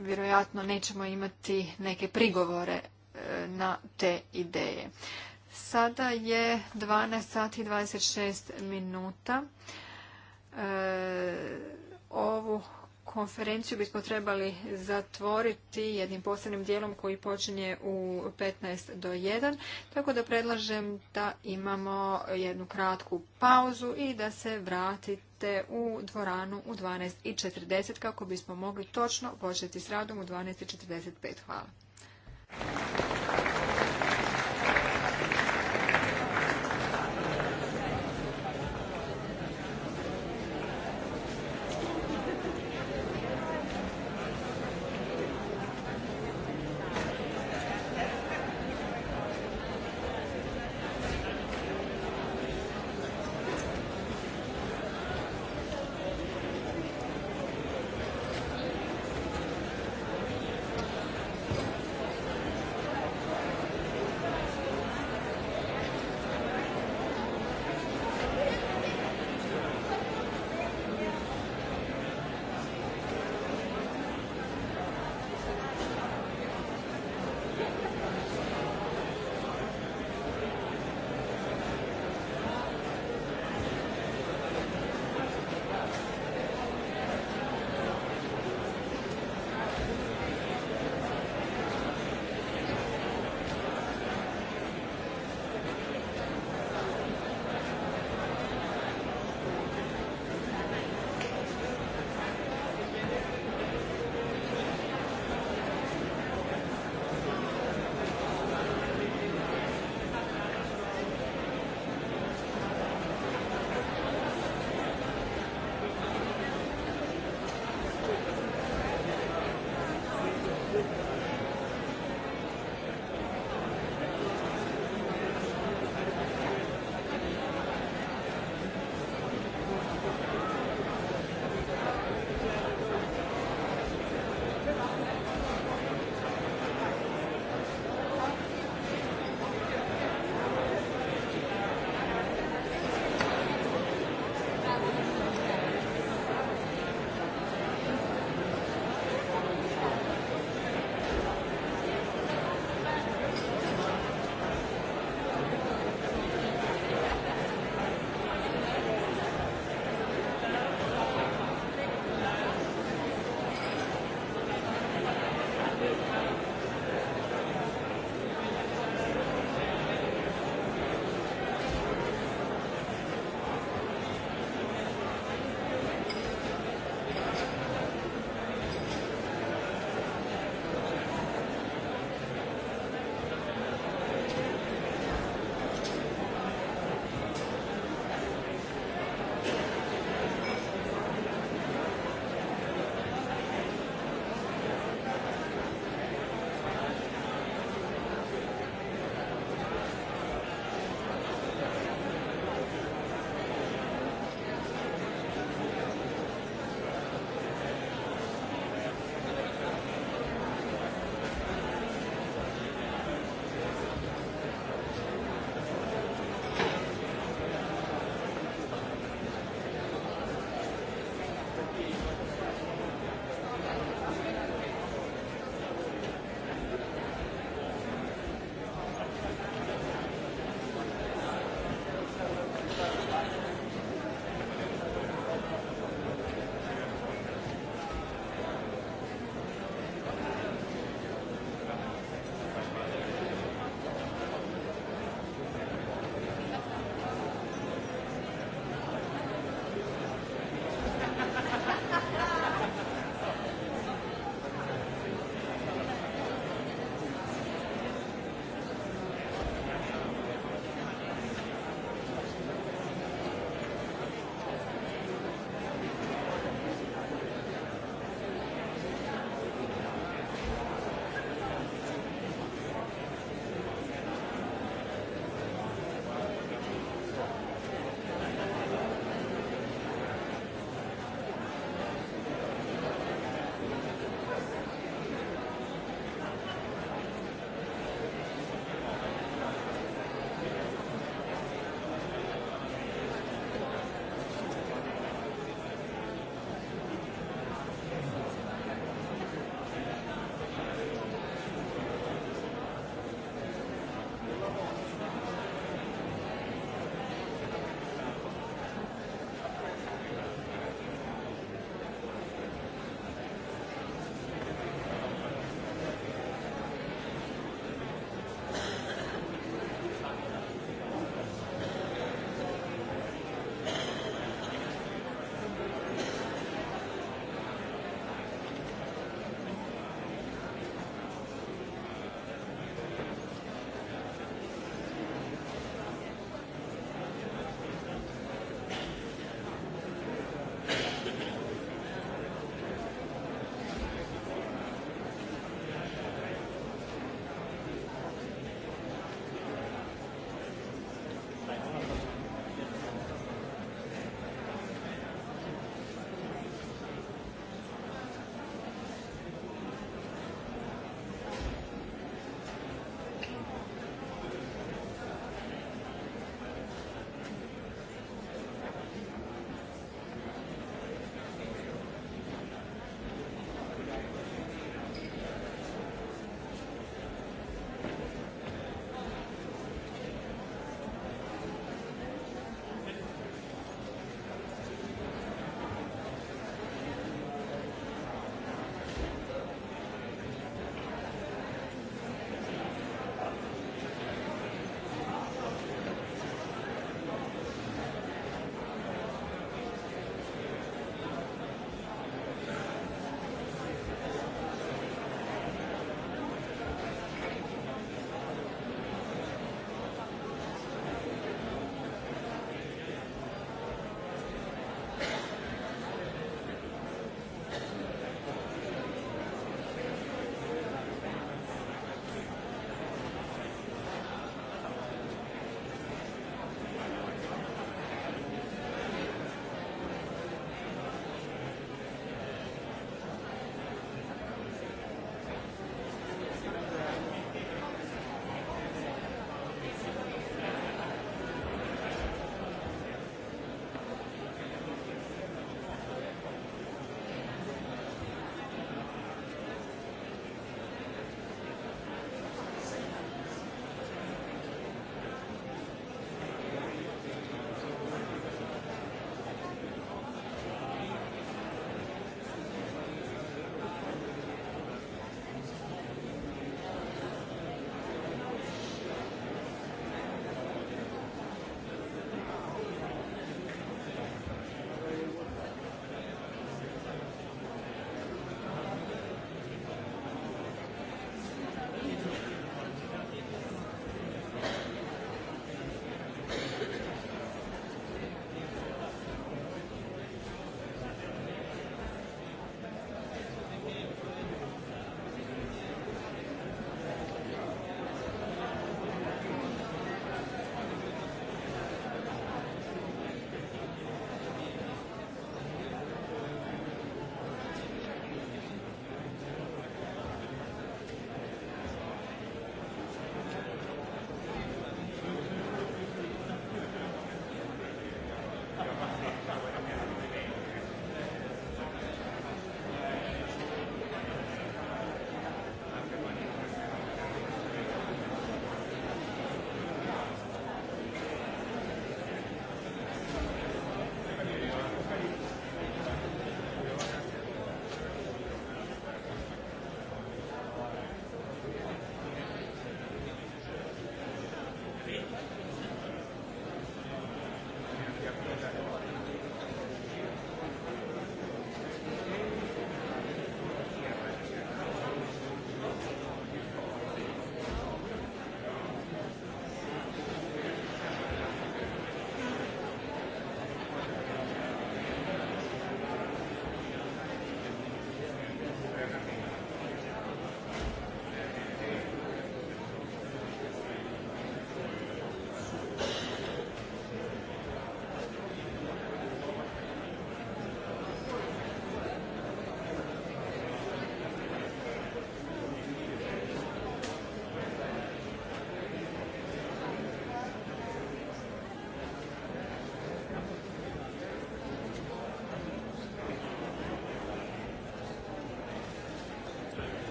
vjerojatno nećemo imati neke prigovore e, na te ideje. Sada je 12 sati 26 minuta. E, ovu konferenciju bismo trebali zatvoriti jednim posebnim dijelom koji počinje u 15 do 1. Tako da predlažem da imamo jednu kratku pauzu i da se vratite te u dvoranu u 12.40 kako bismo mogli točno početi s radom u 12.45. Hvala.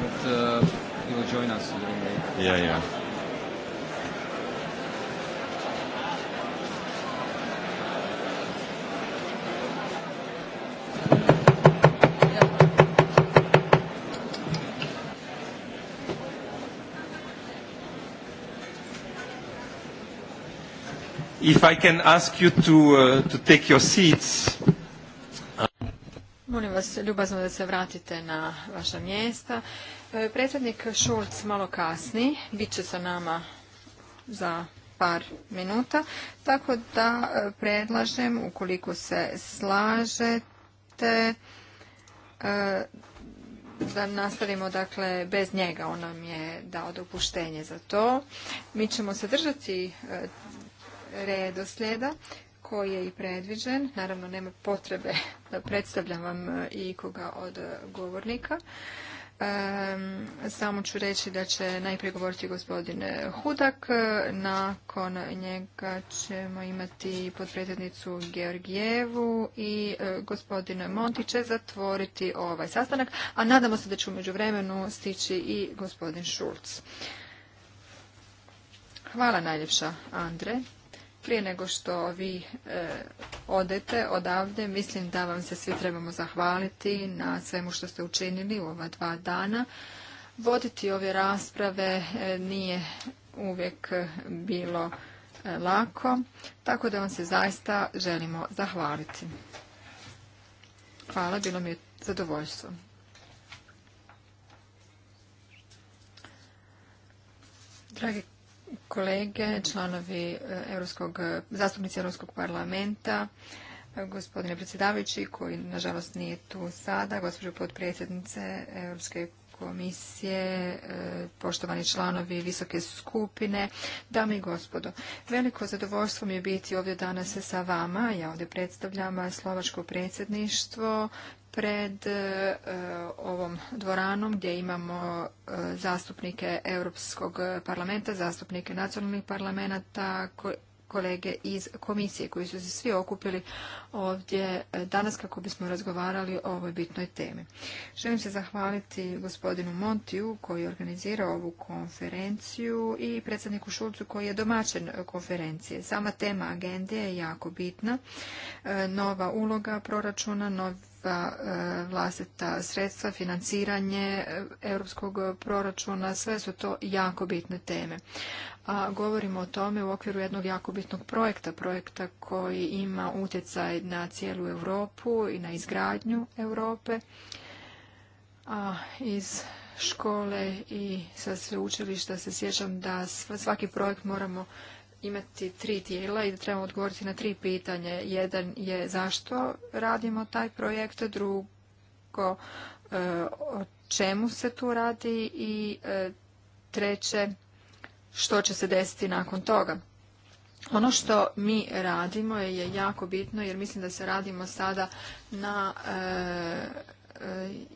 but uh, he will join us during the... Yeah, yeah. If I can ask you to, uh, to take your seats vas ljubazno da se vratite na vaša mjesta. E, predsjednik Šulc malo kasni, bit će sa nama za par minuta, tako da e, predlažem, ukoliko se slažete, e, da nastavimo dakle bez njega. On nam je dao dopuštenje za to. Mi ćemo se držati redoslijeda koji je i predviđen. Naravno, nema potrebe predstavljam vam e, i koga od e, govornika. E, samo ću reći da će najprije govoriti gospodin Hudak, nakon njega ćemo imati potpredsjednicu Georgijevu i gospodin Monti će zatvoriti ovaj sastanak, a nadamo se da će u međuvremenu stići i gospodin Šulc. Hvala najljepša, Andre. Prije nego što vi e, odete odavde, mislim da vam se svi trebamo zahvaliti na svemu što ste učinili u ova dva dana. Voditi ove rasprave e, nije uvijek bilo e, lako, tako da vam se zaista želimo zahvaliti. Hvala, bilo mi je zadovoljstvo kolege, članovi eh, Europskog, zastupnici Europskog parlamenta, eh, gospodine predsjedavajući koji nažalost nije tu sada, gospođo potpredsjednice Europske komisije, eh, poštovani članovi visoke skupine, dame i gospodo. Veliko zadovoljstvo mi je biti ovdje danas sa vama. Ja ovdje predstavljam slovačko predsjedništvo pred e, ovom dvoranom gdje imamo e, zastupnike Europskog parlamenta, zastupnike nacionalnih parlamenta, kolege iz komisije koji su se svi okupili ovdje e, danas kako bismo razgovarali o ovoj bitnoj temi. Želim se zahvaliti gospodinu Montiju koji je organizirao ovu konferenciju i predsjedniku Šulcu koji je domaćen konferencije. Sama tema agende je jako bitna. Nova uloga proračuna, nov vlastita, e, vlastita sredstva, financiranje e, europskog proračuna, sve su to jako bitne teme. A govorimo o tome u okviru jednog jako bitnog projekta, projekta koji ima utjecaj na cijelu Europu i na izgradnju Europe. A iz škole i sa sveučilišta se sjećam da svaki projekt moramo imati tri tijela i da trebamo odgovoriti na tri pitanje. Jedan je zašto radimo taj projekt, drugo e, o čemu se tu radi i e, treće što će se desiti nakon toga. Ono što mi radimo je jako bitno jer mislim da se radimo sada na e,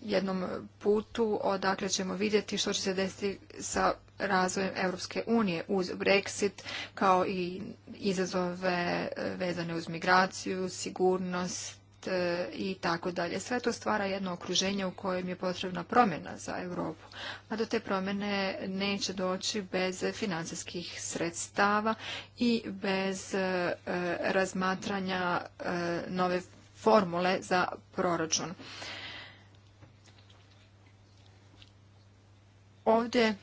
jednom putu odakle ćemo vidjeti što će se desiti sa razvojem Europske unije uz Brexit kao i izazove e, vezane uz migraciju, sigurnost e, i tako dalje. Sve to stvara jedno okruženje u kojem je potrebna promjena za Europu. A do te promjene neće doći bez financijskih sredstava i bez e, razmatranja nove formule za proračun. Ovdje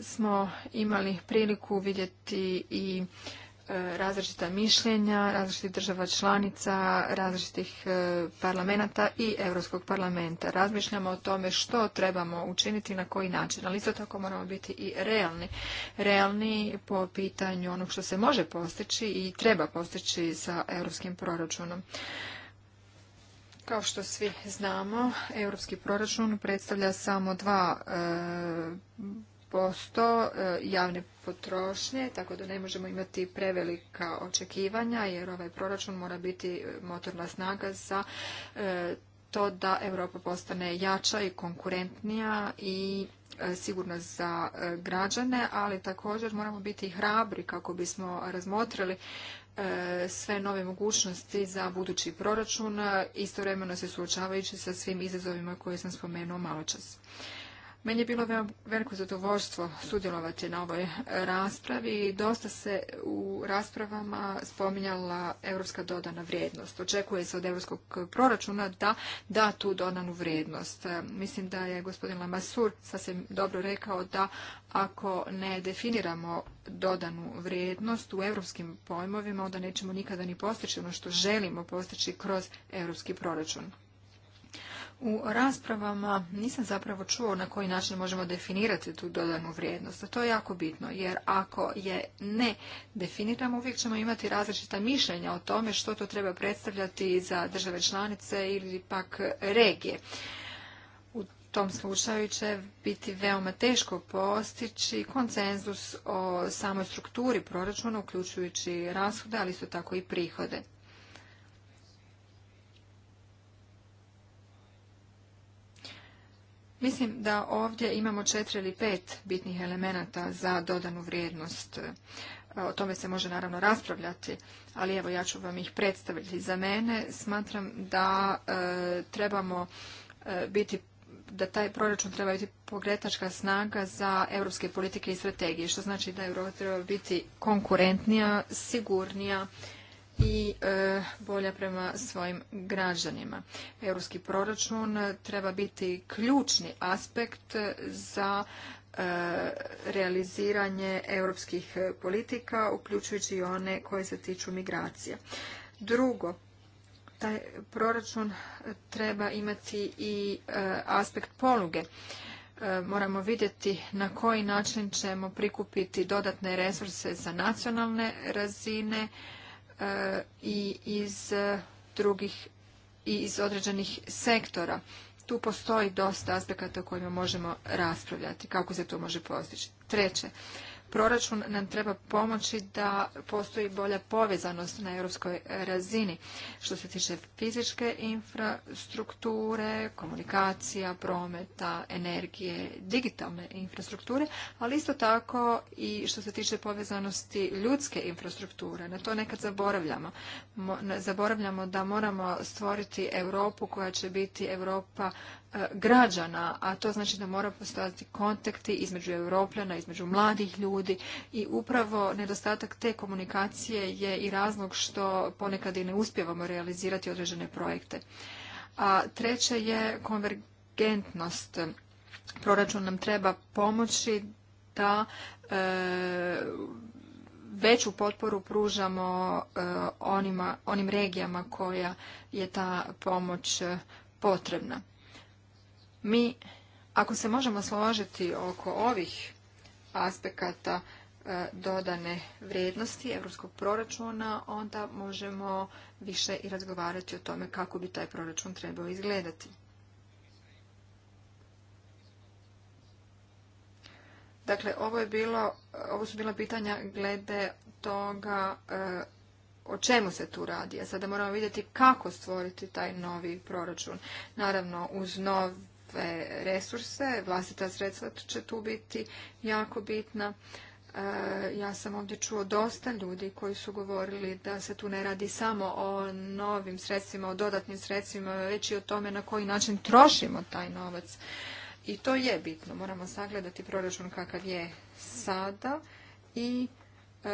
smo imali priliku vidjeti i e, različita mišljenja različitih država članica, različitih e, parlamenta i Europskog parlamenta. Razmišljamo o tome što trebamo učiniti i na koji način, ali isto tako moramo biti i realni. Realni po pitanju onog što se može postići i treba postići sa europskim proračunom. Kao što svi znamo, europski proračun predstavlja samo dva e, posto e, javne potrošnje, tako da ne možemo imati prevelika očekivanja jer ovaj proračun mora biti e, motorna snaga za e, to da Europa postane jača i konkurentnija i sigurna za građane, ali također moramo biti hrabri kako bismo razmotrili sve nove mogućnosti za budući proračun, istovremeno se suočavajući sa svim izazovima koje sam spomenuo malo čas. Meni je bilo veliko zadovoljstvo sudjelovati na ovoj raspravi dosta se u raspravama spominjala europska dodana vrijednost. Očekuje se od europskog proračuna da da tu dodanu vrijednost. Mislim da je gospodin Lamassur sasvim dobro rekao da ako ne definiramo dodanu vrijednost u europskim pojmovima, onda nećemo nikada ni postići ono što želimo postići kroz europski proračun. U raspravama nisam zapravo čuo na koji način možemo definirati tu dodanu vrijednost. To je jako bitno, jer ako je ne definiramo, uvijek ćemo imati različita mišljenja o tome što to treba predstavljati za države članice ili pak regije. U tom slučaju će biti veoma teško postići konsenzus o samoj strukturi proračuna, uključujući rashode, ali isto tako i prihode. Mislim da ovdje imamo četiri ili pet bitnih elemenata za dodanu vrijednost. E, o tome se može naravno raspravljati, ali evo ja ću vam ih predstaviti. Za mene smatram da e, trebamo e, biti da taj proračun treba biti pogretačka snaga za europske politike i strategije, što znači da Europa treba biti konkurentnija, sigurnija, i e, bolja prema svojim građanima. Europski proračun treba biti ključni aspekt za e, realiziranje europskih politika, uključujući i one koje se tiču migracija. Drugo, taj proračun treba imati i e, aspekt poluge moramo vidjeti na koji način ćemo prikupiti dodatne resurse za nacionalne razine E, i iz e, drugih i iz određenih sektora. Tu postoji dosta aspekata o kojima možemo raspravljati, kako se to može postići. Treće, proračun nam treba pomoći da postoji bolja povezanost na europskoj razini što se tiče fizičke infrastrukture, komunikacija, prometa, energije, digitalne infrastrukture, ali isto tako i što se tiče povezanosti ljudske infrastrukture. Na to nekad zaboravljamo. Zaboravljamo da moramo stvoriti Europu koja će biti Europa građana, a to znači da mora postojati kontakti između europljana, između mladih ljudi i upravo nedostatak te komunikacije je i razlog što ponekad i ne uspjevamo realizirati određene projekte. A treće je konvergentnost. Proračun nam treba pomoći da e, veću potporu pružamo e, onima, onim regijama koja je ta pomoć potrebna. Mi, ako se možemo složiti oko ovih aspekata e, dodane vrijednosti europskog proračuna, onda možemo više i razgovarati o tome kako bi taj proračun trebao izgledati. Dakle, ovo, je bilo, ovo su bila pitanja glede toga e, o čemu se tu radi. A sada moramo vidjeti kako stvoriti taj novi proračun. Naravno, uz nov resurse, vlastita sredstva će tu biti jako bitna. E, ja sam ovdje čuo dosta ljudi koji su govorili da se tu ne radi samo o novim sredstvima, o dodatnim sredstvima, već i o tome na koji način trošimo taj novac. I to je bitno. Moramo sagledati proračun kakav je sada i e,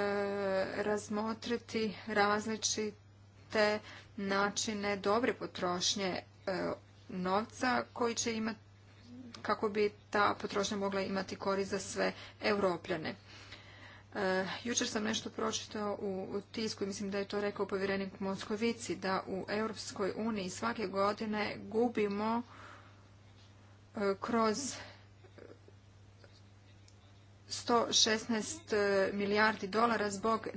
razmotriti različite načine dobre potrošnje e, novca koji će imati kako bi ta potrošnja mogla imati korist za sve europljane. E, jučer sam nešto pročitao u, tisku i mislim da je to rekao povjerenik Moskovici da u Europskoj uniji svake godine gubimo e, kroz kroz 116 e, milijardi dolara zbog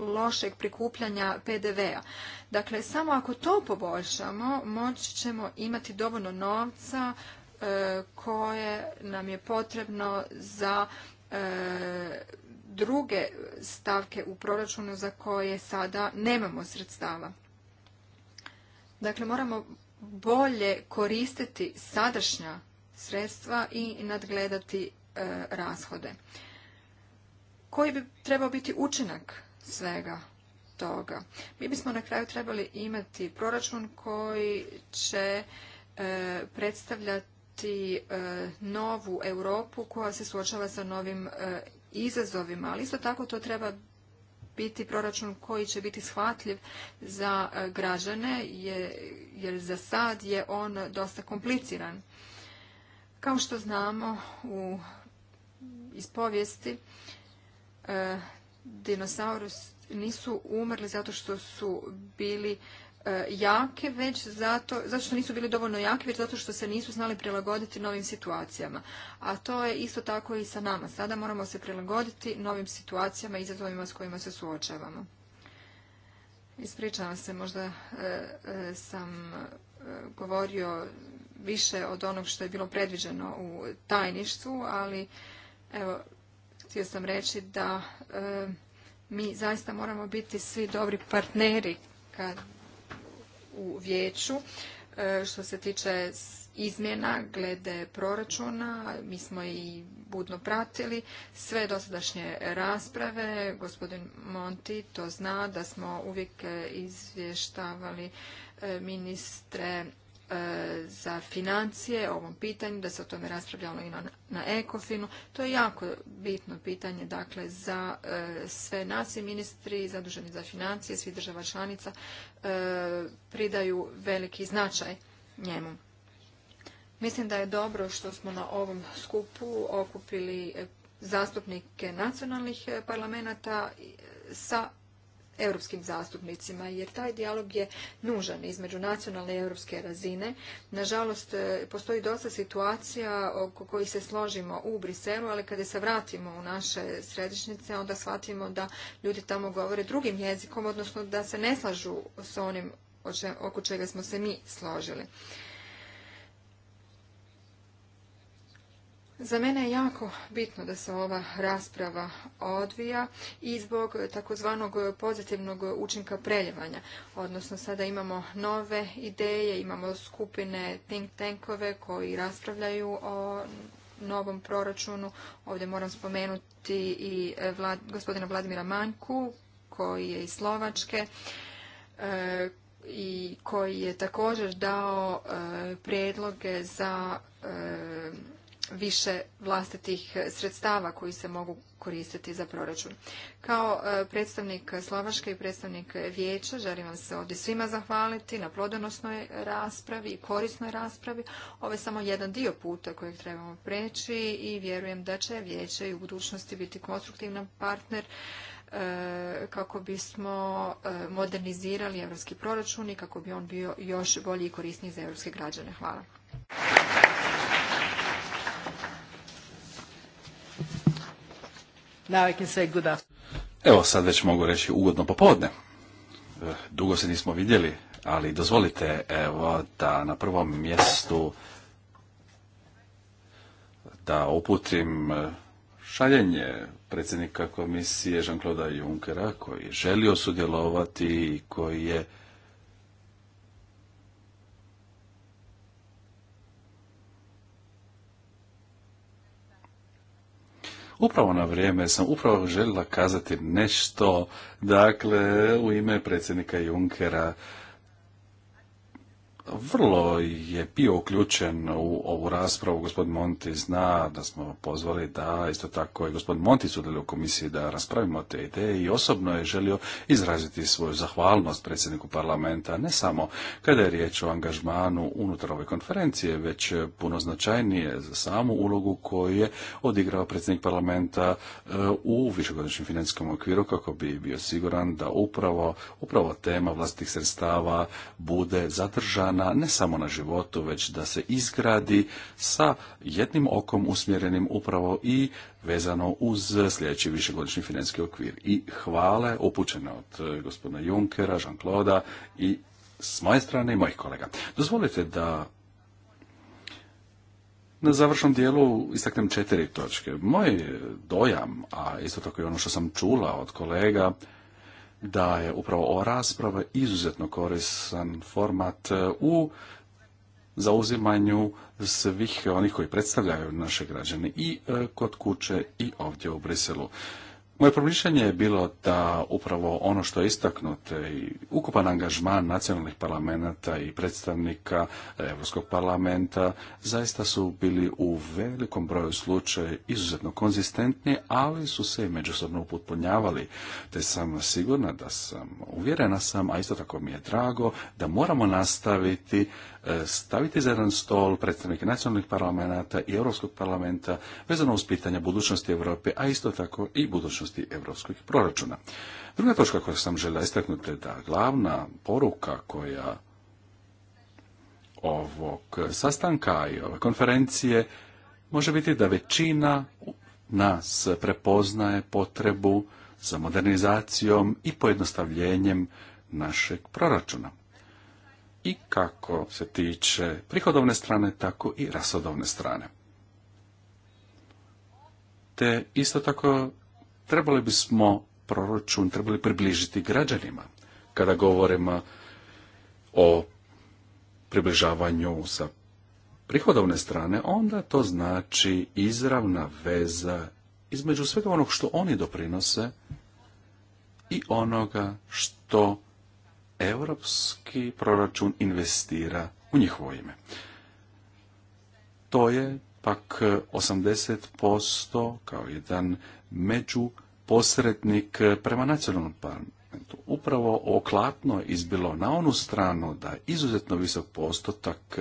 lošeg prikupljanja PDV-a. Dakle, samo ako to poboljšamo, moći ćemo imati dovoljno novca e, koje nam je potrebno za e, druge stavke u proračunu za koje sada nemamo sredstava. Dakle, moramo bolje koristiti sadašnja sredstva i nadgledati e, rashode. Koji bi trebao biti učinak svega toga. Mi bismo na kraju trebali imati proračun koji će e, predstavljati e, novu Europu koja se suočava sa novim e, izazovima, ali isto tako to treba biti proračun koji će biti shvatljiv za građane jer za sad je on dosta kompliciran. Kao što znamo u, iz povijesti dinosaurus nisu umrli zato što su bili e, jake, već zato, zato što nisu bili dovoljno jaki, već zato što se nisu znali prilagoditi novim situacijama. A to je isto tako i sa nama. Sada moramo se prilagoditi novim situacijama i izazovima s kojima se suočavamo. Ispričavam se, možda e, e, sam govorio više od onog što je bilo predviđeno u tajništvu, ali evo, htio sam reći da e, mi zaista moramo biti svi dobri partneri kad, u vijeću e, što se tiče izmjena glede proračuna. Mi smo i budno pratili sve dosadašnje rasprave. Gospodin Monti to zna da smo uvijek e, izvještavali ministre E, za financije o ovom pitanju, da se o tome raspravljalo i na, na ecofin To je jako bitno pitanje dakle, za e, sve nas i ministri zaduženi za financije, svi država članica e, pridaju veliki značaj njemu. Mislim da je dobro što smo na ovom skupu okupili zastupnike nacionalnih parlamenta sa europskim zastupnicima, jer taj dijalog je nužan između nacionalne i europske razine. Nažalost, e, postoji dosta situacija oko kojih se složimo u Briselu, ali kada se vratimo u naše središnjice, onda shvatimo da ljudi tamo govore drugim jezikom, odnosno da se ne slažu s onim oko čega smo se mi složili. Za mene je jako bitno da se ova rasprava odvija i zbog takozvanog pozitivnog učinka preljevanja. Odnosno sada imamo nove ideje, imamo skupine think tankove koji raspravljaju o novom proračunu. Ovdje moram spomenuti i e, gospodina Vladimira Manku koji je iz Slovačke e, i koji je također dao e, predloge za više vlastitih e, sredstava koji se mogu koristiti za proračun. Kao e, predstavnik Slovaške i predstavnik Vijeća želim vam se ovdje svima zahvaliti na plodonosnoj raspravi i korisnoj raspravi. Ovo je samo jedan dio puta kojeg trebamo preći i vjerujem da će Vijeće i u budućnosti biti konstruktivan partner e, kako bismo modernizirali europski proračun i kako bi on bio još bolji i korisniji za europske građane. Hvala. Now I Evo sad već mogu reći ugodno popodne. Eh, dugo se nismo vidjeli, ali dozvolite evo da na prvom mjestu da uputim eh, šaljenje predsjednika komisije Jean-Claude Junckera koji je želio sudjelovati i koji je Upravo na vrijeme sam upravo željela kazati nešto, dakle, u ime predsjednika Junckera vrlo je bio uključen u ovu raspravu. Gospodin Monti zna da smo pozvali da isto tako i gospodin Monti sudjeluje u komisiji da raspravimo te ideje i osobno je želio izraziti svoju zahvalnost predsjedniku parlamenta, ne samo kada je riječ o angažmanu unutar ove konferencije, već puno značajnije za samu ulogu koju je odigrao predsjednik parlamenta e, u višegodišnjem financijskom okviru kako bi bio siguran da upravo, upravo tema vlastitih sredstava bude zadržana na, ne samo na životu, već da se izgradi sa jednim okom usmjerenim upravo i vezano uz sljedeći višegodišnji financijski okvir. I hvale upućene od eh, gospodina Junkera, jean claudea i s moje strane i mojih kolega. Dozvolite da na završnom dijelu istaknem četiri točke. Moj dojam, a isto tako i ono što sam čula od kolega, da je upravo ova rasprava izuzetno korisan format e, u zauzimanju svih onih koji predstavljaju naše građane i e, kod kuće i ovdje u Briselu. Moje promišljanje je bilo da upravo ono što je istaknuto i ukupan angažman nacionalnih parlamenta i predstavnika Europskog parlamenta zaista su bili u velikom broju slučajeva izuzetno konzistentni, ali su se i međusobno upotpunjavali. Te sam sigurna da sam, uvjerena sam, a isto tako mi je drago, da moramo nastaviti E, staviti za jedan stol predstavnike nacionalnih parlamenta i Europskog parlamenta vezano uz pitanja budućnosti Europe, a isto tako i budućnosti europskih proračuna. Druga točka koju sam želio istaknuti je da glavna poruka koja ovog sastanka i ove konferencije može biti da većina nas prepoznaje potrebu za modernizacijom i pojednostavljenjem našeg proračuna i kako se tiče prihodovne strane, tako i rasodovne strane. Te isto tako trebali bismo proračun trebali približiti građanima kada govorimo o približavanju sa prihodovne strane, onda to znači izravna veza između svega onog što oni doprinose i onoga što europski proračun investira u njihovo ime. To je pak 80% kao jedan među posrednik prema nacionalnom parlamentu. Upravo oklatno izbilo na onu stranu da izuzetno visok postotak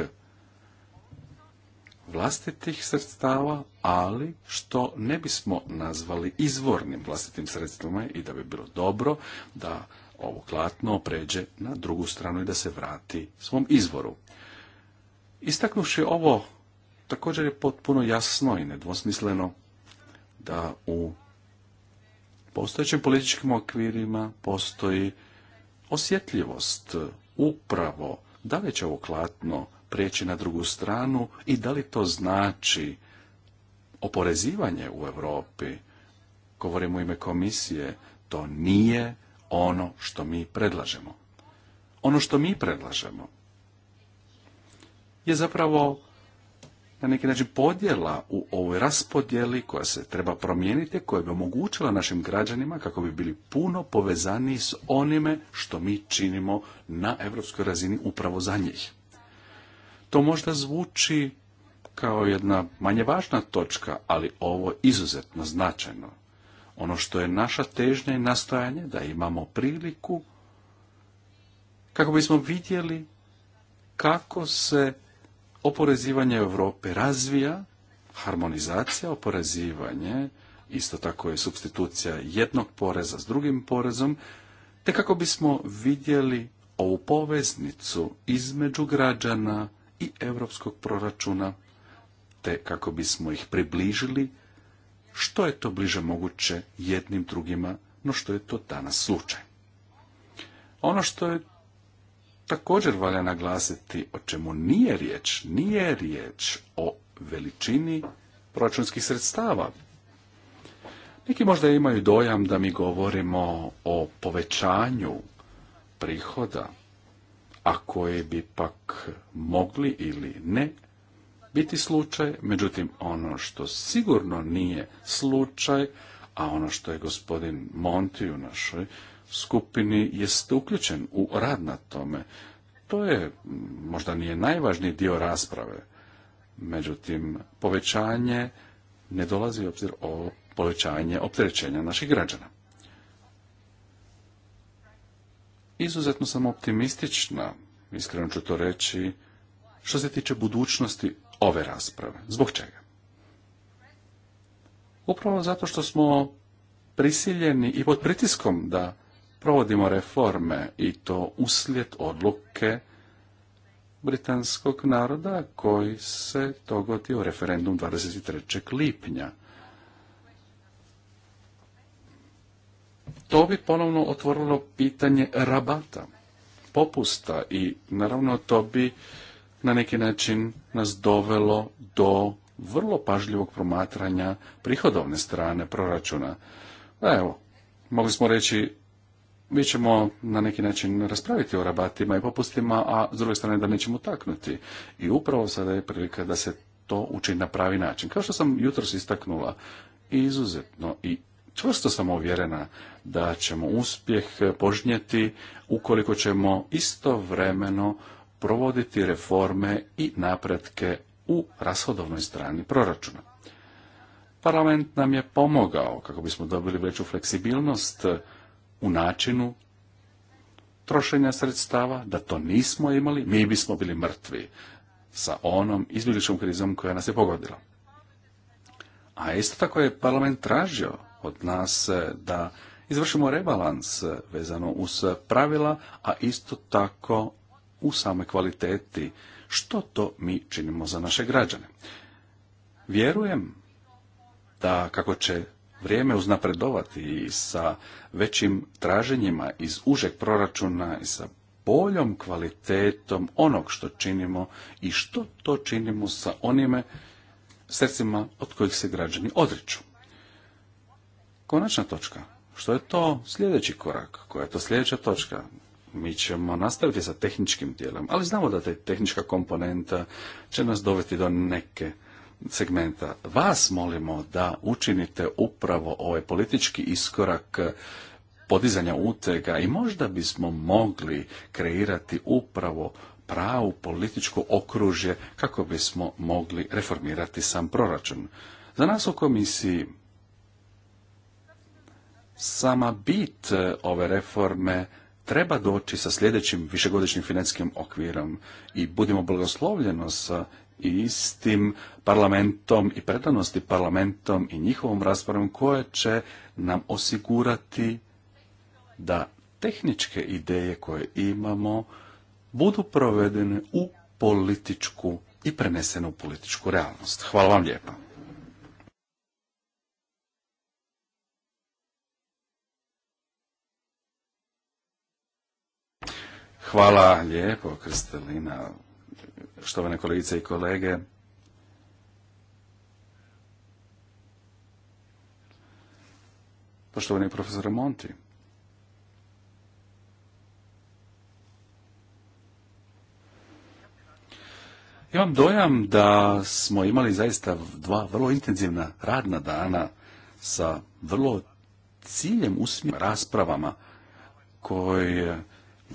vlastitih sredstava, ali što ne bismo nazvali izvornim vlastitim sredstvima i da bi bilo dobro da ovo klatno pređe na drugu stranu i da se vrati svom izvoru. Istaknuši ovo, također je potpuno jasno i nedvosmisleno da u postojećim političkim okvirima postoji osjetljivost upravo da li će ovo klatno preći na drugu stranu i da li to znači oporezivanje u Europi. Govorim u ime komisije, to nije ono što mi predlažemo. Ono što mi predlažemo je zapravo na neki način podjela u ovoj raspodjeli koja se treba promijeniti, koja bi omogućila našim građanima kako bi bili puno povezani s onime što mi činimo na evropskoj razini upravo za njih. To možda zvuči kao jedna manje važna točka, ali ovo izuzetno značajno. Ono što je naša težnja i nastojanje, da imamo priliku kako bismo vidjeli kako se oporezivanje Europe razvija, harmonizacija, oporezivanje, isto tako je substitucija jednog poreza s drugim porezom, te kako bismo vidjeli ovu poveznicu između građana i europskog proračuna, te kako bismo ih približili što je to bliže moguće jednim drugima, no što je to danas slučaj. Ono što je također valja naglasiti, o čemu nije riječ, nije riječ o veličini proračunskih sredstava. Neki možda imaju dojam da mi govorimo o povećanju prihoda, a koje bi pak mogli ili ne biti slučaj, međutim ono što sigurno nije slučaj, a ono što je gospodin Monti u našoj skupini jeste uključen u rad na tome. To je mm, možda nije najvažniji dio rasprave. Međutim, povećanje ne dolazi u obzir o povećanje opterećenja naših građana. Izuzetno sam optimistična, iskreno ću to reći, što se tiče budućnosti ove rasprave. Zbog čega? Upravo zato što smo prisiljeni i pod pritiskom da provodimo reforme i to uslijed odluke britanskog naroda koji se dogodio referendum 23. lipnja. To bi ponovno otvorilo pitanje rabata, popusta i naravno to bi na neki način nas dovelo do vrlo pažljivog promatranja prihodovne strane proračuna. A evo, mogli smo reći mi ćemo na neki način raspraviti o rabatima i popustima, a s druge strane da nećemo taknuti. I upravo sada je prilika da se to učini na pravi način. Kao što sam jutros istaknula, izuzetno i čvrsto sam uvjerena da ćemo uspjeh požnjeti ukoliko ćemo istovremeno provoditi reforme i napretke u rashodovnoj strani proračuna. Parlament nam je pomogao kako bismo dobili veću fleksibilnost u načinu trošenja sredstava, da to nismo imali, mi bismo bili mrtvi sa onom izbjegličkom krizom koja nas je pogodila. A isto tako je parlament tražio od nas e, da izvršimo rebalans vezano uz pravila, a isto tako u samoj kvaliteti što to mi činimo za naše građane. Vjerujem da kako će vrijeme uznapredovati i sa većim traženjima iz užeg proračuna i sa boljom kvalitetom onog što činimo i što to činimo sa onime srcima od kojih se građani odriču. Konačna točka. Što je to sljedeći korak? Koja je to sljedeća točka? mi ćemo nastaviti sa tehničkim dijelom, ali znamo da ta tehnička komponenta će nas dovesti do neke segmenta. Vas molimo da učinite upravo ovaj politički iskorak podizanja utega i možda bismo mogli kreirati upravo pravu političko okružje kako bismo mogli reformirati sam proračun. Za nas u komisiji sama bit eh, ove reforme treba doći sa sljedećim višegodišnjim financijskim okvirom i budimo blagoslovljeno sa istim parlamentom i predanosti parlamentom i njihovom raspravom koja će nam osigurati da tehničke ideje koje imamo budu provedene u političku i prenesene u političku realnost. Hvala vam lijepa. Hvala lijepo, Kristalina. Štovane kolegice i kolege, Poštovani profesor Monti. Imam dojam da smo imali zaista dva vrlo intenzivna radna dana sa vrlo ciljem usmjerenim raspravama koje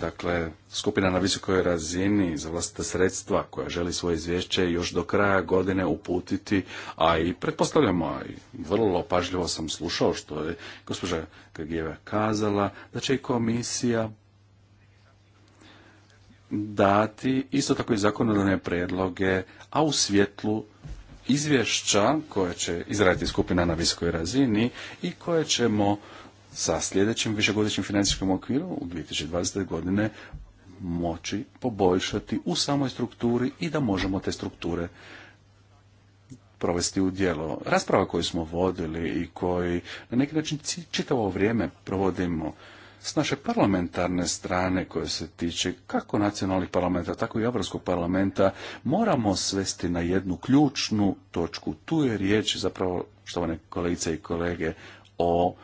Dakle, skupina na visokoj razini za vlastita sredstva koja želi svoje izvješće još do kraja godine uputiti, a i pretpostavljamo, a i vrlo pažljivo sam slušao što je gospođa KGV kazala, da će i komisija dati isto tako i zakonodavne predloge, a u svjetlu izvješća koje će izraditi skupina na visokoj razini i koje ćemo sa sljedećim višegodišnjim financijskim okvirom u 2020. godine moći poboljšati u samoj strukturi i da možemo te strukture provesti u djelo. Rasprava koju smo vodili i koji na neki način čitavo vrijeme provodimo s naše parlamentarne strane koje se tiče kako nacionalnih parlamenta, tako i Europskog parlamenta, moramo svesti na jednu ključnu točku. Tu je riječ zapravo, štovane kolegice i kolege, o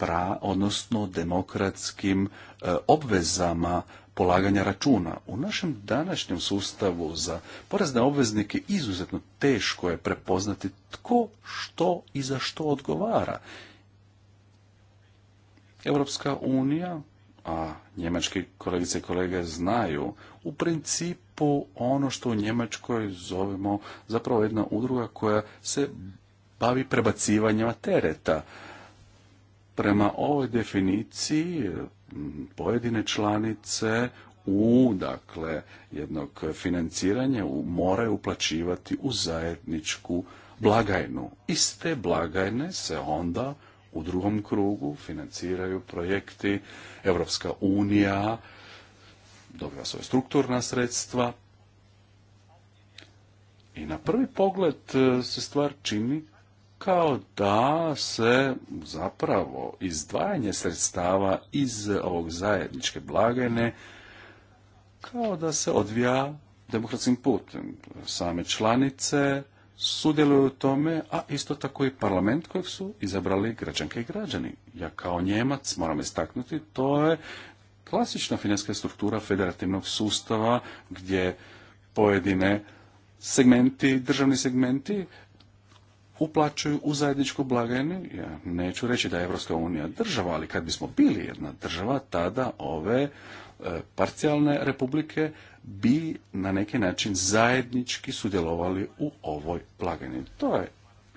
pra, odnosno demokratskim e, obvezama polaganja računa. U našem današnjem sustavu za porezne obveznike izuzetno teško je prepoznati tko, što i za što odgovara. Europska unija, a njemački kolegice i kolege znaju, u principu ono što u Njemačkoj zovemo zapravo jedna udruga koja se bavi prebacivanjem tereta. Prema ovoj definiciji pojedine članice u dakle jednog financiranja moraju uplaćivati u zajedničku blagajnu. Iste blagajne se onda u drugom krugu financiraju projekti Europska unija, dobiva svoje strukturna sredstva. I na prvi pogled e, se stvar čini kao da se zapravo izdvajanje sredstava iz ovog zajedničke blagajne kao da se odvija demokratskim putem. Same članice sudjeluju u tome, a isto tako i parlament kojeg su izabrali građanke i građani. Ja kao Njemac moram istaknuti, to je klasična financijska struktura federativnog sustava gdje pojedine segmenti, državni segmenti uplaćuju u zajedničku blagajnu. Ja neću reći da je Evropska unija država, ali kad bismo bili jedna država, tada ove e, parcijalne republike bi na neki način zajednički sudjelovali u ovoj blagajni. To je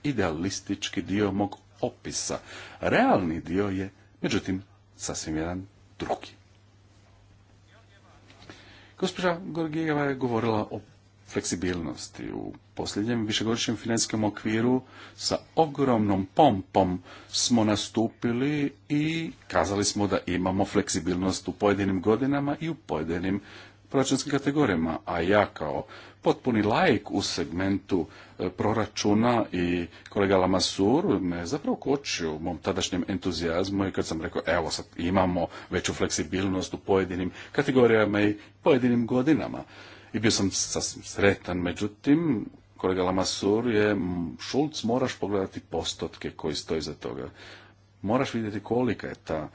idealistički dio mog opisa. Realni dio je, međutim, sasvim jedan drugi. Gospođa Gorgijeva je govorila o fleksibilnosti. U posljednjem višegodišnjem financijskom okviru sa ogromnom pompom smo nastupili i kazali smo da imamo fleksibilnost u pojedinim godinama i u pojedinim proračunskim kategorijama, a ja kao potpuni laik u segmentu e, proračuna i kolega Lamassur me zapravo kočio u mom tadašnjem entuzijazmu i kad sam rekao evo sad imamo veću fleksibilnost u pojedinim kategorijama i pojedinim godinama i bio sam sretan. Međutim, kolega Lamasur je, Šulc, moraš pogledati postotke koji stoji za toga. Moraš vidjeti kolika je ta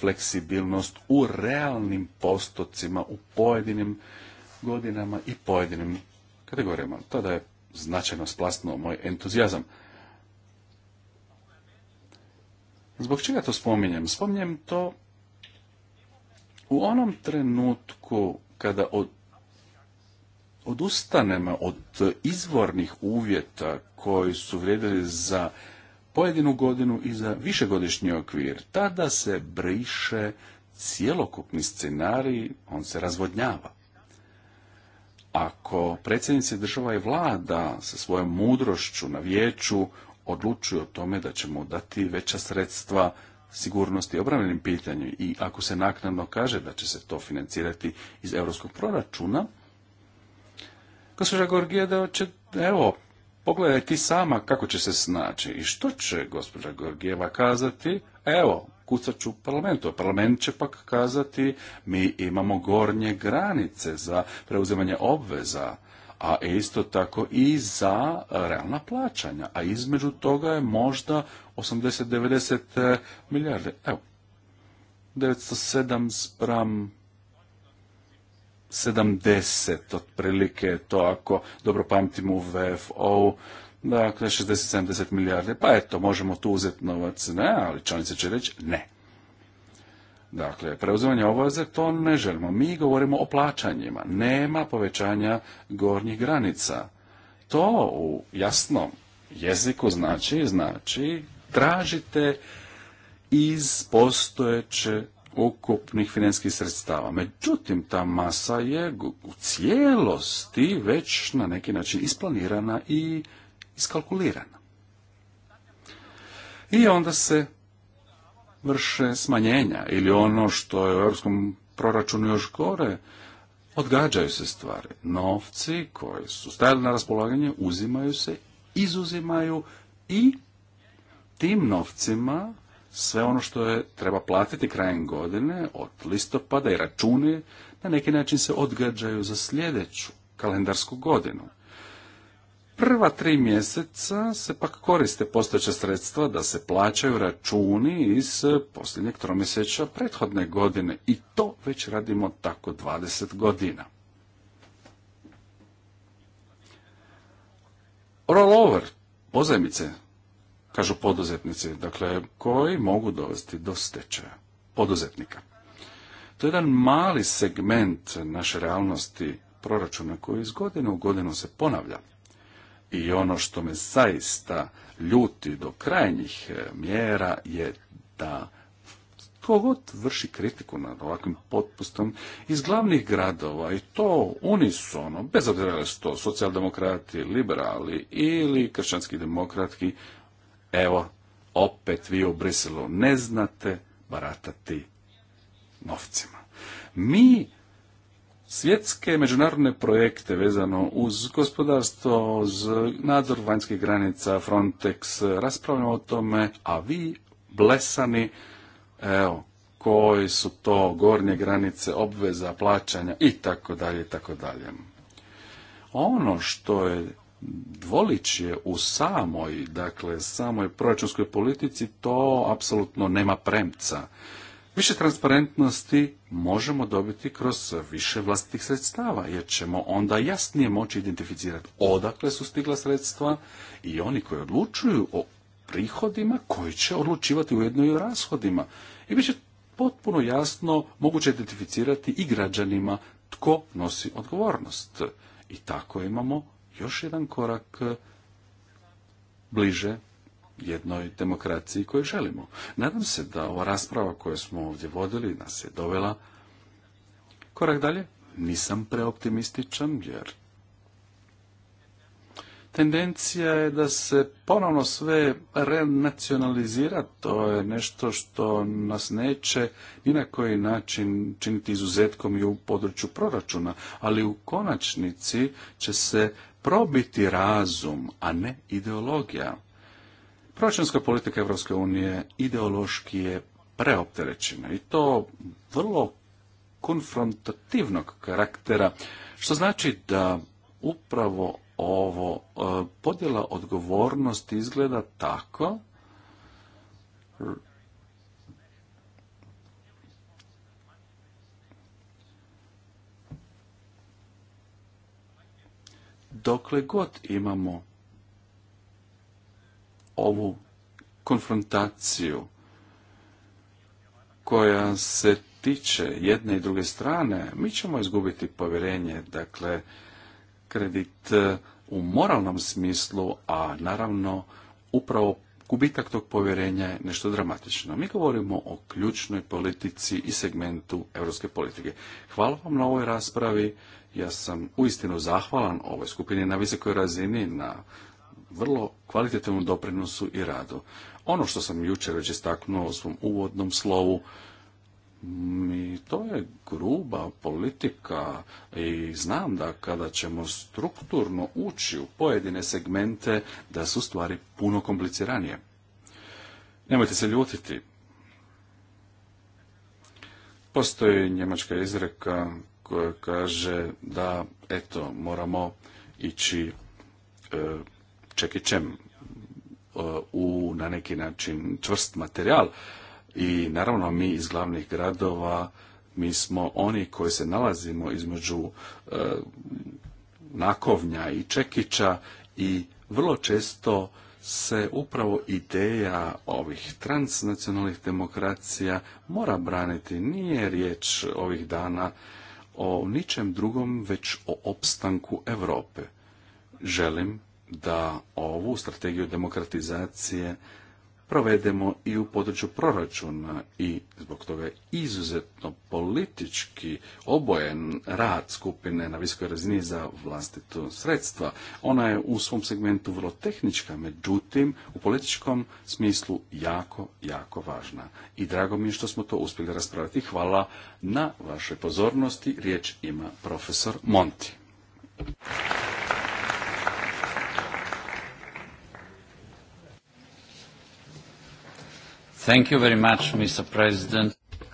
fleksibilnost u realnim postocima, u pojedinim godinama i pojedinim kategorijama. Tada je značajno splasnuo moj entuzijazam. Zbog čega to spominjem? Spominjem to u onom trenutku kada od odustanemo od izvornih uvjeta koji su vrijedili za pojedinu godinu i za višegodišnji okvir, tada se briše cjelokupni scenarij, on se razvodnjava. Ako predsjednici država i vlada sa svojom mudrošću na vijeću odlučuju o tome da ćemo dati veća sredstva sigurnosti i obrambenim pitanjima i ako se naknadno kaže da će se to financirati iz europskog proračuna, Gospođa Gorgijeda će, evo, pogledaj ti sama kako će se snaći i što će gospođa Gorgijeva kazati, evo, kucat ću parlamentu. Parlament će pak kazati, mi imamo gornje granice za preuzimanje obveza, a isto tako i za realna plaćanja, a između toga je možda 80-90 eh, milijarde. Evo, 907 spram 70 otprilike je to ako dobro pamtimo u VFO, dakle 60-70 milijarde, pa eto, možemo tu uzeti novac, ne, ali članice će reći ne. Dakle, preuzimanje obaveze to ne želimo. Mi govorimo o plaćanjima. Nema povećanja gornjih granica. To u jasnom jeziku znači, znači, tražite iz postojeće ukupnih financijskih sredstava. Međutim, ta masa je u cijelosti već na neki način isplanirana i iskalkulirana. I onda se vrše smanjenja ili ono što je u europskom proračunu još gore, odgađaju se stvari. Novci koji su stajali na raspolaganje uzimaju se, izuzimaju i tim novcima sve ono što je treba platiti krajem godine od listopada i račune na neki način se odgađaju za sljedeću kalendarsku godinu. Prva tri mjeseca se pak koriste postojeća sredstva da se plaćaju računi iz posljednjeg tromjeseća prethodne godine i to već radimo tako 20 godina. Rollover, pozajmice, kažu poduzetnici, dakle, koji mogu dovesti do stečaja poduzetnika. To je jedan mali segment naše realnosti proračuna koji iz godine u godinu se ponavlja. I ono što me zaista ljuti do krajnjih e, mjera je da kogod vrši kritiku nad ovakvim potpustom iz glavnih gradova i to unisono, bez obzira li to socijaldemokrati, liberali ili kršćanski demokratki, evo, opet vi u Briselu ne znate baratati novcima. Mi svjetske međunarodne projekte vezano uz gospodarstvo, uz nadzor vanjskih granica, Frontex, raspravljamo o tome, a vi blesani, evo, koji su to gornje granice, obveza, plaćanja i tako dalje tako dalje. Ono što je dvoličje u samoj, dakle, samoj proračunskoj politici, to apsolutno nema premca. Više transparentnosti možemo dobiti kroz više vlastitih sredstava, jer ćemo onda jasnije moći identificirati odakle su stigla sredstva i oni koji odlučuju o prihodima, koji će odlučivati ujedno i o rashodima. I bit će potpuno jasno moguće identificirati i građanima tko nosi odgovornost. I tako imamo još jedan korak e, bliže jednoj demokraciji koju želimo. Nadam se da ova rasprava koju smo ovdje vodili nas je dovela korak dalje. Nisam preoptimističan jer tendencija je da se ponovno sve renacionalizira. To je nešto što nas neće ni na koji način činiti izuzetkom i u području proračuna, ali u konačnici će se probiti razum, a ne ideologija. Proračunska politika Evropske unije ideološki je preopterećena i to vrlo konfrontativnog karaktera, što znači da upravo ovo e, podjela odgovornosti izgleda tako dokle god imamo ovu konfrontaciju koja se tiče jedne i druge strane, mi ćemo izgubiti povjerenje. Dakle, kredit e, u moralnom smislu, a naravno upravo gubitak tog povjerenja je nešto dramatično. Mi govorimo o ključnoj politici i segmentu europske politike. Hvala vam na ovoj raspravi. Ja sam uistinu zahvalan ovoj skupini na visokoj razini, na vrlo kvalitetnom doprinosu i radu. Ono što sam jučer već istaknuo u svom uvodnom slovu, mi to je gruba politika i znam da kada ćemo strukturno ući u pojedine segmente, da su stvari puno kompliciranije. Nemojte se ljutiti. Postoji njemačka izreka koja kaže da eto moramo ići e, čekićem e, u na neki način čvrst materijal i naravno mi iz glavnih gradova mi smo oni koji se nalazimo između e, nakovnja i čekića i vrlo često se upravo ideja ovih transnacionalnih demokracija mora braniti. Nije riječ ovih dana o ničem drugom već o opstanku Europe. Želim da ovu strategiju demokratizacije provedemo i u području proračuna i zbog toga je izuzetno politički obojen rad skupine na viskoj razini za vlastitu sredstva. Ona je u svom segmentu vrlo tehnička, međutim u političkom smislu jako, jako važna. I drago mi je što smo to uspjeli raspraviti. Hvala na vašoj pozornosti. Riječ ima profesor Monti.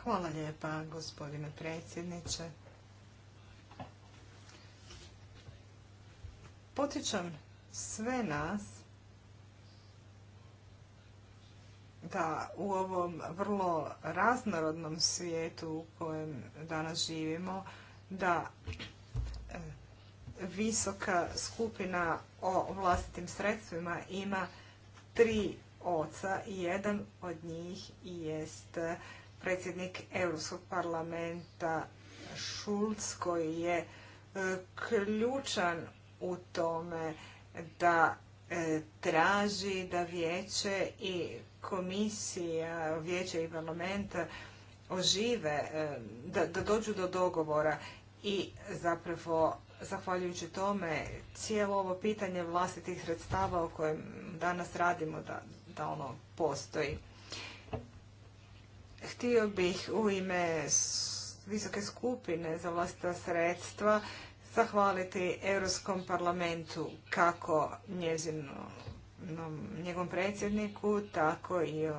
Hvala lijepa, gospodine predsjedniče. Potičam sve nas da u ovom vrlo raznorodnom svijetu u kojem danas živimo, da e, visoka skupina o vlastitim sredstvima ima tri oca i jedan od njih jest predsjednik Europskog parlamenta Šulc koji je e, ključan u tome da e, traži da vijeće i komisija, vijeće i parlament ožive, e, da, da dođu do dogovora i zapravo zahvaljujući tome cijelo ovo pitanje vlastitih sredstava o kojem danas radimo, da da ono postoji. Htio bih u ime visoke skupine za vlastita sredstva zahvaliti Europskom parlamentu kako njegovom predsjedniku, tako i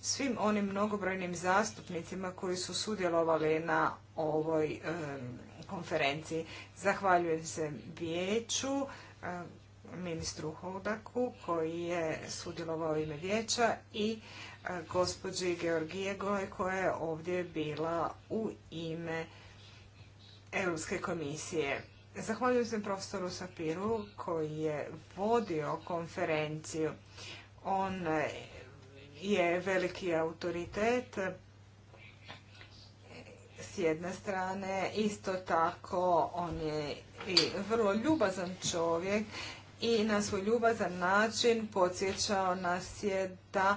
svim onim mnogobrojnim zastupnicima koji su sudjelovali na ovoj konferenciji. Zahvaljujem se vijeću, ministru Hodaku koji je sudjelovao ime vijeća i e, gospođi Georgijegove koja je ovdje bila u ime Europske komisije. Zahvaljujem se profesoru Sapiru koji je vodio konferenciju. On e, je veliki autoritet s jedne strane, isto tako on je i vrlo ljubazan čovjek i na svoj ljubazan način podsjećao nas je da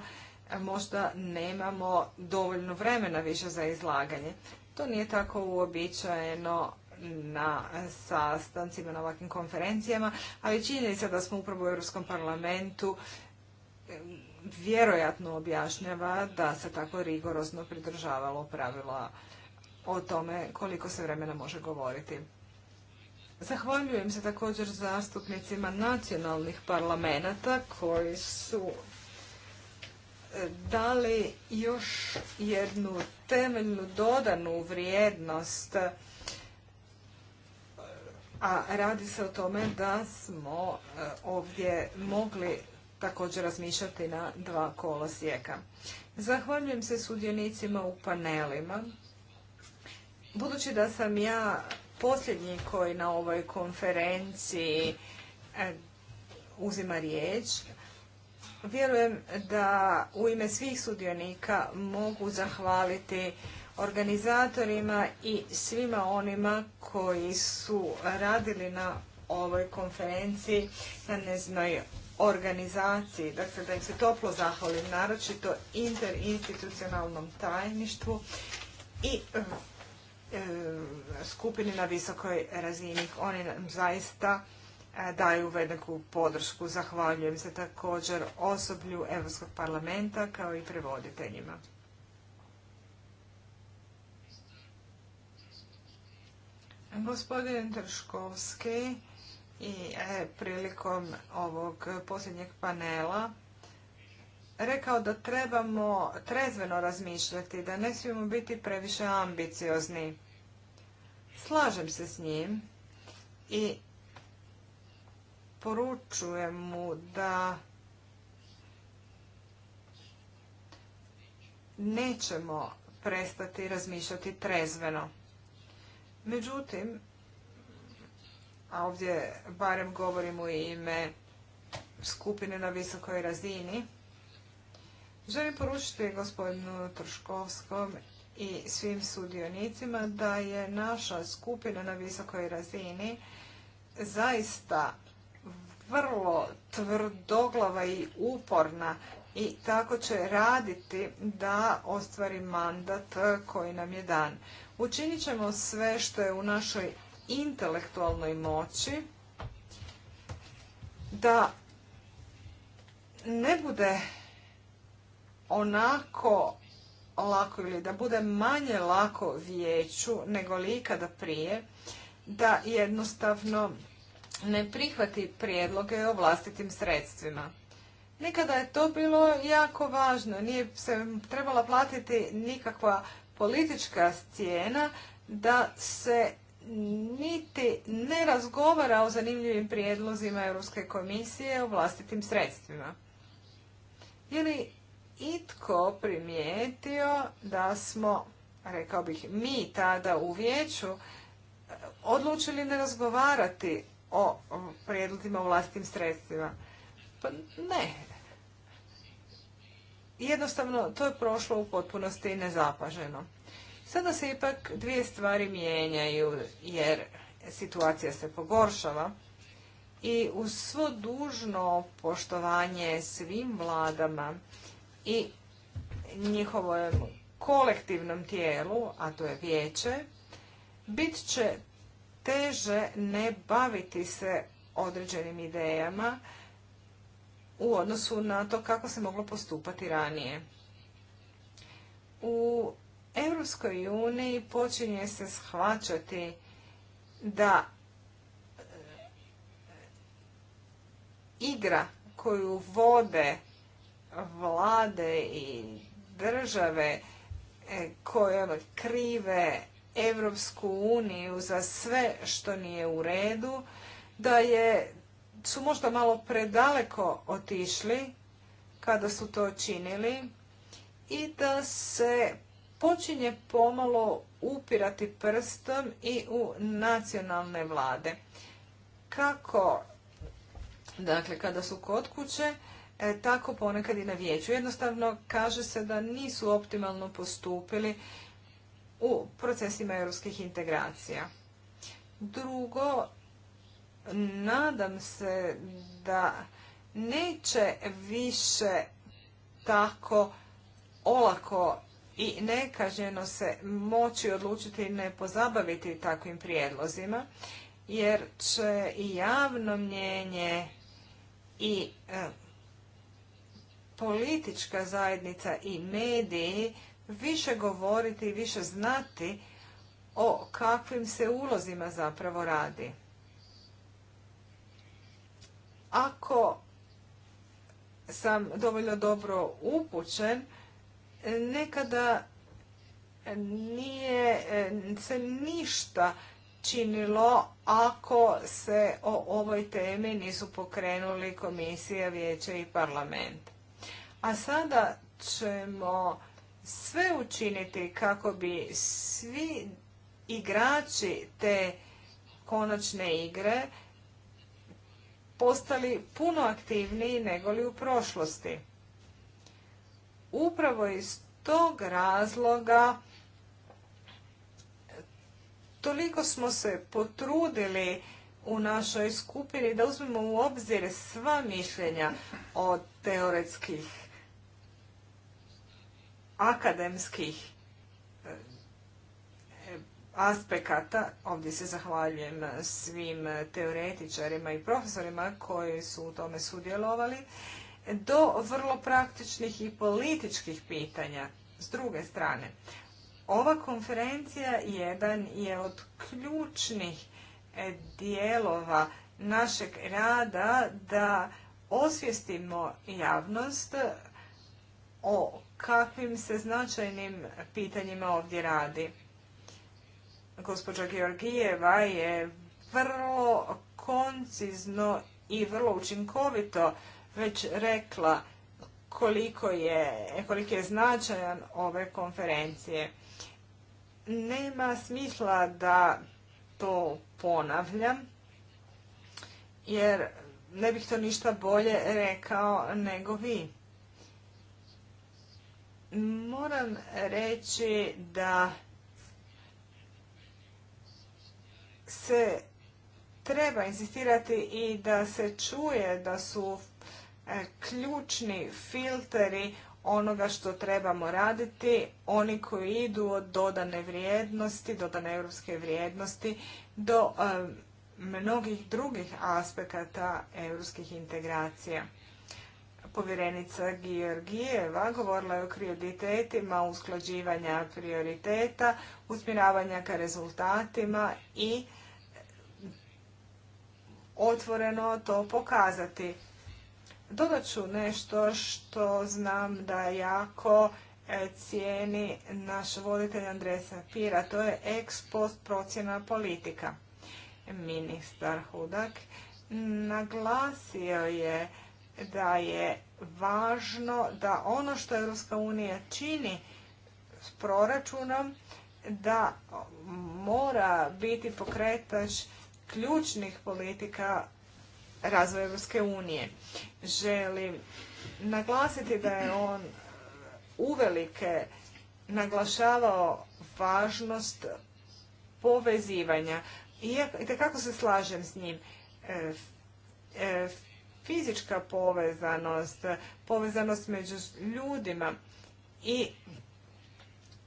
možda nemamo dovoljno vremena više za izlaganje. To nije tako uobičajeno na sastancima, na ovakvim konferencijama, ali činjenica da smo upravo u Europskom parlamentu vjerojatno objašnjava da se tako rigorozno pridržavalo pravila o tome koliko se vremena može govoriti. Zahvaljujem se također zastupnicima nacionalnih parlamenta koji su e, dali još jednu temeljnu dodanu vrijednost, e, a radi se o tome da smo e, ovdje mogli također razmišljati na dva kolosijeka. Zahvaljujem se sudionicima u panelima. Budući da sam ja posljednji koji na ovoj konferenciji e, uzima riječ. Vjerujem da u ime svih sudionika mogu zahvaliti organizatorima i svima onima koji su radili na ovoj konferenciji na neznoj organizaciji. Dakle, da im se toplo zahvalim, naročito interinstitucionalnom tajništvu i skupini na visokoj razini. Oni nam zaista e, daju veliku podršku. Zahvaljujem se također osoblju Europskog parlamenta kao i prevoditeljima. Gospodin Trškovski i e, prilikom ovog posljednjeg panela rekao da trebamo trezveno razmišljati, da ne smijemo biti previše ambiciozni. Slažem se s njim i poručujem mu da nećemo prestati razmišljati trezveno. Međutim, a ovdje barem govorim u ime skupine na visokoj razini, Želim poručiti gospodinu Trškovskom i svim sudionicima da je naša skupina na visokoj razini zaista vrlo tvrdoglava i uporna i tako će raditi da ostvari mandat koji nam je dan. Učinit ćemo sve što je u našoj intelektualnoj moći da ne bude onako lako ili da bude manje lako vijeću nego li ikada prije da jednostavno ne prihvati prijedloge o vlastitim sredstvima. Nikada je to bilo jako važno, nije se trebala platiti nikakva politička cijena da se niti ne razgovara o zanimljivim prijedlozima Europske komisije o vlastitim sredstvima. Ili itko primijetio da smo, rekao bih, mi tada u vijeću e, odlučili ne razgovarati o prijedlozima u vlastitim sredstvima. Pa ne. Jednostavno, to je prošlo u potpunosti nezapaženo. Sada se ipak dvije stvari mijenjaju, jer situacija se pogoršava i uz svo dužno poštovanje svim vladama i njihovom kolektivnom tijelu, a to je vijeće, bit će teže ne baviti se određenim idejama u odnosu na to kako se moglo postupati ranije. U Europskoj uniji počinje se shvaćati da e, igra koju vode vlade i države e, koje ono, krive Evropsku uniju za sve što nije u redu, da je, su možda malo predaleko otišli kada su to činili i da se počinje pomalo upirati prstom i u nacionalne vlade. Kako, dakle, kada su kod kuće, E, tako ponekad i na vijeću. Jednostavno kaže se da nisu optimalno postupili u procesima europskih integracija. Drugo, nadam se da neće više tako olako i nekažnjeno se moći odlučiti ne pozabaviti takvim prijedlozima, jer će i javno mnjenje i e, politička zajednica i mediji više govoriti i više znati o kakvim se ulozima zapravo radi. Ako sam dovoljno dobro upućen, nekada nije se ništa činilo ako se o ovoj temi nisu pokrenuli komisija, vijeće i parlament. A sada ćemo sve učiniti kako bi svi igrači te konačne igre postali puno aktivniji nego li u prošlosti. Upravo iz tog razloga toliko smo se potrudili u našoj skupini da uzmemo u obzir sva mišljenja od teoretskih akademskih eh, aspekata, ovdje se zahvaljujem svim teoretičarima i profesorima koji su u tome sudjelovali, do vrlo praktičnih i političkih pitanja. S druge strane, ova konferencija jedan je od ključnih eh, dijelova našeg rada da osvijestimo javnost o kakvim se značajnim pitanjima ovdje radi. Gospođa Georgijeva je vrlo koncizno i vrlo učinkovito već rekla koliko je, koliko je značajan ove konferencije. Nema smisla da to ponavljam, jer ne bih to ništa bolje rekao nego vi. Moram reći da se treba insistirati i da se čuje da su e, ključni filteri onoga što trebamo raditi, oni koji idu od dodane vrijednosti, dodane europske vrijednosti, do e, mnogih drugih aspekata europskih integracija. Povjerenica Georgijeva govorila je o prioritetima usklađivanja prioriteta, usmjeravanja ka rezultatima i otvoreno to pokazati. Dodat ću nešto što znam da jako e, cijeni naš voditelj Andresa Pira, to je ex post procjena politika. Ministar Hudak naglasio je da je važno da ono što Europska unija čini s proračunom da mora biti pokretač ključnih politika razvoja Europske unije. Želim naglasiti da je on uvelike naglašavao važnost povezivanja. I tekako se slažem s njim. E, e, fizička povezanost, povezanost među ljudima i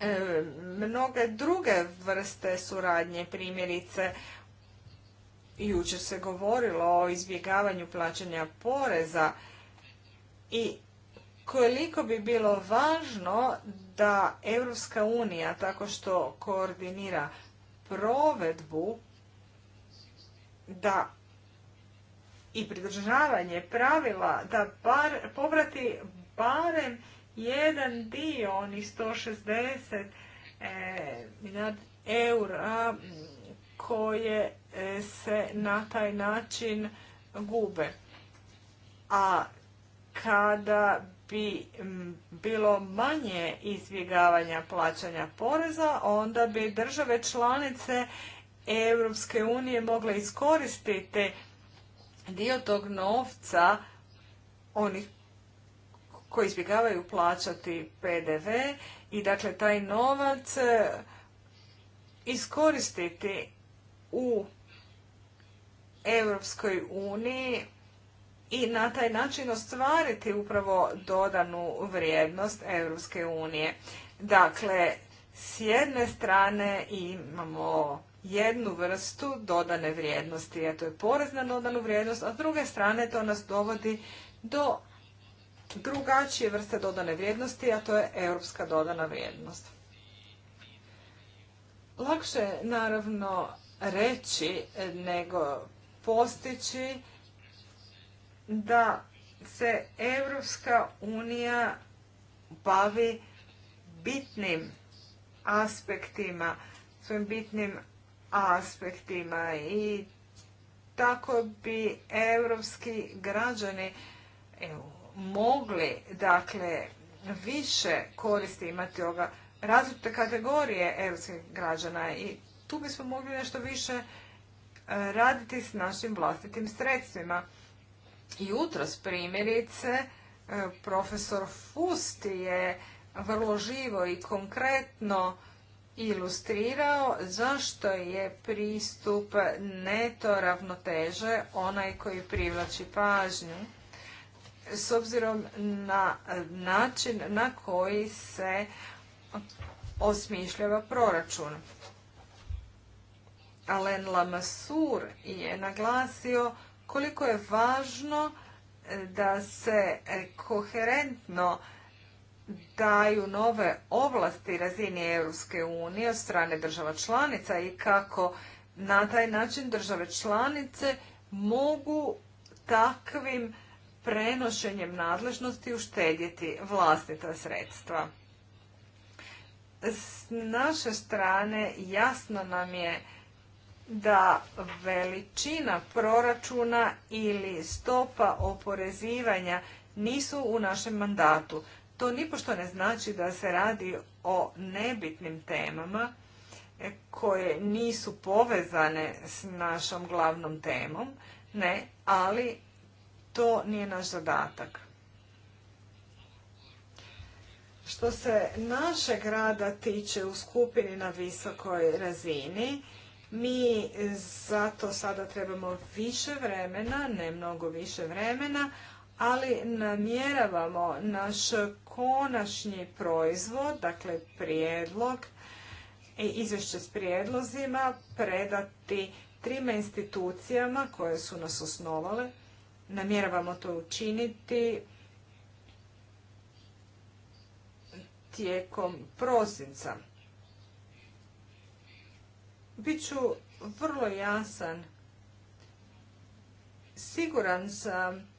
e, mnoge druge vrste suradnje, primjerice jučer se govorilo o izbjegavanju plaćanja poreza i koliko bi bilo važno da Europska unija tako što koordinira provedbu da i pridržavanje pravila da povrati barem jedan dio onih 160 e, milijard eura koje e, se na taj način gube. A kada bi bilo manje izbjegavanja plaćanja poreza, onda bi države članice Europske unije mogle iskoristiti dio tog novca onih koji izbjegavaju plaćati PDV i dakle taj novac e, iskoristiti u Europskoj uniji i na taj način ostvariti upravo dodanu vrijednost Europske unije. Dakle, s jedne strane imamo jednu vrstu dodane vrijednosti, a to je porez na dodanu vrijednost, a s druge strane to nas dovodi do drugačije vrste dodane vrijednosti, a to je europska dodana vrijednost. Lakše je naravno reći nego postići da se Europska unija bavi bitnim aspektima, svojim bitnim aspektima i tako bi europski građani mogli dakle više koristi imati ovoga različite kategorije europskih građana i tu bismo mogli nešto više e, raditi s našim vlastitim sredstvima. Jutros primjerice e, profesor Fust je vrlo živo i konkretno ilustrirao zašto je pristup neto ravnoteže onaj koji privlači pažnju s obzirom na način na koji se osmišljava proračun. Alen Lamassur je naglasio koliko je važno da se koherentno daju nove ovlasti razini Europske unije od strane država članica i kako na taj način države članice mogu takvim prenošenjem nadležnosti uštedjeti vlastita sredstva. S naše strane jasno nam je da veličina proračuna ili stopa oporezivanja nisu u našem mandatu. To nipošto ne znači da se radi o nebitnim temama e, koje nisu povezane s našom glavnom temom, ne, ali to nije naš zadatak. Što se našeg rada tiče u skupini na visokoj razini, mi zato sada trebamo više vremena, ne mnogo više vremena, ali namjeravamo naš konačni proizvod, dakle prijedlog, izvješće s prijedlozima predati trima institucijama koje su nas osnovale. Namjeravamo to učiniti tijekom prosinca. Biću vrlo jasan. Siguran sam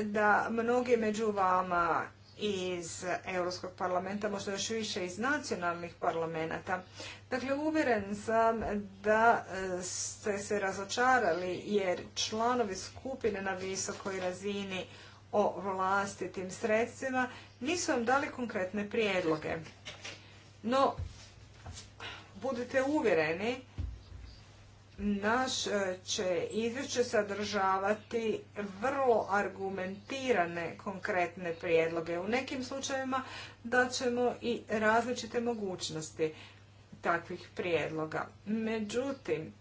da mnogi među vama iz Europskog parlamenta, možda još više iz nacionalnih parlamenta. Dakle, uvjeren sam da e, ste se razočarali jer članovi skupine na visokoj razini o vlastitim sredstvima nisu vam dali konkretne prijedloge. No, budite uvjereni naš e, će izvješće sadržavati vrlo argumentirane konkretne prijedloge. U nekim slučajevima da ćemo i različite mogućnosti takvih prijedloga. Međutim,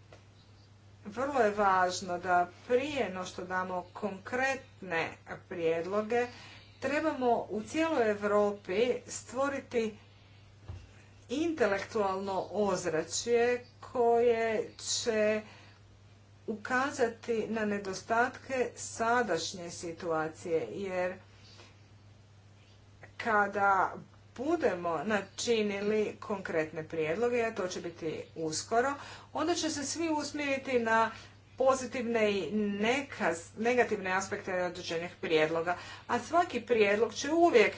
vrlo je važno da prije no što damo konkretne prijedloge, trebamo u cijeloj Europi stvoriti intelektualno ozračje koje će ukazati na nedostatke sadašnje situacije, jer kada budemo načinili konkretne prijedloge, a to će biti uskoro, onda će se svi usmjeriti na pozitivne i negativne aspekte određenih prijedloga. A svaki prijedlog će uvijek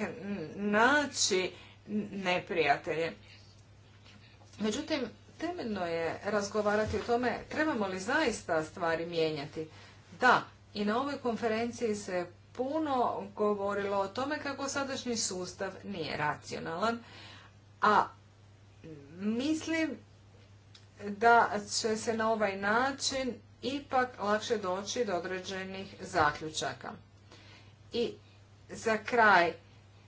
naći neprijatelje. Međutim, temeljno je razgovarati o tome trebamo li zaista stvari mijenjati. Da, i na ovoj konferenciji se puno govorilo o tome kako sadašnji sustav nije racionalan, a mislim da će se na ovaj način ipak lakše doći do određenih zaključaka. I za kraj,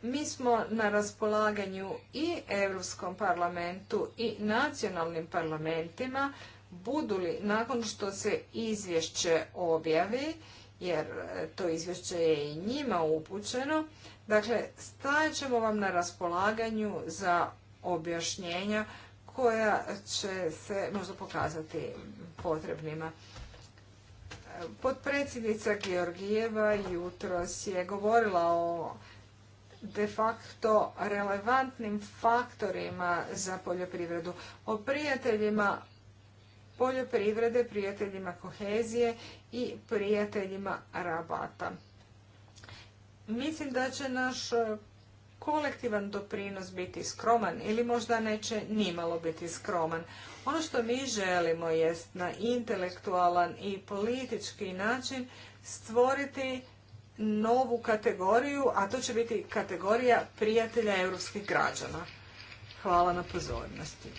mi smo na raspolaganju i Europskom parlamentu i nacionalnim parlamentima budu li nakon što se izvješće objavi, jer e, to izvješće je i njima upućeno, dakle stajat ćemo vam na raspolaganju za objašnjenja koja će se možda pokazati potrebnima. E, potpredsjednica Georgijeva jutros je govorila o de facto relevantnim faktorima za poljoprivredu, o prijateljima poljoprivrede, prijateljima kohezije i prijateljima rabata. Mislim da će naš e, kolektivan doprinos biti skroman ili možda neće nimalo biti skroman. Ono što mi želimo jest na intelektualan i politički način stvoriti novu kategoriju, a to će biti kategorija prijatelja europskih građana. Hvala na pozornosti.